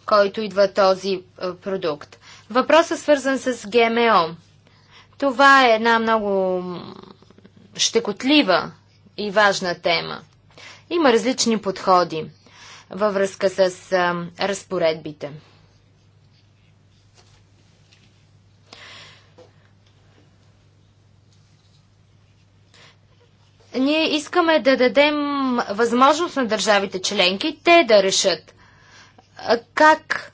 който идва този продукт. Въпросът е свързан с ГМО. Това е една много щекотлива и важна тема. Има различни подходи във връзка с а, разпоредбите. Ние искаме да дадем възможност на държавите членки те да решат а, как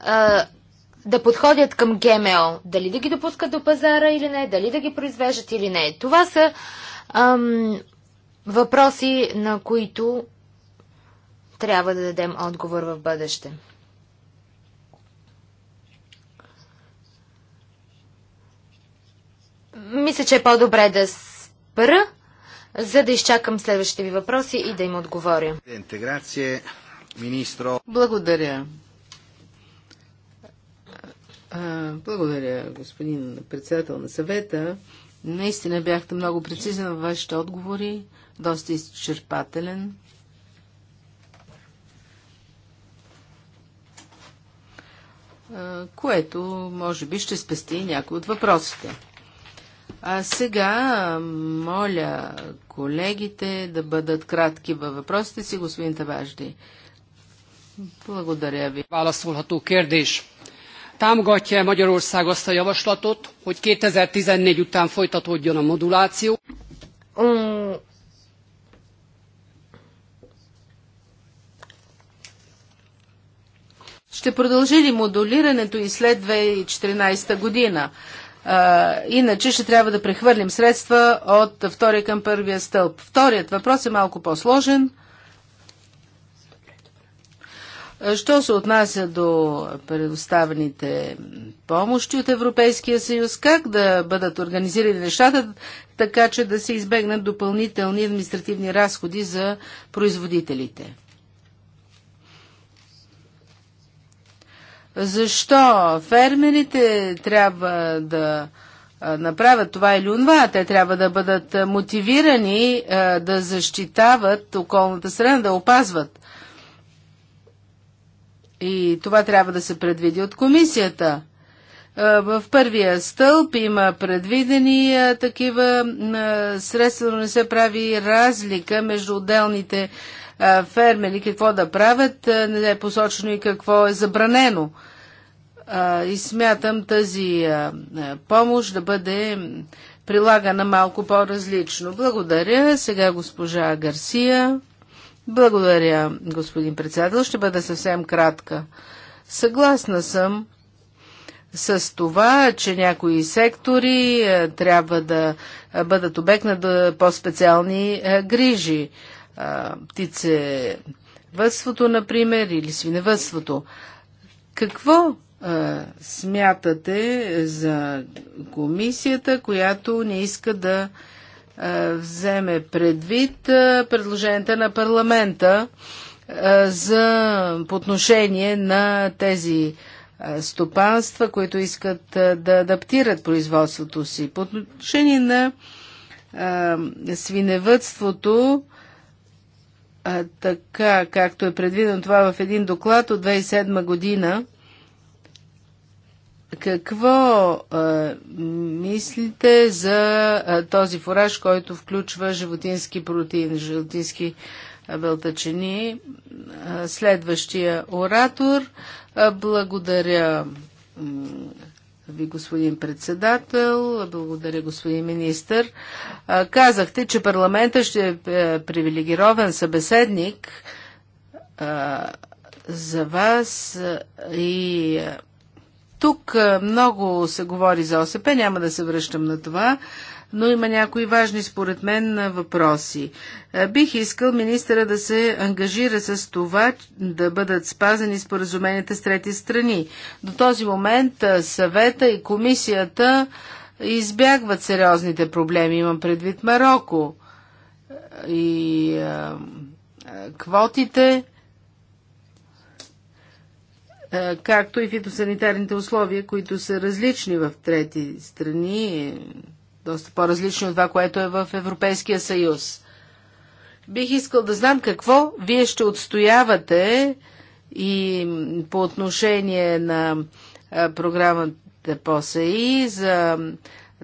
а, да подходят към ГМО. Дали да ги допускат до пазара или не, дали да ги произвеждат или не. Това са ам, въпроси, на които трябва да дадем отговор в бъдеще. Мисля, че е по-добре да спра, за да изчакам следващите ви въпроси и да им отговоря. Благодаря. А, благодаря, господин председател на съвета. Наистина бяхте много прецизен във вашите отговори, доста изчерпателен. което може би ще спести някои от въпросите. А сега моля колегите да бъдат кратки във въпросите си, господин Табажди. Благодаря ви. Válaszolható кердиш. Támogatja-e Magyarország azt a javaslatot, hogy 2014 után folytatódjon a moduláció? Ще продължи ли модулирането и след 2014 година? А, иначе ще трябва да прехвърлим средства от втория към първия стълб. Вторият въпрос е малко по-сложен. Е, що се отнася до предоставените помощи от Европейския съюз, как да бъдат организирани нещата, така че да се избегнат допълнителни административни разходи за производителите? Защо фермерите трябва да направят това или онова, те трябва да бъдат мотивирани да защитават околната среда, да опазват и това трябва да се предвиди от комисията. Е, в първия стълб има предвидени е, такива е, средства, но не се прави разлика между отделните фермери, какво да правят, не е посочено и какво е забранено. И смятам тази помощ да бъде прилагана малко по-различно. Благодаря. Сега госпожа Гарсия. Благодаря, господин председател. Ще бъда съвсем кратка. Съгласна съм с това, че някои сектори е, трябва да бъдат обект на по-специални е, грижи. Е, птицевътството, например, или свиневътството. Какво смятате за комисията, която не иска да е, вземе предвид е, предложенията на парламента е, за по отношение на тези стопанства, които искат да адаптират производството си. По отношение на свиневътството, така както е предвидено това в един доклад от 2007 година, какво а, мислите за а, този фураж, който включва животински протеин, животински вълтачени? Следващия оратор. А, благодаря ви, господин председател, благодаря, господин министр. Казахте, че парламента ще е привилегирован събеседник за вас и тук много се говори за ОСП, няма да се връщам на това, но има някои важни според мен въпроси. Бих искал министъра да се ангажира с това да бъдат спазени споразуменията с трети страни. До този момент съвета и комисията избягват сериозните проблеми. Имам предвид Марокко и а, квотите. Е, както и фитосанитарните условия, които са различни в трети страни, доста по-различни от това, което е в Европейския съюз. Бих искал да знам какво вие ще отстоявате и по отношение на е, програмата ПОСАИ за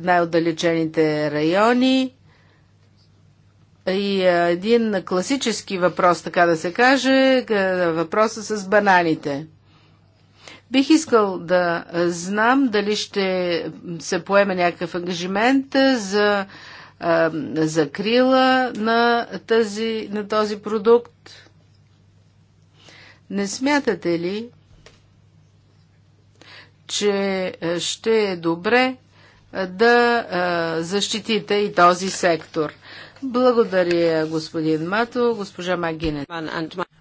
най-отдалечените райони. И е, един класически въпрос, така да се каже, въпроса с бананите. Бих искал да знам дали ще се поеме някакъв ангажимент за закрила на, тази, на този продукт. Не смятате ли, че ще е добре да защитите и този сектор? Благодаря, господин Мато, госпожа Магине.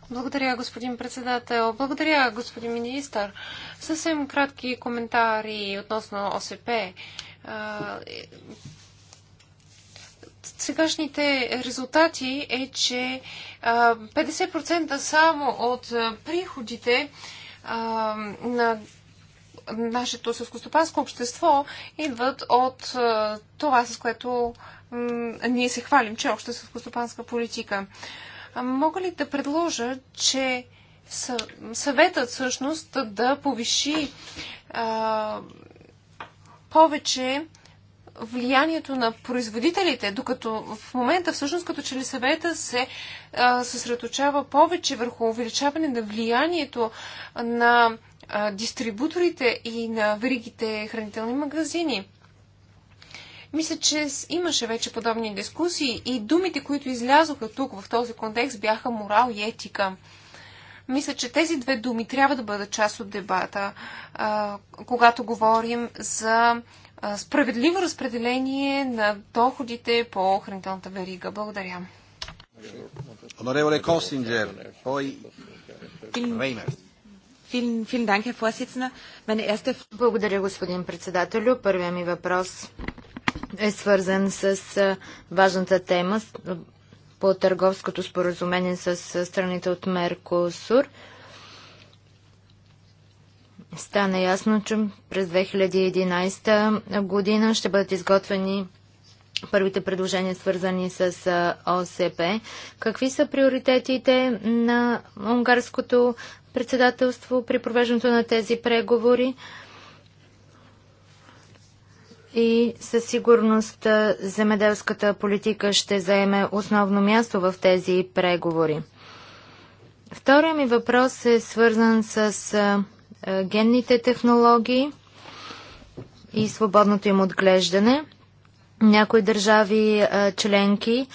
Благодаря, господин председател. Благодаря, господин министър. Съвсем кратки коментари относно ОСП. Сегашните резултати е, че 50% само от приходите на нашето съскостопанско общество идват от това, с което ние се хвалим, че е обща съскостопанска политика мога ли да предложа, че съветът всъщност да повиши а, повече влиянието на производителите, докато в момента всъщност като че ли съвета се а, съсредоточава повече върху увеличаване на влиянието на а, дистрибуторите и на веригите хранителни магазини. Мисля, че имаше вече подобни дискусии и думите, които излязоха тук в този контекст, бяха морал и етика. Мисля, че тези две думи трябва да бъдат част от дебата, когато говорим за справедливо разпределение на доходите по хранителната верига. Благодаря. Благодаря, господин председателю. Първият ми въпрос е свързан с важната тема по търговското споразумение с страните от Меркосур. Стана ясно, че през 2011 година ще бъдат изготвени първите предложения, свързани с ОСП. Какви са приоритетите на унгарското председателство при провеждането на тези преговори? И със сигурност земеделската политика ще заеме основно място в тези преговори. Втория ми въпрос е свързан с генните технологии и свободното им отглеждане. Някои държави членки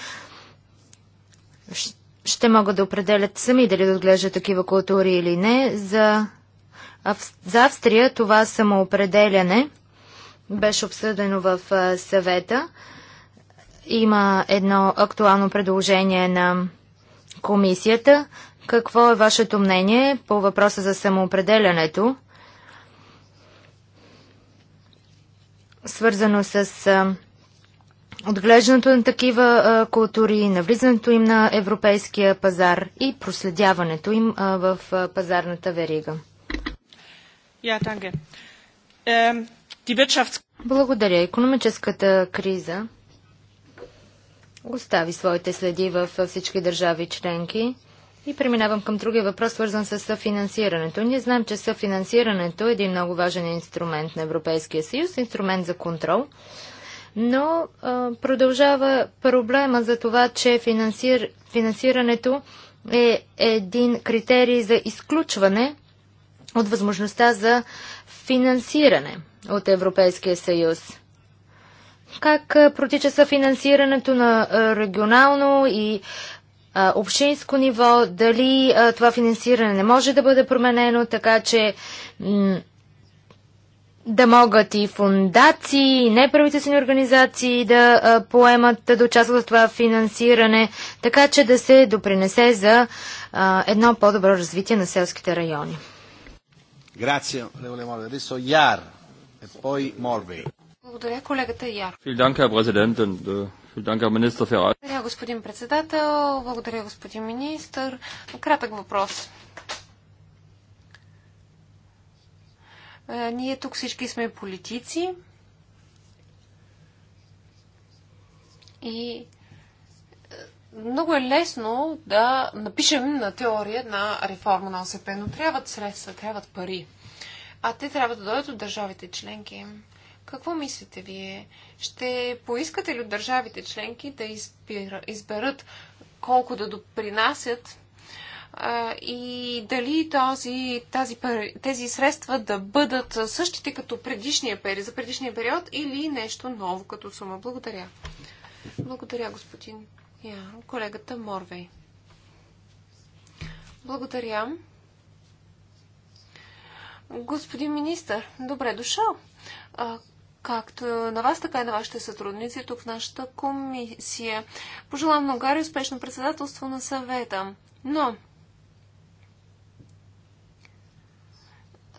ще могат да определят сами дали да отглеждат такива култури или не. За, за Австрия това самоопределяне беше обсъдено в съвета. Има едно актуално предложение на комисията. Какво е вашето мнение по въпроса за самоопределянето, свързано с отглеждането на такива култури, навлизането им на европейския пазар и проследяването им в пазарната верига? Ja, danke. Um... Благодаря. Економическата криза остави своите следи в всички държави членки. И преминавам към другия въпрос, свързан с съфинансирането. Ние знаем, че съфинансирането е един много важен инструмент на Европейския съюз, инструмент за контрол. Но а, продължава проблема за това, че финансир... финансирането е един критерий за изключване от възможността за финансиране от Европейския съюз. Как протича съфинансирането на регионално и общинско ниво? Дали това финансиране не може да бъде променено, така че да могат и фундации, и неправителствени организации да поемат, да участват в това финансиране, така че да се допринесе за едно по-добро развитие на селските райони. Grazie, onorevole Morvay. Adesso Яр, e poi Morvay. Благодаря, колегата Яр. Äh, Благодаря, господин председател. Благодаря, господин министр. Кратък въпрос. Е, ние тук всички сме политици и много е лесно да напишем на теория на реформа на ОСП, но трябват средства, трябват пари. А те трябва да дойдат от държавите членки. Какво мислите вие? Ще поискате ли от държавите членки да избира, изберат колко да допринасят а, и дали този, тази, тези средства да бъдат същите като предишния период, за предишния период или нещо ново като сума? Благодаря. Благодаря, господин я, е, колегата Морвей. Благодаря. Господин министър, добре дошъл. А, както на вас, така и на вашите сътрудници тук в нашата комисия. Пожелавам на Унгария успешно председателство на съвета. Но,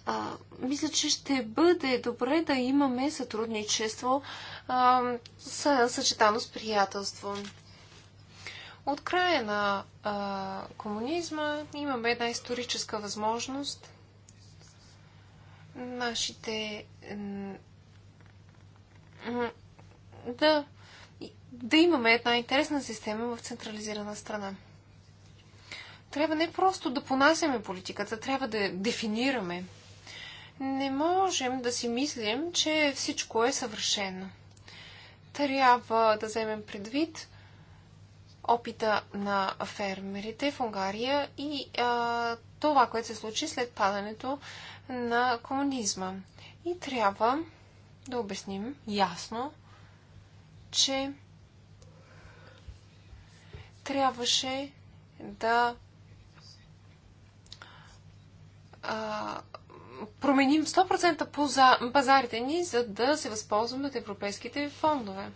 а, мисля, че ще бъде добре да имаме сътрудничество а, съ, съчетано с приятелство. От края на а, комунизма имаме една историческа възможност нашите да, да имаме една интересна система в централизирана страна. Трябва не просто да понасяме политиката, трябва да дефинираме. Не можем да си мислим, че всичко е съвършено. Трябва да вземем предвид опита на фермерите в Унгария и а, това, което се случи след падането на комунизма. И трябва да обясним ясно, че трябваше да а, променим 100% пазарите ни, за да се възползваме от европейските фондове.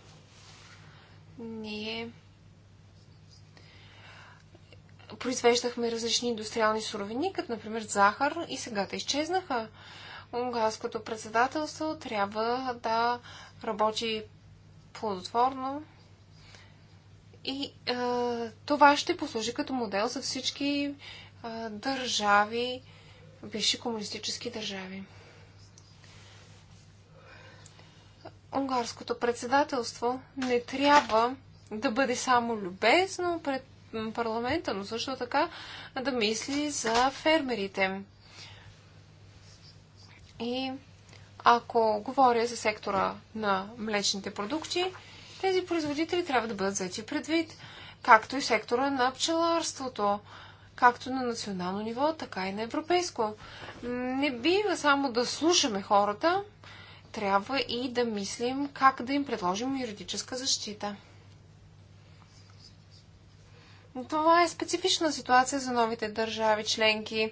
Ние произвеждахме различни индустриални суровини, като например захар и сега те изчезнаха. Унгарското председателство трябва да работи плодотворно и е, това ще послужи като модел за всички е, държави, бивши комунистически държави. Унгарското председателство не трябва да бъде само любезно пред парламента, но също така да мисли за фермерите. И ако говоря за сектора на млечните продукти, тези производители трябва да бъдат взети предвид, както и сектора на пчеларството, както на национално ниво, така и на европейско. Не бива само да слушаме хората, трябва и да мислим как да им предложим юридическа защита. Това е специфична ситуация за новите държави членки.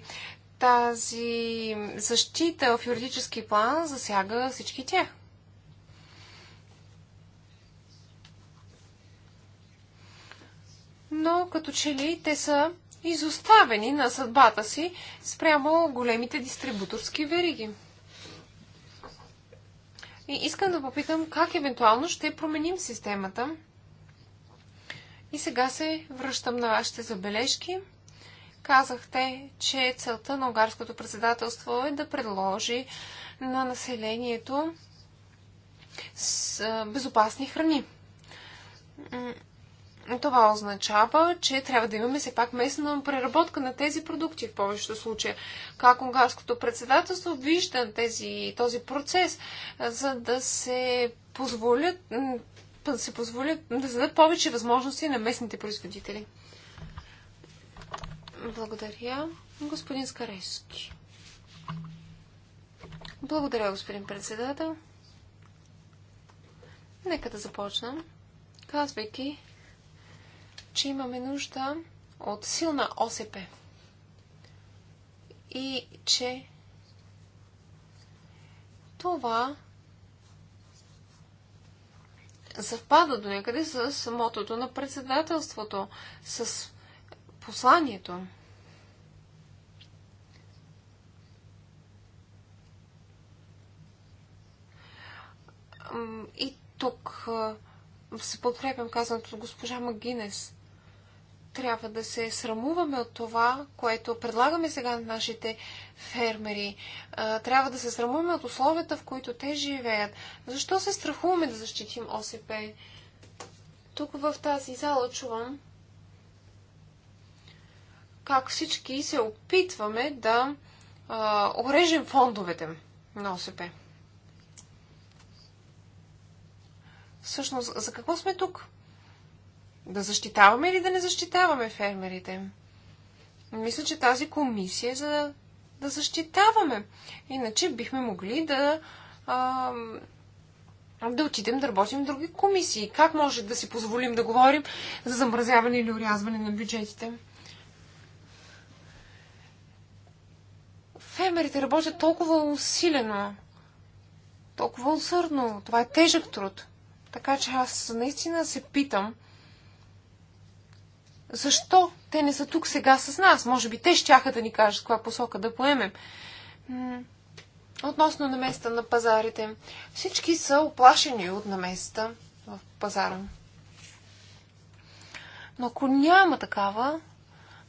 Тази защита в юридически план засяга всички тях. Но като че ли те са изоставени на съдбата си спрямо големите дистрибуторски вериги. И искам да попитам как евентуално ще променим системата и сега се връщам на вашите забележки. Казахте, че целта на унгарското председателство е да предложи на населението с безопасни храни. Това означава, че трябва да имаме все пак местна преработка на тези продукти в повечето случаи. Как унгарското председателство вижда тези, този процес, за да се позволят да се позволят да зададат повече възможности на местните производители. Благодаря, господин Скарески. Благодаря, господин председател. Нека да започна, казвайки, че имаме нужда от силна ОСП и че това съвпада до някъде с мотото на председателството, с посланието. И тук се подкрепям казаното от госпожа Магинес трябва да се срамуваме от това, което предлагаме сега на нашите фермери. Трябва да се срамуваме от условията, в които те живеят. Защо се страхуваме да защитим ОСП? Тук в тази зала чувам как всички се опитваме да орежим орежем фондовете на ОСП. Всъщност, за какво сме тук? Да защитаваме или да не защитаваме фермерите? Мисля, че тази комисия е за да, защитаваме. Иначе бихме могли да, а, да отидем да работим в други комисии. Как може да си позволим да говорим за замразяване или урязване на бюджетите? Фермерите работят толкова усилено, толкова усърдно. Това е тежък труд. Така че аз наистина се питам защо те не са тук сега с нас? Може би те щяха да ни кажат каква посока да поемем. Относно наместа на пазарите. Всички са оплашени от наместа в пазара. Но ако няма такава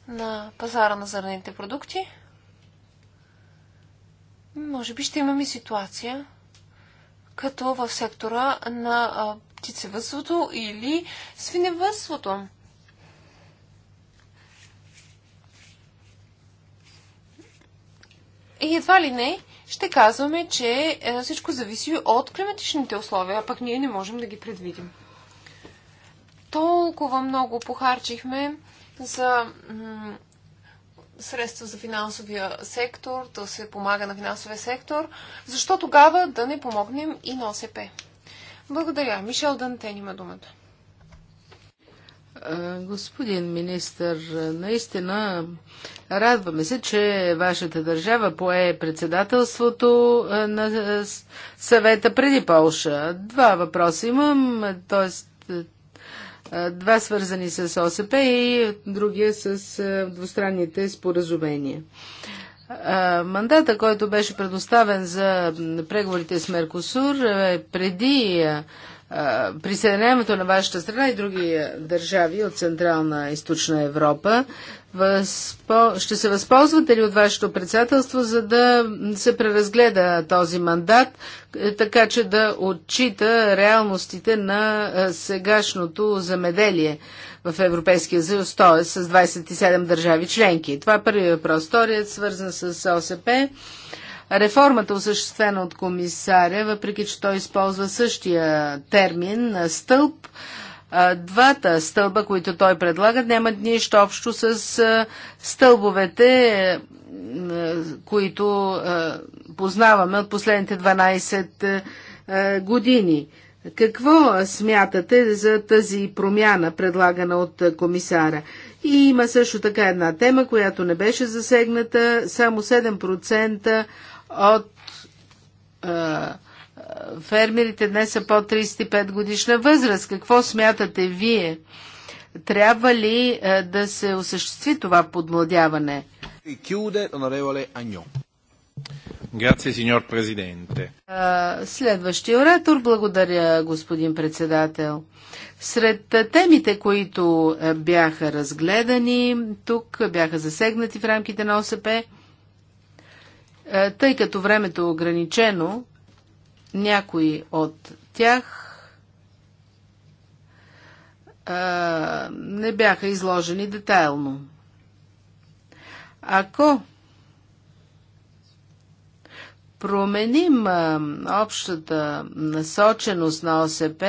на пазара на зърнените продукти, може би ще имаме ситуация, като в сектора на птицевътството или свиневътството. И едва ли не ще казваме, че е, всичко зависи от климатичните условия, а пък ние не можем да ги предвидим. Толкова много похарчихме за средства за финансовия сектор, да се помага на финансовия сектор. Защо тогава да не помогнем и на ОСП? Благодаря. Мишел Дантен има думата. Господин министр, наистина радваме се, че вашата държава пое председателството на съвета преди Полша. Два въпроса имам, т.е. два свързани с ОСП и другия с двустранните споразумения. Мандата, който беше предоставен за преговорите с Меркосур, е преди присъединяването на вашата страна и други държави от Централна и Източна Европа, възпо... ще се възползвате ли от вашето председателство, за да се преразгледа този мандат, е, така че да отчита реалностите на сегашното замеделие в Европейския съюз, т.е. с 27 държави членки? Това е първият въпрос. Вторият, свързан с ОСП Реформата, осъществена от комисаря, въпреки че той използва същия термин стълб, двата стълба, които той предлага, нямат нищо общо с стълбовете, които познаваме от последните 12 години. Какво смятате за тази промяна, предлагана от комисара? И има също така една тема, която не беше засегната. Само 7% от фермерите днес са по 35 годишна възраст. Какво смятате вие? Трябва ли да се осъществи това подмладяване? Следващия оратор, благодаря господин председател. Сред темите, които бяха разгледани тук, бяха засегнати в рамките на ОСП, е, тъй като времето е ограничено, някои от тях е, не бяха изложени детайлно. Ако променим а, общата насоченост на ОСП,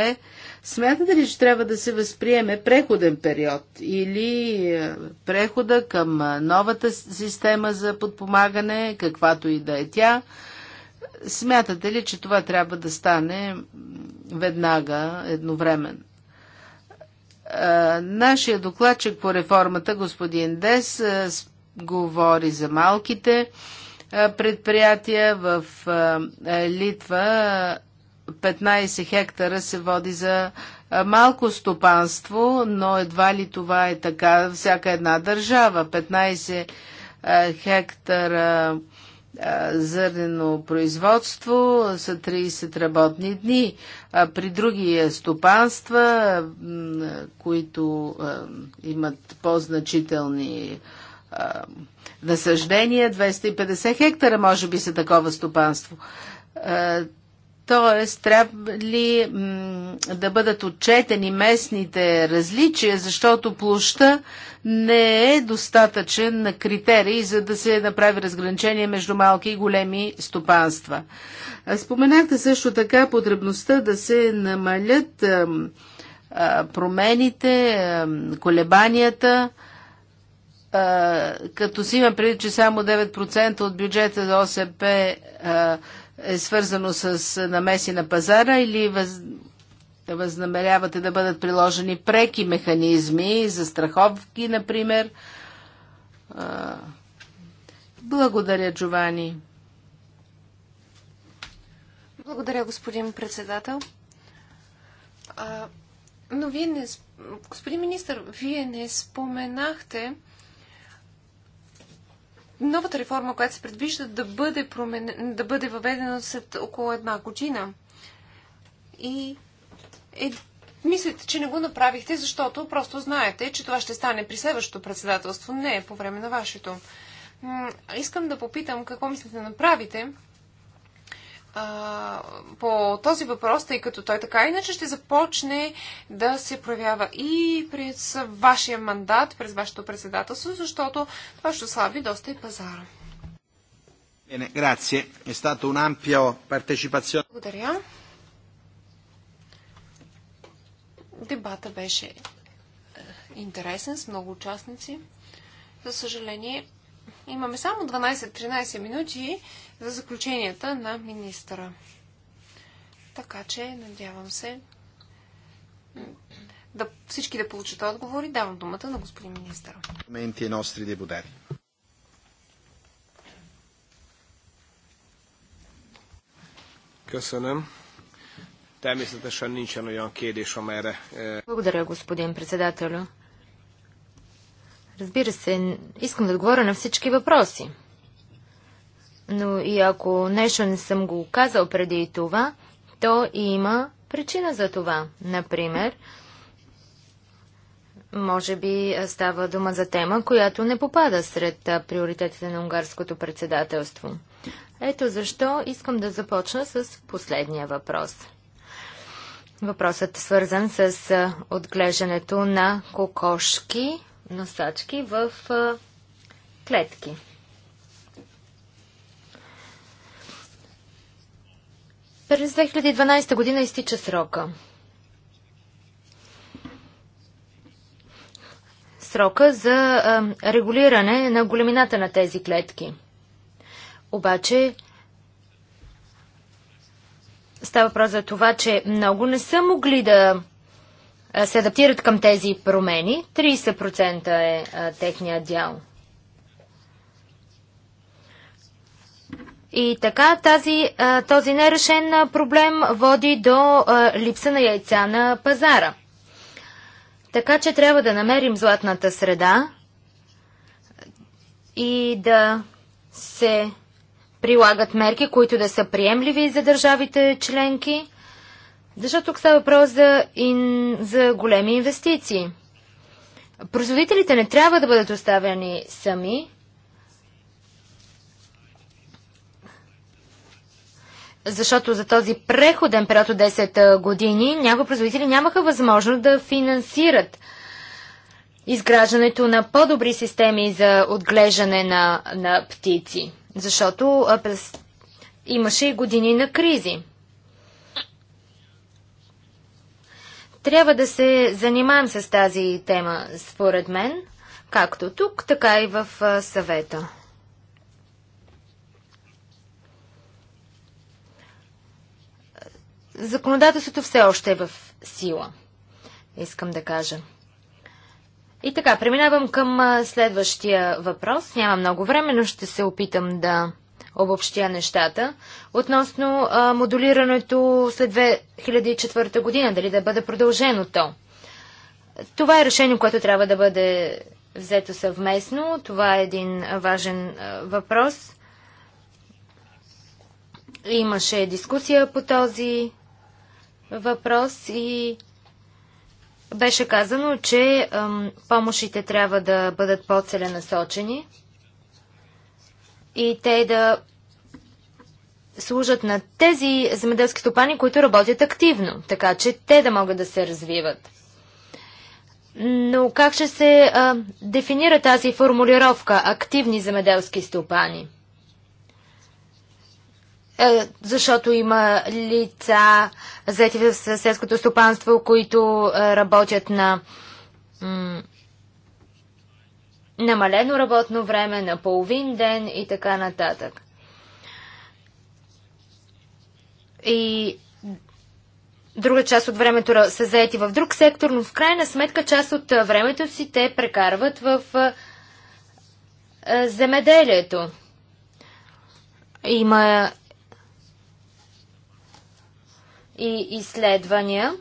смятате ли, че трябва да се възприеме преходен период или прехода към новата система за подпомагане, каквато и да е тя? Смятате ли, че това трябва да стане веднага, едновременно? Нашия докладчик по реформата, господин Дес, говори за малките предприятия. В Литва 15 хектара се води за малко стопанство, но едва ли това е така всяка една държава. 15 хектара зърнено производство са 30 работни дни. А при други е стопанства, които имат по-значителни насъждения, 250 хектара може би са такова стопанство. Тоест, трябва ли да бъдат отчетени местните различия, защото площа не е достатъчен на критерий, за да се направи разграничение между малки и големи стопанства. Споменахте също така потребността да се намалят промените, колебанията, като си има преди, че само 9% от бюджета за ОСП е свързано с намеси на пазара или въз... възнамерявате да бъдат приложени преки механизми за страховки, например? Благодаря, Джовани. Благодаря, господин председател. но вие не... Господин министр, вие не споменахте новата реформа, която се предвижда да бъде, промен... да бъде въведена след около една година. И е, мислите, че не го направихте, защото просто знаете, че това ще стане при следващото председателство, не е по време на вашето. Искам да попитам какво мислите да направите, а, по този въпрос, тъй като той така иначе ще започне да се проявява и през вашия мандат, през вашето председателство, защото това ще слаби доста и пазара. Благодаря. Дебата беше е, интересен, с много участници. За съжаление, имаме само 12-13 минути за заключенията на министра. Така че, надявам се да, всички да получат отговори. Давам думата на господин министър. Менти ностри депутати. Köszönöm. Благодаря, господин председателю. Разбира се, искам да отговоря на всички въпроси. Но и ако нещо не съм го казал преди това, то има причина за това. Например, може би става дума за тема, която не попада сред приоритетите на унгарското председателство. Ето защо искам да започна с последния въпрос. Въпросът е свързан с отглеждането на кокошки, носачки в клетки. През 2012 година изтича срока. Срока за а, регулиране на големината на тези клетки. Обаче става въпрос за това, че много не са могли да се адаптират към тези промени. 30% е а, техния дял. И така тази, този нерешен проблем води до липса на яйца на пазара. Така че трябва да намерим златната среда и да се прилагат мерки, които да са приемливи за държавите членки, защото тук става въпрос за, ин, за големи инвестиции. Производителите не трябва да бъдат оставени сами, защото за този преходен период от 10 години някои производители нямаха възможност да финансират изграждането на по-добри системи за отглеждане на, на птици, защото а, през, имаше и години на кризи. Трябва да се занимаем с тази тема, според мен, както тук, така и в а, съвета. законодателството все още е в сила, искам да кажа. И така, преминавам към следващия въпрос. Няма много време, но ще се опитам да обобщя нещата. Относно а, модулирането след 2004 година, дали да бъде продължено то. Това е решение, което трябва да бъде взето съвместно. Това е един важен а, въпрос. Имаше дискусия по този въпрос и беше казано, че помощите трябва да бъдат по-целенасочени и те да служат на тези земеделски стопани, които работят активно, така че те да могат да се развиват. Но как ще се а, дефинира тази формулировка активни земеделски стопани? Е, защото има лица, заети в селското стопанство, които е, работят на намалено работно време, на половин ден и така нататък. И друга част от времето са заети в друг сектор, но в крайна сметка част от е, времето си те прекарват в е, земеделието. Има и изследвания,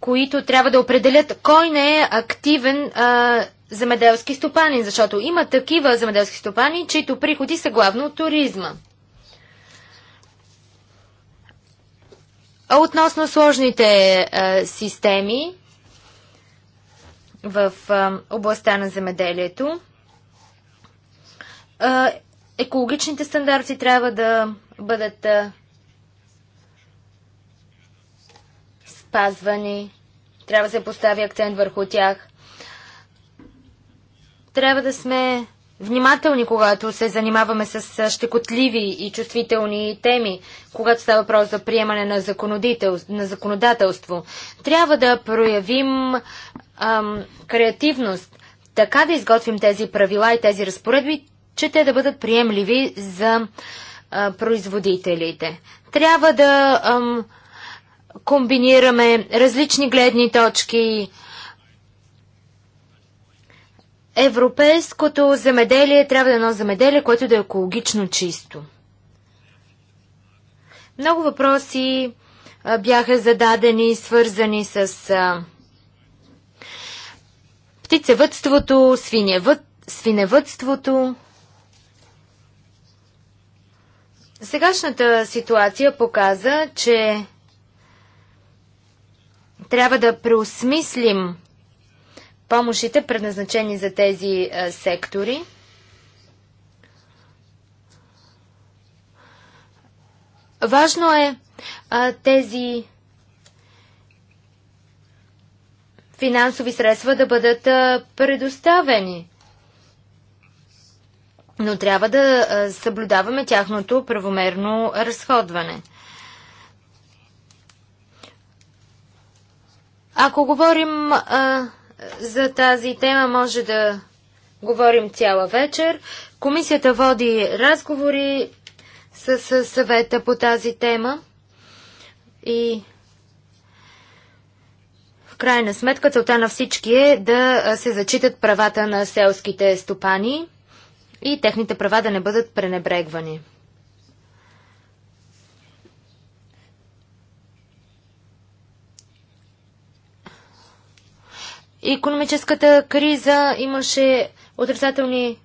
които трябва да определят кой не е активен а, земеделски стопанин, защото има такива земеделски стопани, чието приходи са главно от туризма. А относно сложните а, системи в а, областта на земеделието, а, екологичните стандарти трябва да бъдат спазвани. Трябва да се постави акцент върху тях. Трябва да сме внимателни, когато се занимаваме с щекотливи и чувствителни теми, когато става въпрос за приемане на, на законодателство. Трябва да проявим ам, креативност, така да изготвим тези правила и тези разпоредби, че те да бъдат приемливи за производителите. Трябва да ам, комбинираме различни гледни точки. Европейското земеделие трябва да е едно земеделие, което да е екологично чисто. Много въпроси а, бяха зададени, свързани с а, птицевътството, свиневъд, свиневътството. Сегашната ситуация показа, че трябва да преосмислим помощите, предназначени за тези сектори. Важно е а, тези финансови средства да бъдат а, предоставени но трябва да съблюдаваме тяхното правомерно разходване. Ако говорим а, за тази тема, може да говорим цяла вечер. Комисията води разговори с, с съвета по тази тема и в крайна сметка целта на всички е да се зачитат правата на селските стопани и техните права да не бъдат пренебрегвани. Економическата криза имаше отрицателни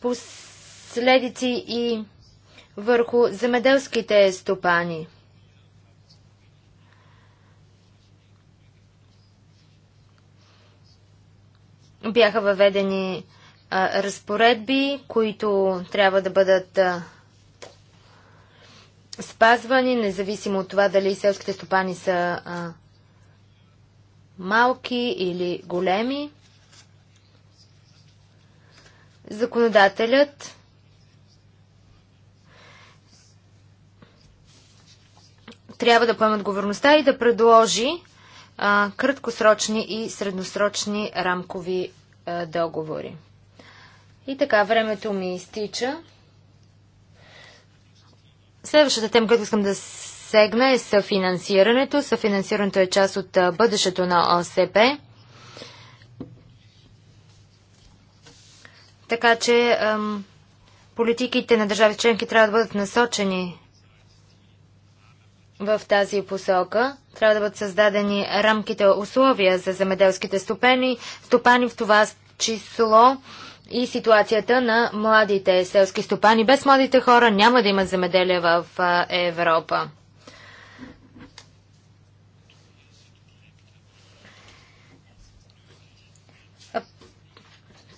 последици и върху земеделските стопани. Бяха въведени разпоредби, които трябва да бъдат спазвани, независимо от това дали селските стопани са малки или големи. Законодателят трябва да поеме отговорността и да предложи а, краткосрочни и средносрочни рамкови а, договори. И така, времето ми изтича. Следващата тема, която искам да сегна е съфинансирането. Съфинансирането е част от бъдещето на ОСП. Така че ем, политиките на държави членки трябва да бъдат насочени в тази посока. Трябва да бъдат създадени рамките условия за земеделските стопени, стопани в това число и ситуацията на младите селски стопани. Без младите хора няма да има земеделие в Европа.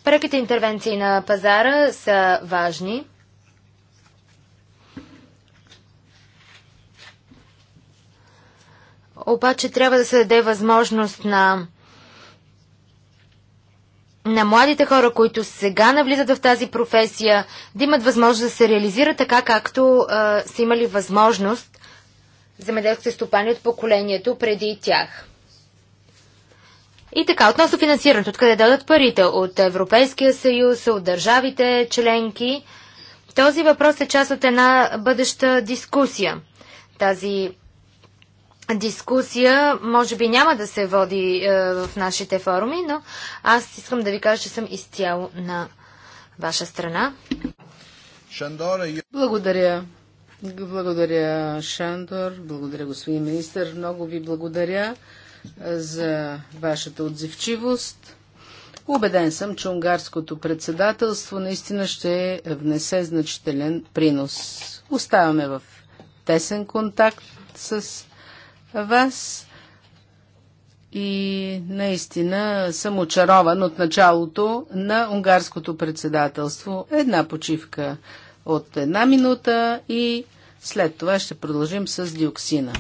Преките интервенции на пазара са важни. Обаче трябва да се даде възможност на на младите хора, които сега навлизат в тази професия, да имат възможност да се реализират така, както а, са имали възможност земеделските стопани от поколението преди тях. И така, относно финансирането, откъде дадат парите? От Европейския съюз, от държавите членки? Този въпрос е част от една бъдеща дискусия. Тази дискусия може би няма да се води е, в нашите форуми, но аз искам да ви кажа, че съм изцяло на ваша страна. Е- благодаря. Благодаря, Шандор. Благодаря, господин министр. Много ви благодаря е, за вашата отзивчивост. Убеден съм, че унгарското председателство наистина ще внесе значителен принос. Оставаме в тесен контакт с вас и наистина съм очарован от началото на унгарското председателство. Една почивка от една минута и след това ще продължим с диоксина.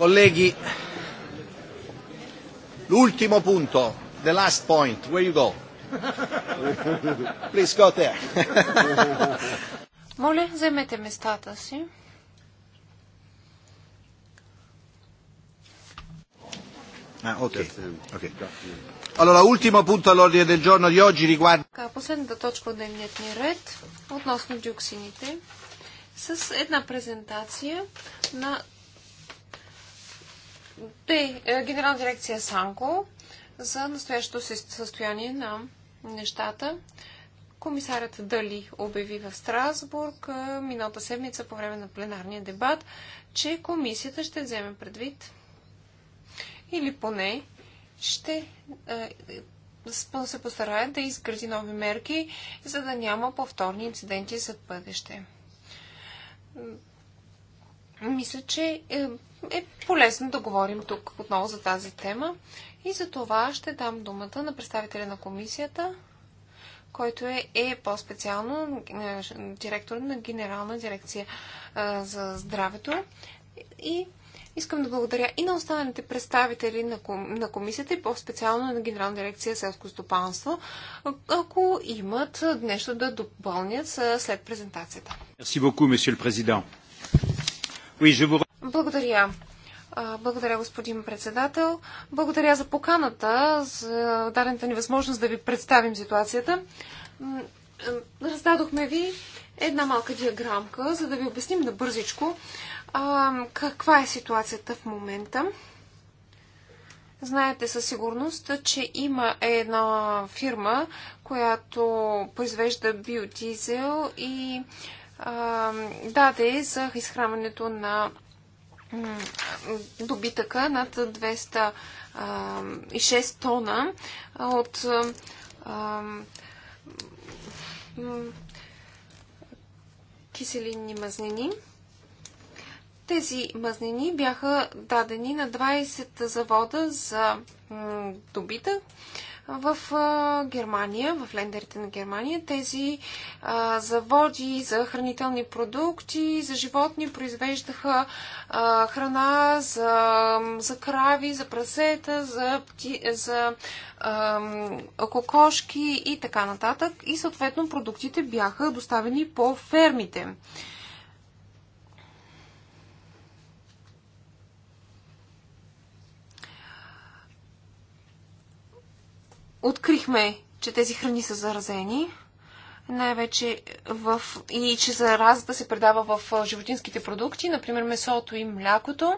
Colleghi, l'ultimo punto, the last point, where you go? Please go there. Моля, вземете местата си. Ah, ok. okay. Allora, ultimo punto all'ordine del giorno di oggi riguarda... Последната точка от дневният ни ред относно дюксините с една презентация на благодаря, е, Генерална дирекция Санко за настоящото състояние на нещата. Комисарят Дали обяви в Страсбург е, миналата седмица по време на пленарния дебат, че комисията ще вземе предвид или поне ще е, се постарае да изгради нови мерки, за да няма повторни инциденти за бъдеще. Мисля, че е полезно да говорим тук отново за тази тема. И за това ще дам думата на представителя на комисията, който е, е по-специално е, директор на Генерална дирекция а, е, за здравето. И искам да благодаря и на останалите представители на, ком, на комисията и по-специално на Генерална дирекция селско стопанство, ако имат нещо да допълнят е, след презентацията. Merci beaucoup, monsieur le président. Oui, je vous... Благодаря. Благодаря, господин председател. Благодаря за поканата, за дадената ни възможност да ви представим ситуацията. Раздадохме ви една малка диаграмка, за да ви обясним набързичко каква е ситуацията в момента. Знаете със сигурност, че има една фирма, която произвежда биодизел и а, даде за изхранването на добитъка над 206 тона от киселинни мазнини. Тези мазнини бяха дадени на 20 завода за добитък в Германия, в лендерите на Германия, тези а, заводи за хранителни продукти, за животни произвеждаха а, храна за, за крави, за прасета, за, пти, за а, кокошки и така нататък. И съответно продуктите бяха доставени по фермите. открихме, че тези храни са заразени, най-вече в... и че заразата се предава в животинските продукти, например месото и млякото.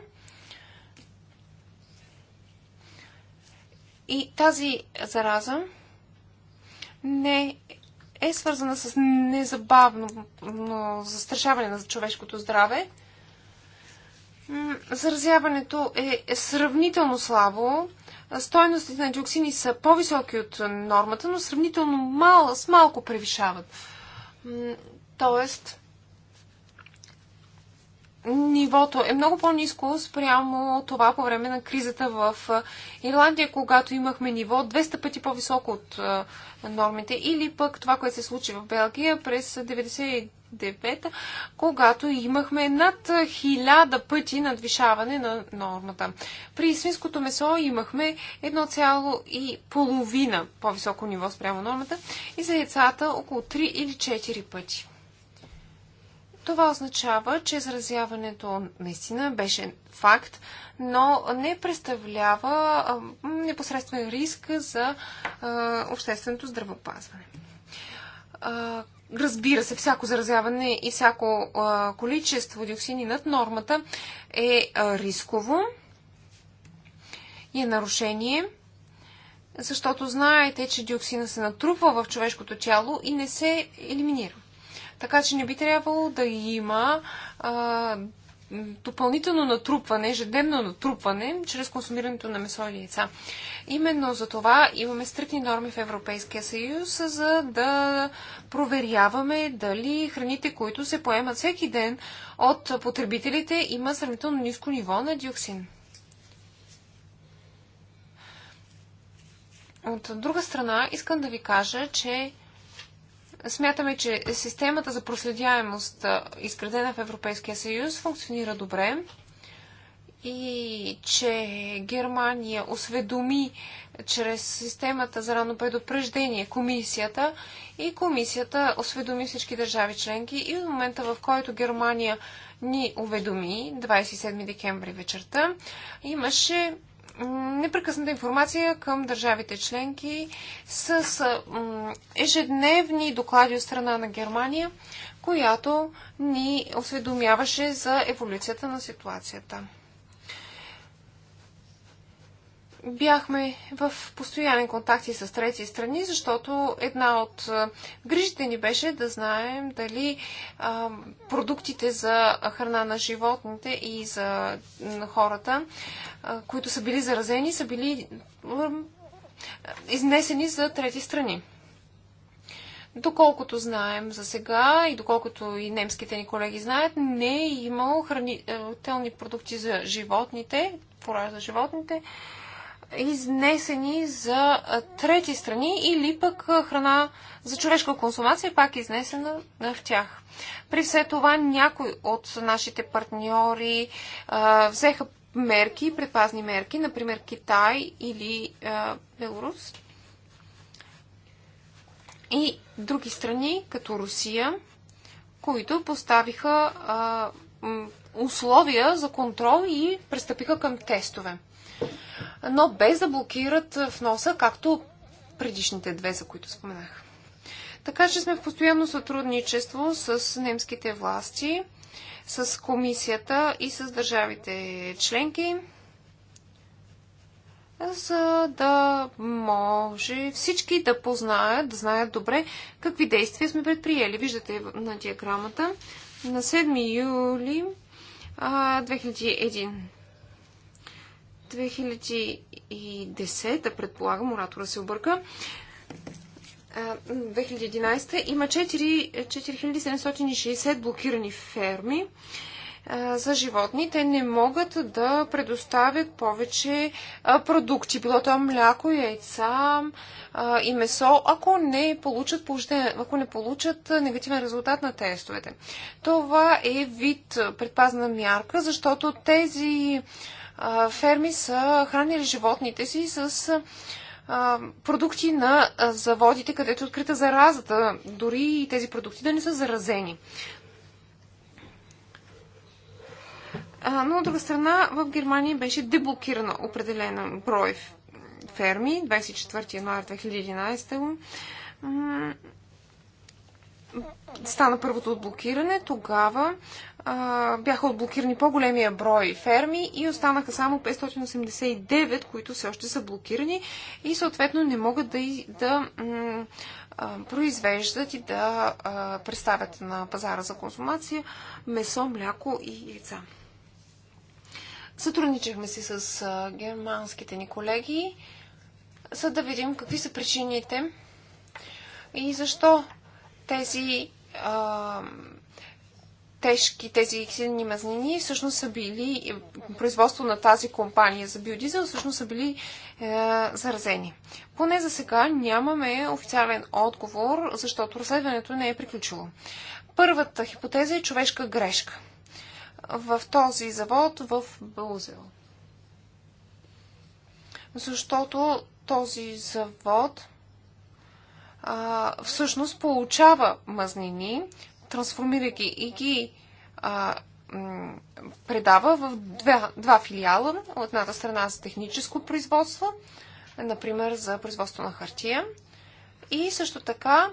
И тази зараза не е свързана с незабавно застрашаване на човешкото здраве. Заразяването е сравнително слабо стойностите на диоксини са по-високи от нормата, но сравнително мал, с малко превишават. Тоест, нивото е много по-низко спрямо това по време на кризата в Ирландия, когато имахме ниво 200 пъти по-високо от нормите, или пък това, което се случи в Белгия през 92 2009, когато имахме над 1000 пъти надвишаване на нормата. При свинското месо имахме 1,5 по-високо ниво спрямо нормата и за яйцата около 3 или 4 пъти. Това означава, че заразяването наистина беше факт, но не представлява непосредствен риск за а, общественото здравеопазване. Разбира се, всяко заразяване и всяко а, количество диоксини над нормата е а, рисково и е нарушение, защото знаете, че диоксина се натрупва в човешкото тяло и не се елиминира. Така че не би трябвало да има а, допълнително натрупване, ежедневно натрупване, чрез консумирането на месо и яйца. Именно за това имаме стрикни норми в Европейския съюз, за да проверяваме дали храните, които се поемат всеки ден от потребителите, има сравнително ниско ниво на диоксин. От друга страна, искам да ви кажа, че Смятаме, че системата за проследяемост, изградена в Европейския съюз, функционира добре и че Германия осведоми чрез системата за ранно предупреждение комисията и комисията осведоми всички държави членки и в момента в който Германия ни уведоми, 27 декември вечерта, имаше непрекъсната информация към държавите членки с ежедневни доклади от страна на Германия, която ни осведомяваше за еволюцията на ситуацията бяхме в постоянен контакт и с трети страни, защото една от грижите ни беше да знаем дали а, продуктите за храна на животните и за хората, а, които са били заразени, са били а, изнесени за трети страни. Доколкото знаем за сега и доколкото и немските ни колеги знаят, не е имало хранителни продукти за животните, фураж за животните, изнесени за трети страни или пък храна за човешка консумация, пак изнесена в тях. При все това някои от нашите партньори а, взеха мерки, предпазни мерки, например Китай или а, Беларус и други страни, като Русия, които поставиха а, условия за контрол и пристъпиха към тестове но без да блокират в носа, както предишните две, за които споменах. Така че сме в постоянно сътрудничество с немските власти, с комисията и с държавите членки, за да може всички да познаят, да знаят добре какви действия сме предприели. Виждате на диаграмата. На 7 юли 2001 2010, предполагам, оратора се обърка, 2011 има 4, 4760 блокирани ферми за животни. Те не могат да предоставят повече продукти, било то мляко, яйца и месо, ако не получат, ако не получат негативен резултат на тестовете. Това е вид предпазна мярка, защото тези ферми са хранили животните си с продукти на заводите, където е открита заразата, дори и тези продукти да не са заразени. Но от друга страна, в Германия беше деблокирана определена брой ферми, 24 януаря 2011 стана първото отблокиране. Тогава бяха отблокирани по-големия брой ферми и останаха само 589, които все още са блокирани и съответно не могат да, да а, произвеждат и да а, представят на пазара за консумация месо, мляко и яйца. Сътрудничахме си с а, германските ни колеги, за да видим какви са причините и защо тези а, тежки, тези силни мазнини всъщност са били, производство на тази компания за биодизел всъщност са били е, заразени. Поне за сега нямаме официален отговор, защото разследването не е приключило. Първата хипотеза е човешка грешка в този завод в Бълзел. Защото този завод а, всъщност получава мазнини трансформирайки и ги а, предава в два, два филиала. От едната страна за техническо производство, например за производство на хартия. И също така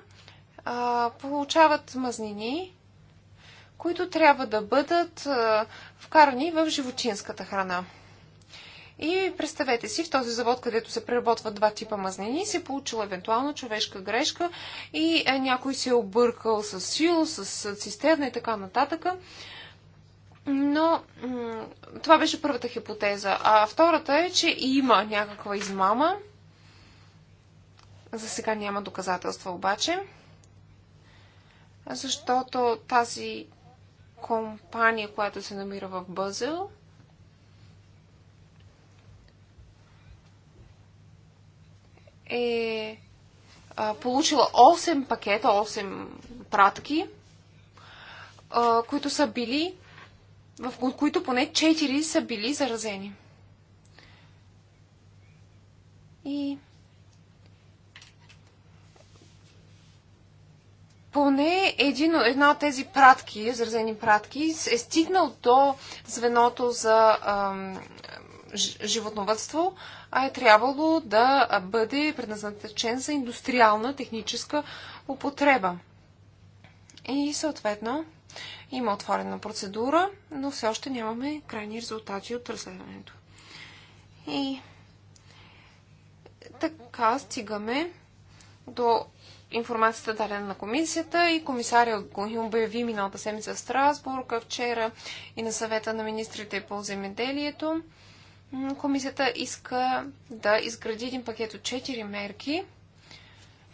а, получават мазнини, които трябва да бъдат а, вкарани в животинската храна. И представете си, в този завод, където се преработват два типа мазнини, се е получила евентуална човешка грешка и е, някой се е объркал с сил, с цистерна и така нататък. Но това беше първата хипотеза. А втората е, че има някаква измама. За сега няма доказателства обаче. Защото тази компания, която се намира в Бъзел, е получила 8 пакета, 8 пратки, които са били, в които поне 4 са били заразени. И поне един, една от тези пратки, заразени пратки, е стигнал до звеното за ам, животновътство, а е трябвало да бъде предназначен за индустриална техническа употреба. И съответно има отворена процедура, но все още нямаме крайни резултати от разследването. И така стигаме до информацията дадена на комисията и комисаря обяви миналата седмица в Страсбург, вчера и на съвета на министрите по земеделието, комисията иска да изгради един пакет от 4 мерки,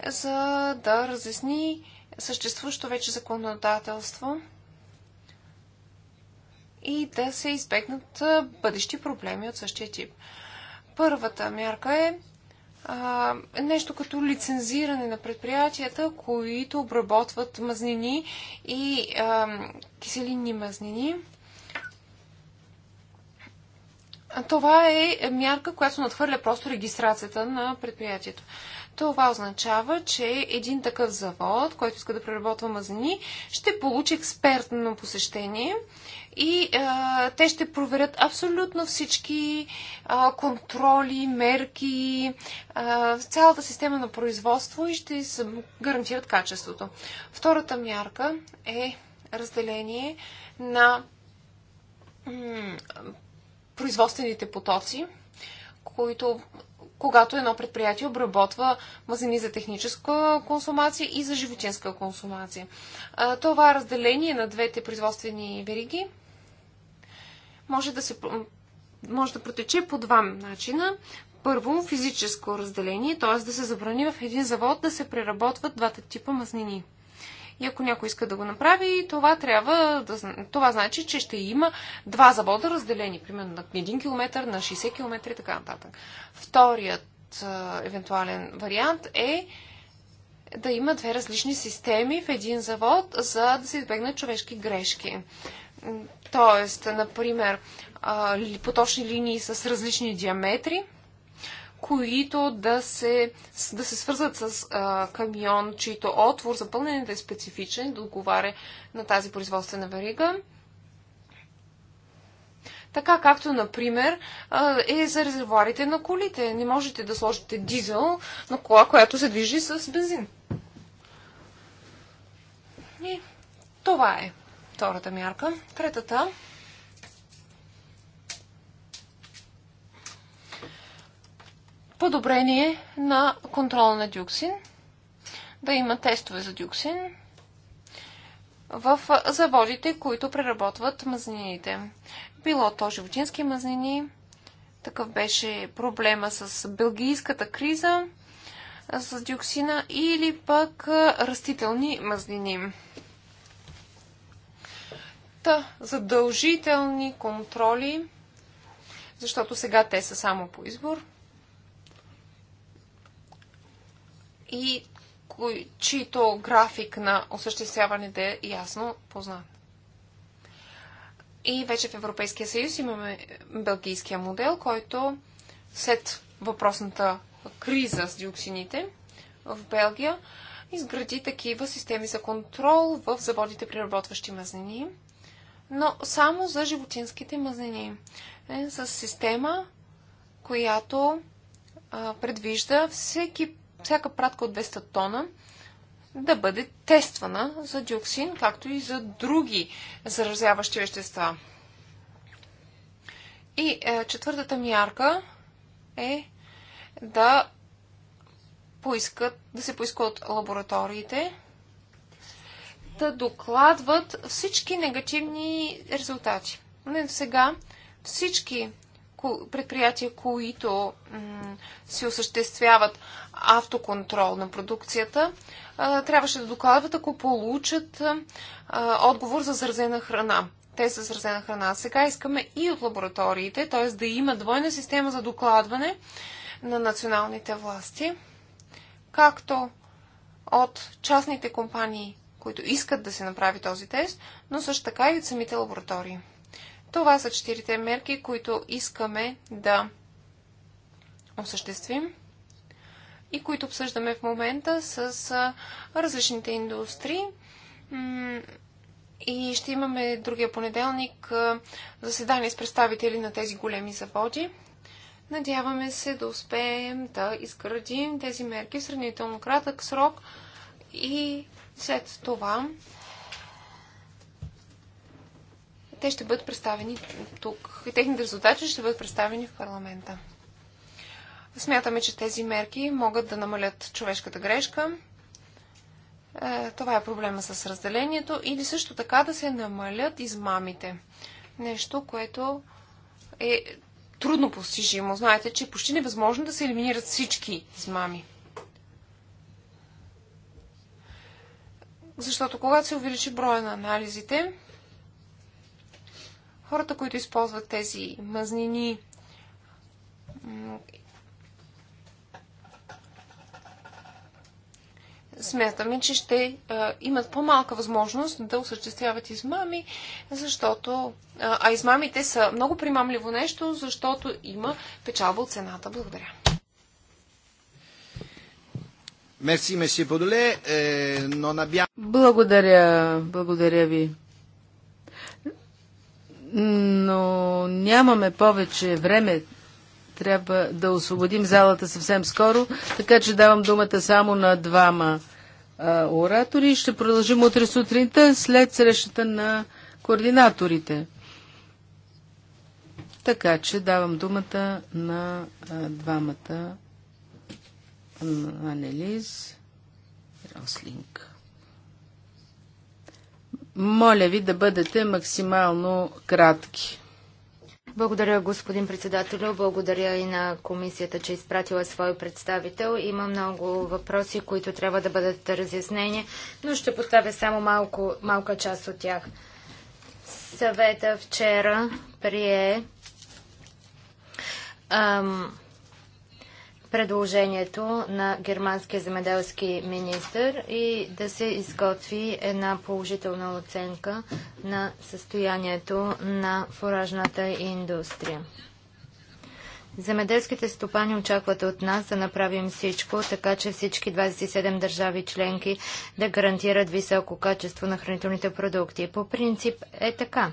за да разясни съществуващо вече законодателство и да се избегнат бъдещи проблеми от същия тип. Първата мярка е а, нещо като лицензиране на предприятията, които обработват мазнини и а, киселинни мазнини това е мярка, която надхвърля просто регистрацията на предприятието. Това означава, че един такъв завод, който иска да преработва мазнини, ще получи експертно посещение и а, те ще проверят абсолютно всички а, контроли, мерки, а, цялата система на производство и ще гарантират качеството. Втората мярка е разделение на производствените потоци, които когато едно предприятие обработва мазнини за техническа консумация и за животинска консумация. Това разделение на двете производствени вериги може да, се, може да протече по два начина. Първо, физическо разделение, т.е. да се забрани в един завод да се преработват двата типа мазнини – и ако някой иска да го направи, това трябва да, това значи, че ще има два завода разделени, примерно на 1 км, на 60 км и така нататък. Вторият евентуален вариант е да има две различни системи в един завод, за да се избегнат човешки грешки. Тоест, например, поточни линии с различни диаметри – които да се, да се свързват с а, камион, чийто отвор за пълнене да е специфичен, да отговаря на тази производствена верига. Така както, например, е за резервуарите на колите. Не можете да сложите дизел на кола, която се движи с бензин. И това е втората мярка. Третата подобрение на контрола на диоксин. да има тестове за диоксин в заводите, които преработват мазнините. Било то животински мазнини, такъв беше проблема с белгийската криза, с диоксина или пък растителни мазнини. Та, задължителни контроли, защото сега те са само по избор – и кой, чийто график на осъществяването е ясно познат. И вече в Европейския съюз имаме белгийския модел, който след въпросната криза с диоксините в Белгия изгради такива системи за контрол в заводите преработващи мазнини, но само за животинските мазнини. Е, с система, която а, предвижда всеки всяка пратка от 200 тона да бъде тествана за диоксин, както и за други заразяващи вещества. И е, четвъртата мярка е да, поискат, да се поиска от лабораториите да докладват всички негативни резултати. Не сега всички предприятия, които се осъществяват автоконтрол на продукцията, трябваше да докладват, ако получат отговор за заразена храна. Те са заразена храна. Сега искаме и от лабораториите, т.е. да има двойна система за докладване на националните власти, както от частните компании, които искат да се направи този тест, но също така и от самите лаборатории. Това са четирите мерки, които искаме да осъществим и които обсъждаме в момента с различните индустрии. И ще имаме другия понеделник заседание с представители на тези големи заводи. Надяваме се да успеем да изградим тези мерки в сравнително кратък срок и след това те ще бъдат представени тук. И техните резултати ще бъдат представени в парламента. Смятаме, че тези мерки могат да намалят човешката грешка. Е, това е проблема с разделението или също така да се намалят измамите. Нещо, което е трудно постижимо. Знаете, че е почти невъзможно да се елиминират всички измами. Защото когато се увеличи броя на анализите, хората, които използват тези мъзнини смятаме, че ще а, имат по-малка възможност да осъществяват измами, защото. А, а измамите са много примамливо нещо, защото има печалба от цената. Благодаря. Е, благодаря, благодаря ви. Но нямаме повече време трябва да освободим залата съвсем скоро, така че давам думата само на двама а, оратори. Ще продължим утре сутринта след срещата на координаторите. Така че давам думата на а, двамата на Анелиз Рослинг. Моля ви да бъдете максимално кратки. Благодаря, господин председател, Благодаря и на комисията, че изпратила свой представител. Има много въпроси, които трябва да бъдат разяснени, но ще поставя само малко, малка част от тях. Съвета вчера прие ам, предложението на германския земеделски министр и да се изготви една положителна оценка на състоянието на фуражната индустрия. Земеделските стопани очакват от нас да направим всичко, така че всички 27 държави членки да гарантират високо качество на хранителните продукти. По принцип е така.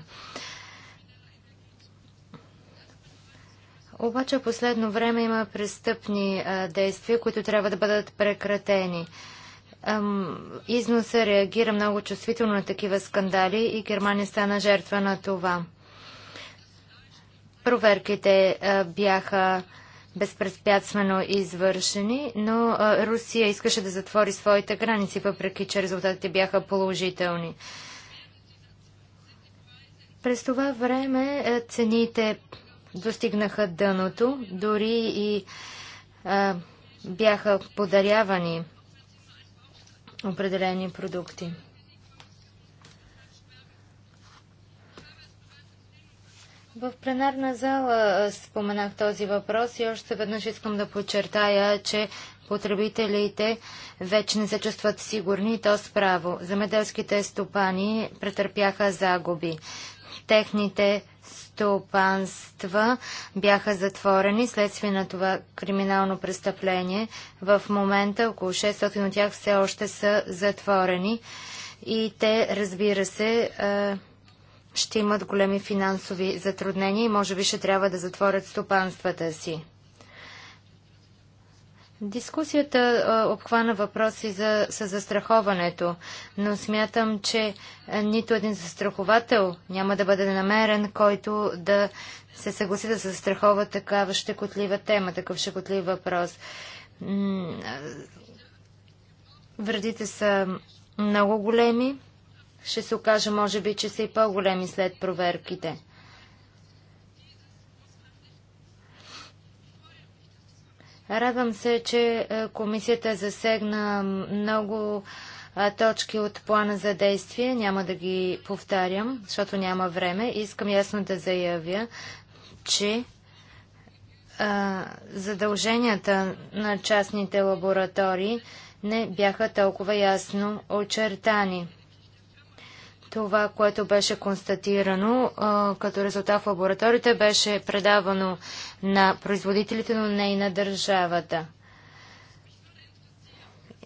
Обаче в последно време има престъпни а, действия, които трябва да бъдат прекратени. износа реагира много чувствително на такива скандали и Германия стана жертва на това. Проверките а, бяха безпредпятствено извършени, но а, Русия искаше да затвори своите граници, въпреки че резултатите бяха положителни. През това време цените достигнаха дъното, дори и а, бяха подарявани определени продукти. В пленарна зала споменах този въпрос и още веднъж искам да подчертая, че потребителите вече не се чувстват сигурни, то справо. Замеделските стопани претърпяха загуби. Техните стопанства бяха затворени следствие на това криминално престъпление. В момента около 600 от тях все още са затворени и те, разбира се, ще имат големи финансови затруднения и може би ще трябва да затворят стопанствата си. Дискусията а, обхвана въпроси за, за застраховането, но смятам, че нито един застраховател няма да бъде намерен, който да се съгласи да застрахова такава щекотлива тема, такъв щекотлив въпрос. Вредите са много големи. Ще се окаже, може би, че са и по-големи след проверките. Радвам се, че е, комисията засегна много е, точки от плана за действие. Няма да ги повтарям, защото няма време. Искам ясно да заявя, че е, задълженията на частните лаборатории не бяха толкова ясно очертани. Това, което беше констатирано а, като резултат в лабораторията, беше предавано на производителите, но не и на държавата.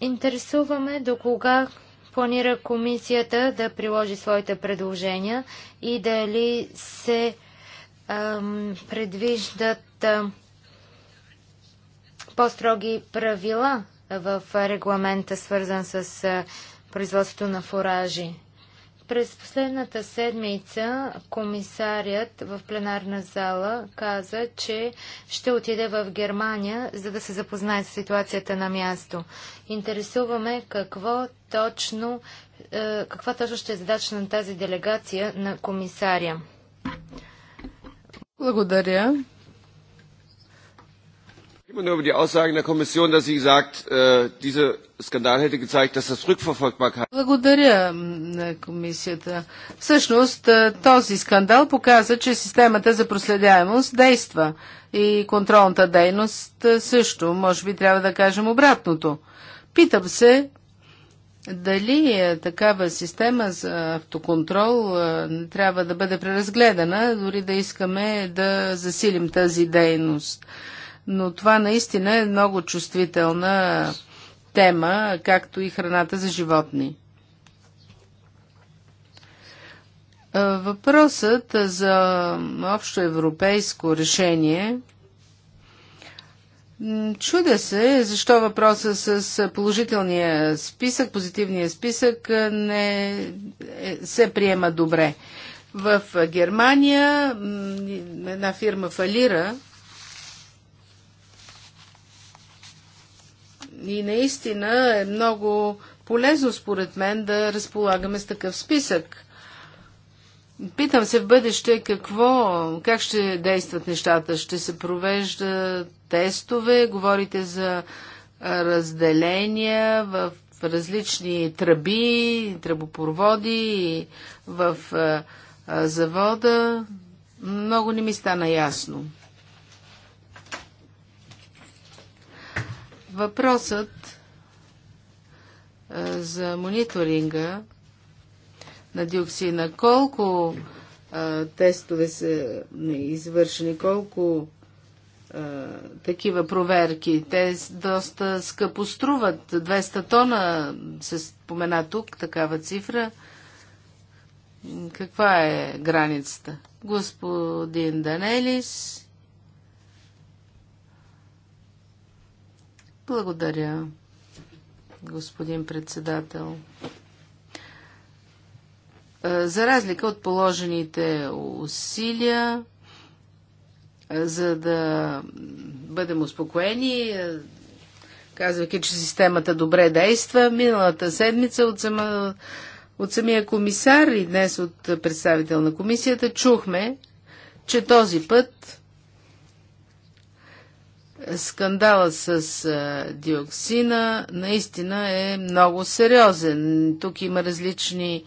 Интересуваме до кога планира комисията да приложи своите предложения и дали се ам, предвиждат по-строги правила в регламента, свързан с а, производството на фуражи. През последната седмица комисарят в пленарна зала каза, че ще отиде в Германия, за да се запознае с ситуацията на място. Интересуваме какво точно, е, каква точно ще е задача на тази делегация на комисаря. Благодаря man über die Aussagen der Kommission, dass sie sagt, äh, dieser скандал hätte gezeigt, dass das Rückverfolgbarkeit... Благодаря на комисията. Всъщност е, този скандал показа, че системата за проследяемост действа и контролната дейност е, също. Може би трябва да кажем обратното. Питам се дали е, такава система за автоконтрол не трябва да бъде преразгледана, дори да искаме да засилим тази дейност. Но това наистина е много чувствителна тема, както и храната за животни. Въпросът за общо европейско решение Чудя се, защо въпроса с положителния списък, позитивния списък не е, се приема добре. В Германия една фирма фалира И наистина е много полезно според мен да разполагаме с такъв списък. Питам се в бъдеще какво, как ще действат нещата. Ще се провежда тестове, говорите за разделения в различни тръби, тръбопроводи в завода. Много не ми стана ясно. Въпросът е, за мониторинга на диоксина. Колко а, е, тестове са извършени, колко а, е, такива проверки. Те доста скъпо струват. 200 тона се спомена тук, такава цифра. Каква е границата? Господин Данелис. Благодаря, господин председател. Е, за разлика от положените усилия, е, за да бъдем успокоени, е, казвайки, че системата добре действа, миналата седмица от, сама, от самия комисар и днес от представител на комисията чухме, че този път Скандала с диоксина наистина е много сериозен. Тук има различни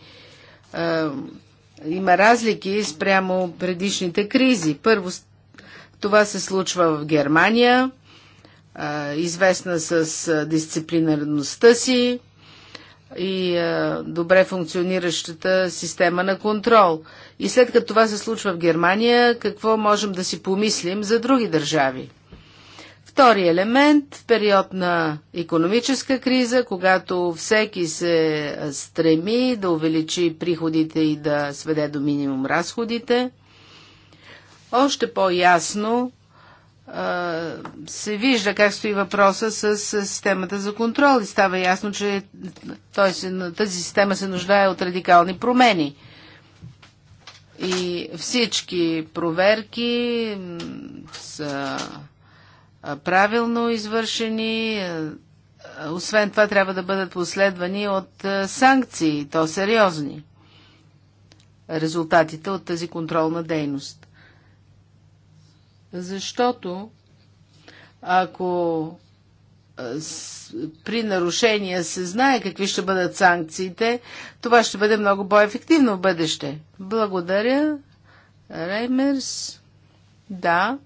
има разлики спрямо предишните кризи. Първо, това се случва в Германия, известна с дисциплинарността си и добре функциониращата система на контрол. И след като това се случва в Германия, какво можем да си помислим за други държави? Втори елемент в период на економическа криза, когато всеки се стреми да увеличи приходите и да сведе до минимум разходите, още по-ясно се вижда как стои въпроса с системата за контрол и става ясно, че тази система се нуждае от радикални промени. И всички проверки са правилно извършени. Освен това трябва да бъдат последвани от санкции, то сериозни. Резултатите от тази контролна дейност. Защото ако при нарушения се знае какви ще бъдат санкциите, това ще бъде много по-ефективно в бъдеще. Благодаря. Реймерс. Да.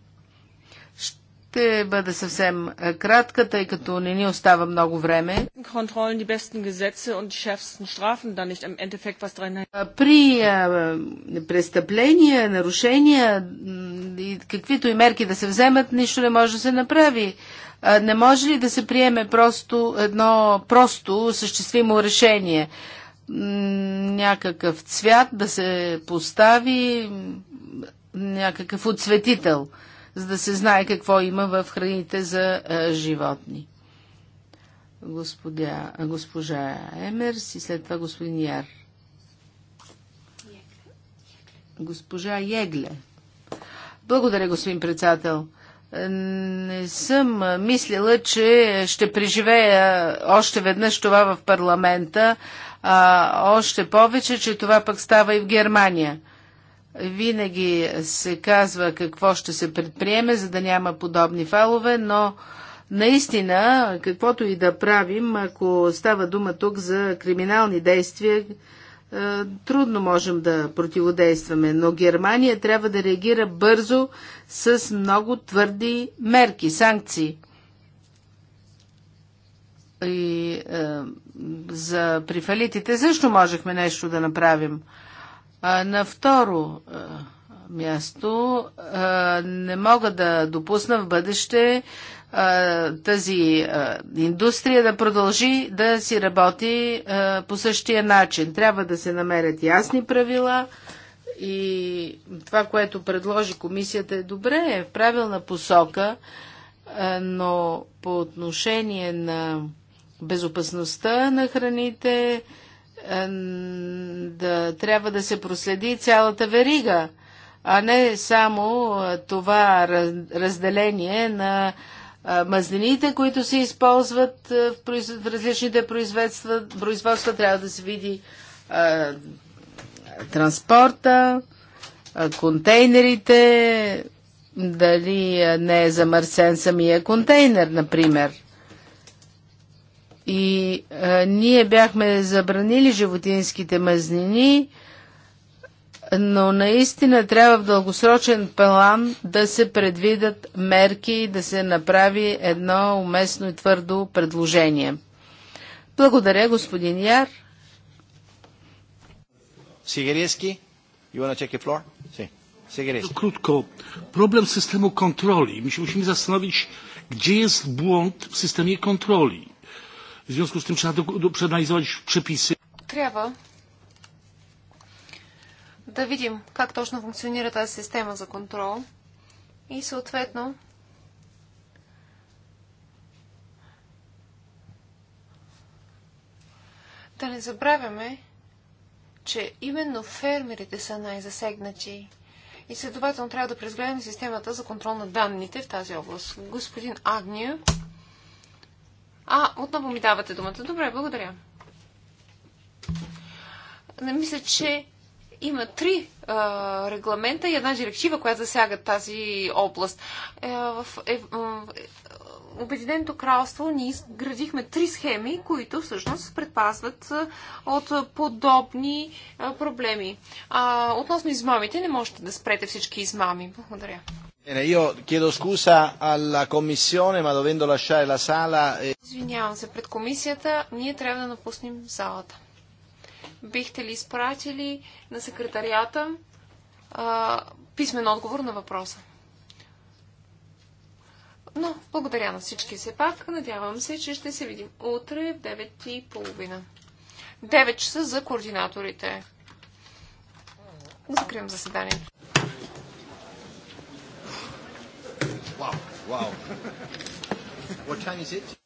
Ще бъда съвсем кратка, тъй като не ни остава много време. При престъпления, нарушения и каквито и мерки да се вземат, нищо не може да се направи. Не може ли да се приеме просто едно просто съществимо решение? Някакъв цвят да се постави, някакъв отцветител – за да се знае какво има в храните за е, животни. Господя, госпожа Емерс и след това господин Яр. Госпожа Егле. Благодаря, господин председател. Не съм мислила, че ще преживея още веднъж това в парламента, а още повече, че това пък става и в Германия. Винаги се казва какво ще се предприеме, за да няма подобни фалове, но наистина, каквото и да правим, ако става дума тук за криминални действия, е, трудно можем да противодействаме, но Германия трябва да реагира бързо с много твърди мерки, санкции. И е, за прифалитите също можехме нещо да направим. На второ място не мога да допусна в бъдеще тази индустрия да продължи да си работи по същия начин. Трябва да се намерят ясни правила и това, което предложи комисията е добре, е в правилна посока, но по отношение на безопасността на храните, да, трябва да се проследи цялата верига, а не само това разделение на мазнините, които се използват в, произ... в различните производства. производства. Трябва да се види а, транспорта, а, контейнерите, дали не е замърсен самия контейнер, например. И а, е, ние бяхме забранили животинските мазнини, но наистина трябва в дългосрочен план да се предвидат мерки и да се направи едно уместно и твърдо предложение. Благодаря, господин Яр. Сигариски, you want Krótko. Problem systemu kontroli. My się musimy zastanowić, gdzie jest błąd w systemie kontroli W związku z tym trzeba do, do, przeanalizować przepisy. Трябва да видим как точно функционира тази система за контрол и съответно да не забравяме, че именно фермерите са най-засегнати и следователно трябва да презгледаме системата за контрол на данните в тази област. Господин Агния. А, отново ми давате думата. Добре, благодаря. Не мисля, че има три а, регламента и една директива, която засяга тази област. Е, в е, е, Обединеното кралство ние изградихме три схеми, които всъщност предпазват от подобни проблеми. А, относно измамите, не можете да спрете всички измами. Благодаря. Eh, Извинявам се, пред комисията ние трябва да напуснем залата. Бихте ли изпратили на секретарията а, писмен отговор на въпроса? Но благодаря на всички все пак. Надявам се, че ще се видим утре в 9.30. 9 часа за координаторите. Закривам заседанието. Wow, wow. what time is it?